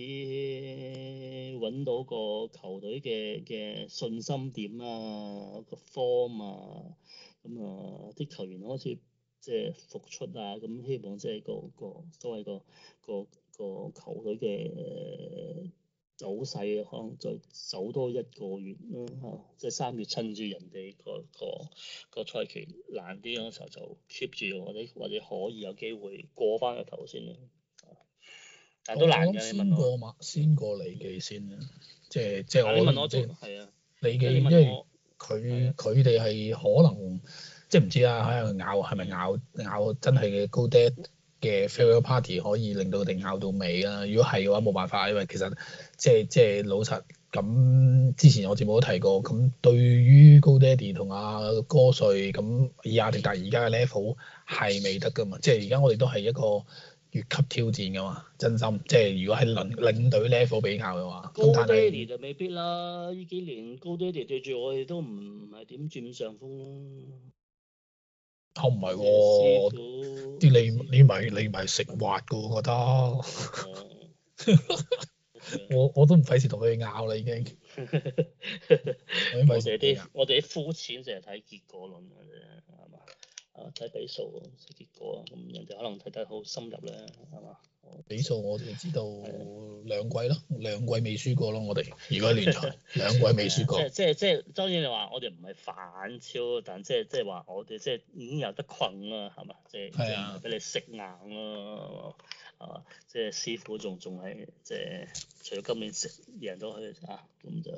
揾到個球隊嘅嘅信心點啊，個 form 啊，咁啊啲球員開始即係復出啊，咁希望即係個個所謂個個個球隊嘅。走勢可能再走多一個月咯、嗯、即係三月趁住人哋個個個賽期難啲嗰時候就 keep 住，或者或者可以有機會過翻個頭先咯。但都難嘅。先過麥，先過利記先啦、嗯。即係即係我即係啊。利，利記、啊、因為佢佢哋係可能即係唔知啊，喺度咬係咪咬咬真係嘅高啲。嘅 fail a party 可以令到佢哋考到尾啊！如果係嘅話，冇辦法，因為其實即係即係老實咁，之前我節目都提過，咁對於高爹地同阿哥瑞咁以阿迪達而家嘅 level 係未得㗎嘛，即係而家我哋都係一個越級挑戰㗎嘛，真心即係如果係領領隊 level 比較嘅話，高爹地就未必啦，呢但幾年高爹地對住我哋都唔唔係點佔上風咯。哦，唔係喎，啲父你你咪你咪食滑噶，我覺得， (laughs) 我我都唔費事同佢拗啦，已經。咪哋啲， (laughs) 我哋啲的 (laughs) 膚淺，淨係睇結果論嘅睇、啊、比數，睇結果啊，咁人哋可能睇得好深入咧，係嘛？比數我哋知道兩季咯，兩吧季未輸過咯，我哋如果喺聯賽，兩 (laughs) 季未輸過。即即即當然你話我哋唔係反超，但即即話我哋即已經有得困啦，係嘛？即即俾你食硬咯，係嘛即係，啊！即師傅仲仲係即除咗今年食贏咗佢啊咁就。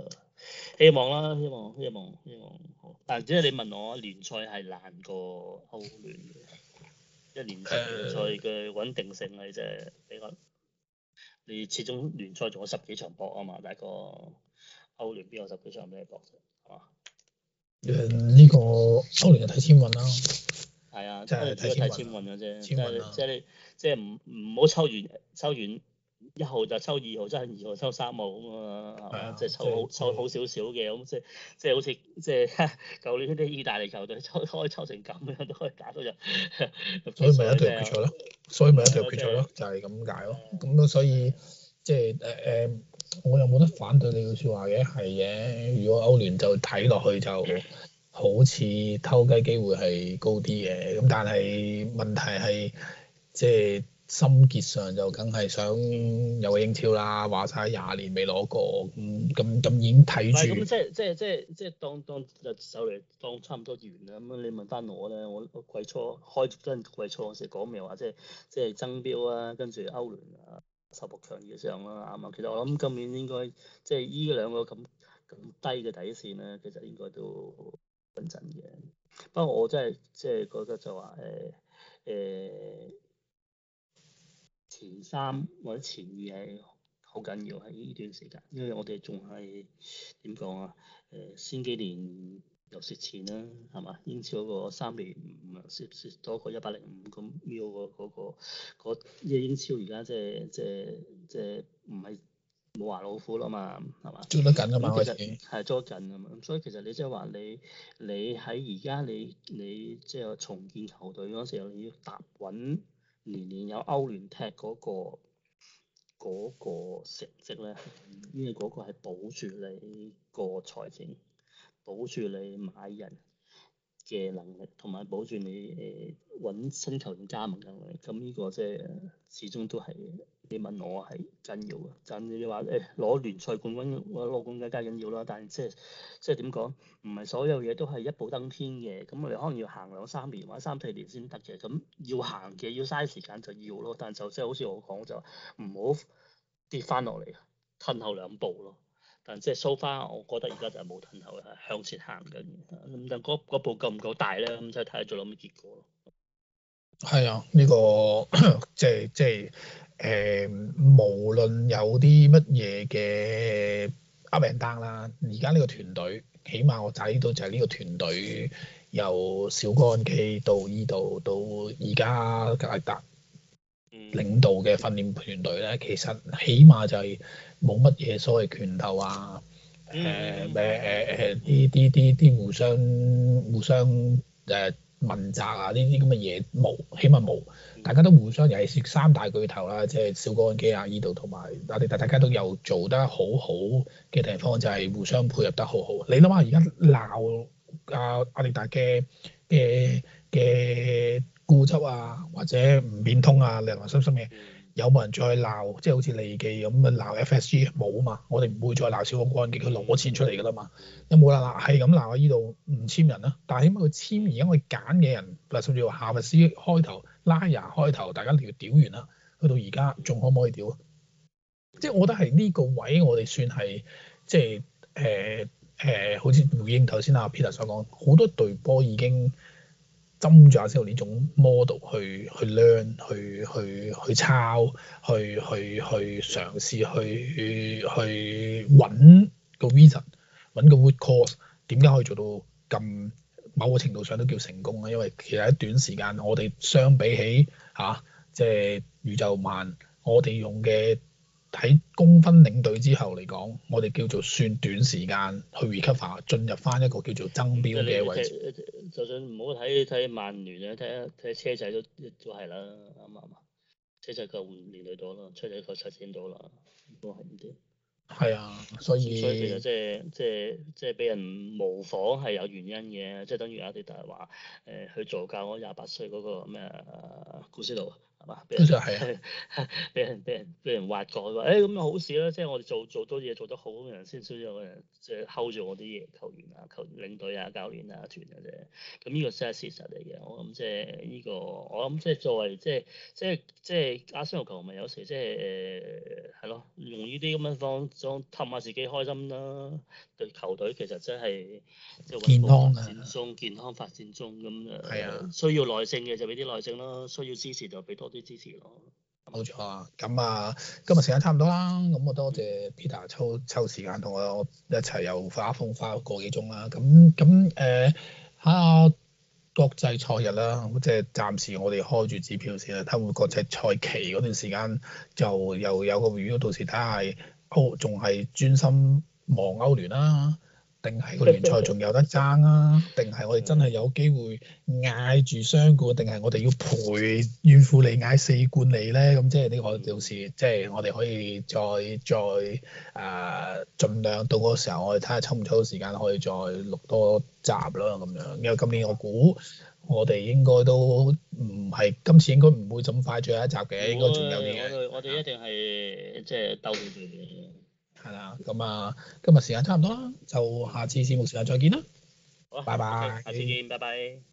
希望啦，希望，希望，希望。但係只係你問我聯賽係難過歐聯嘅，一聯賽聯賽嘅穩定性係即係比較。你始終聯賽仲有十幾場博啊嘛，但係個歐聯邊有十幾場咩博啫？誒呢個歐聯就睇簽運啦。係啊，就係睇簽運嘅啫。簽運啊！即係即係唔唔好抽遠抽遠，一號就抽二號，就是、號就抽二號抽三號咁啊，即係、哎、呀抽好、就是、抽好少少嘅，咁即係即係好似即係舊年啲意大利球隊抽開抽成咁樣都可以打到。有、就是，所以咪一定決賽咯，所以咪一定決賽咯，就係咁解咯。咁所以即係誒誒，我又冇得反對你嘅說話嘅，係嘅。如果歐聯就睇落去就好似偷雞機會係高啲嘅，咁但係問題係即係。就是心結上就梗係想有個英超啦，話晒廿年未攞過，咁咁咁已經睇住。唔係咁即係即係即係即係當當就手嚟當差唔多完啦。咁你問翻我咧，我季初開咗真係季初時講未話即係即係爭標啊，跟住歐聯啊十六強以上啦啱啊。其實我諗今年應該即係依兩個咁咁低嘅底線咧，其實應該都穩陣嘅。不過我真係即係覺得就話誒誒。欸欸欸前三或者前二係好緊要喺呢段時間，因為我哋仲係點講啊？誒，先幾年又蝕錢啦，係嘛？英超嗰個三年唔係蝕蝕多過一百零五咁秒嗰嗰個英超而家即係即係即係唔係冇牙老虎啦嘛，係嘛？捉得緊㗎嘛，開始係捉緊㗎嘛，所以其實你即係話你你喺而家你你即係重建球隊嗰時候，你要踏穩。年年有歐聯踢嗰、嗰個嗰個成績咧，嗯、因為嗰個係保住你個財政，保住你買人嘅能力，同埋保住你誒揾新球員加盟嘅能力，咁呢個即、就、係、係、始終都係。你問我係緊要嘅，真、就、係、是、你話誒攞聯賽冠軍，攞冠軍梗係緊要啦。但係即係即係點講？唔係所有嘢都係一步登天嘅。咁我哋可能要行兩三年或者三四年先得嘅。咁要行嘅要嘥時間就要咯。但係就即係好似我講就唔好跌翻落嚟，褪後兩步咯。但係即係 so far，我覺得而家就係冇褪後，係向前行緊。咁但係嗰步夠唔夠大咧？咁真係睇下仲有咩結果咯。係啊，呢、這個即係即係。 (coughs) 就是就是誒、嗯，無論有啲乜嘢嘅呃 up and down 啦，而家呢個團隊，起碼我睇到就係呢個團隊由小幹基到依度到而家格達領導嘅訓練團隊咧，其實起碼就係冇乜嘢所謂拳頭啊，誒誒誒誒呢啲啲啲互相互相誒、呃、問責啊呢啲咁嘅嘢冇，起碼冇。大家都互相又係説三大巨頭啦，即係小高安基啊依度同埋阿迪達，大家都又做得好好嘅地方，就係、是、互相配合得好好。你諗下，而家鬧亞阿迪達嘅嘅嘅固執啊，或者唔變通啊，你什麼什麼嘢？有冇人再鬧？即、就、係、是、好似利記咁鬧 FSG 冇啊嘛，我哋唔會再鬧小高安基，佢攞錢出嚟噶啦嘛。有冇人鬧係咁鬧？依度唔簽人啊。但係起碼佢簽而家佢揀嘅人，嗱，甚至話夏密斯開頭。拉呀開頭，大家條屌完啦，去到而家仲可唔可以屌？即係我覺得係呢個位我，我哋算係即係誒誒，好似回應頭先阿 Peter 所講，好多隊波已經針咗之後呢種 model 去去 learn，去去去，去抄，去去去嘗試去去揾個 reason，揾個 root cause 點解可以做到咁？某個程度上都叫成功啦，因為其實喺短時間，我哋相比起嚇，即、啊、係宇宙慢，我哋用嘅喺公分領隊之後嚟講，我哋叫做算短時間去 recover，進入翻一個叫做爭標嘅位置。就，就算唔好睇睇曼聯咧，睇睇車仔都都係啦，啱唔啱？車仔佢換領隊到啦，車仔佢出錢到啦，都係唔掂。係啊，所以所以，所以其實即係即係即係俾人模仿係有原因嘅，即係等於阿迪達話誒，去做教我廿八歲嗰個咩啊，古詩路。咁就係啊！俾人俾人俾人挖角話，誒咁咪好事啦！即係我哋做做多嘢做得好嘅人先先有個人即係 hold 住我啲嘢，球員啊、球領隊啊、教練啊、團嘅啫。咁呢個真係事實嚟嘅，我諗即係呢個，我諗即係作為即係即係即係阿仙奴球咪有時即係係咯，用呢啲咁樣方方氹下自己開心啦。對球隊其實真係即係健康發展中健康發展中咁啊，需要耐性嘅就俾啲耐性咯，需要支持就俾多。啲支持咯，冇錯啊！咁啊，今日時間差唔多啦，咁我多謝 Peter 抽抽時間同我，我一齊又花風花個幾鐘啦。咁咁誒，睇下、呃、國際賽日啦，即係暫時我哋開住支票先啊。睇下國際賽期嗰段時間就，就又有個預咯。到時睇下係仲係專心望歐聯啦。定係個聯賽仲有得爭啊？定係我哋真係有機會嗌住雙冠？定係我哋要陪怨婦你嗌四冠你咧？咁即係呢個到時，即係我哋可以再再誒，儘量到嗰時候，我哋睇下抽唔抽到時間可以再錄多集啦咁樣。因為今年我估我哋應該都唔係，今次應該唔會咁快最後一集嘅，應該仲有啲我哋一定係即係鬥佢係啦，咁啊、嗯，今日時間差唔多啦，就下次節目時間再見啦。好，拜拜，下次見，拜拜。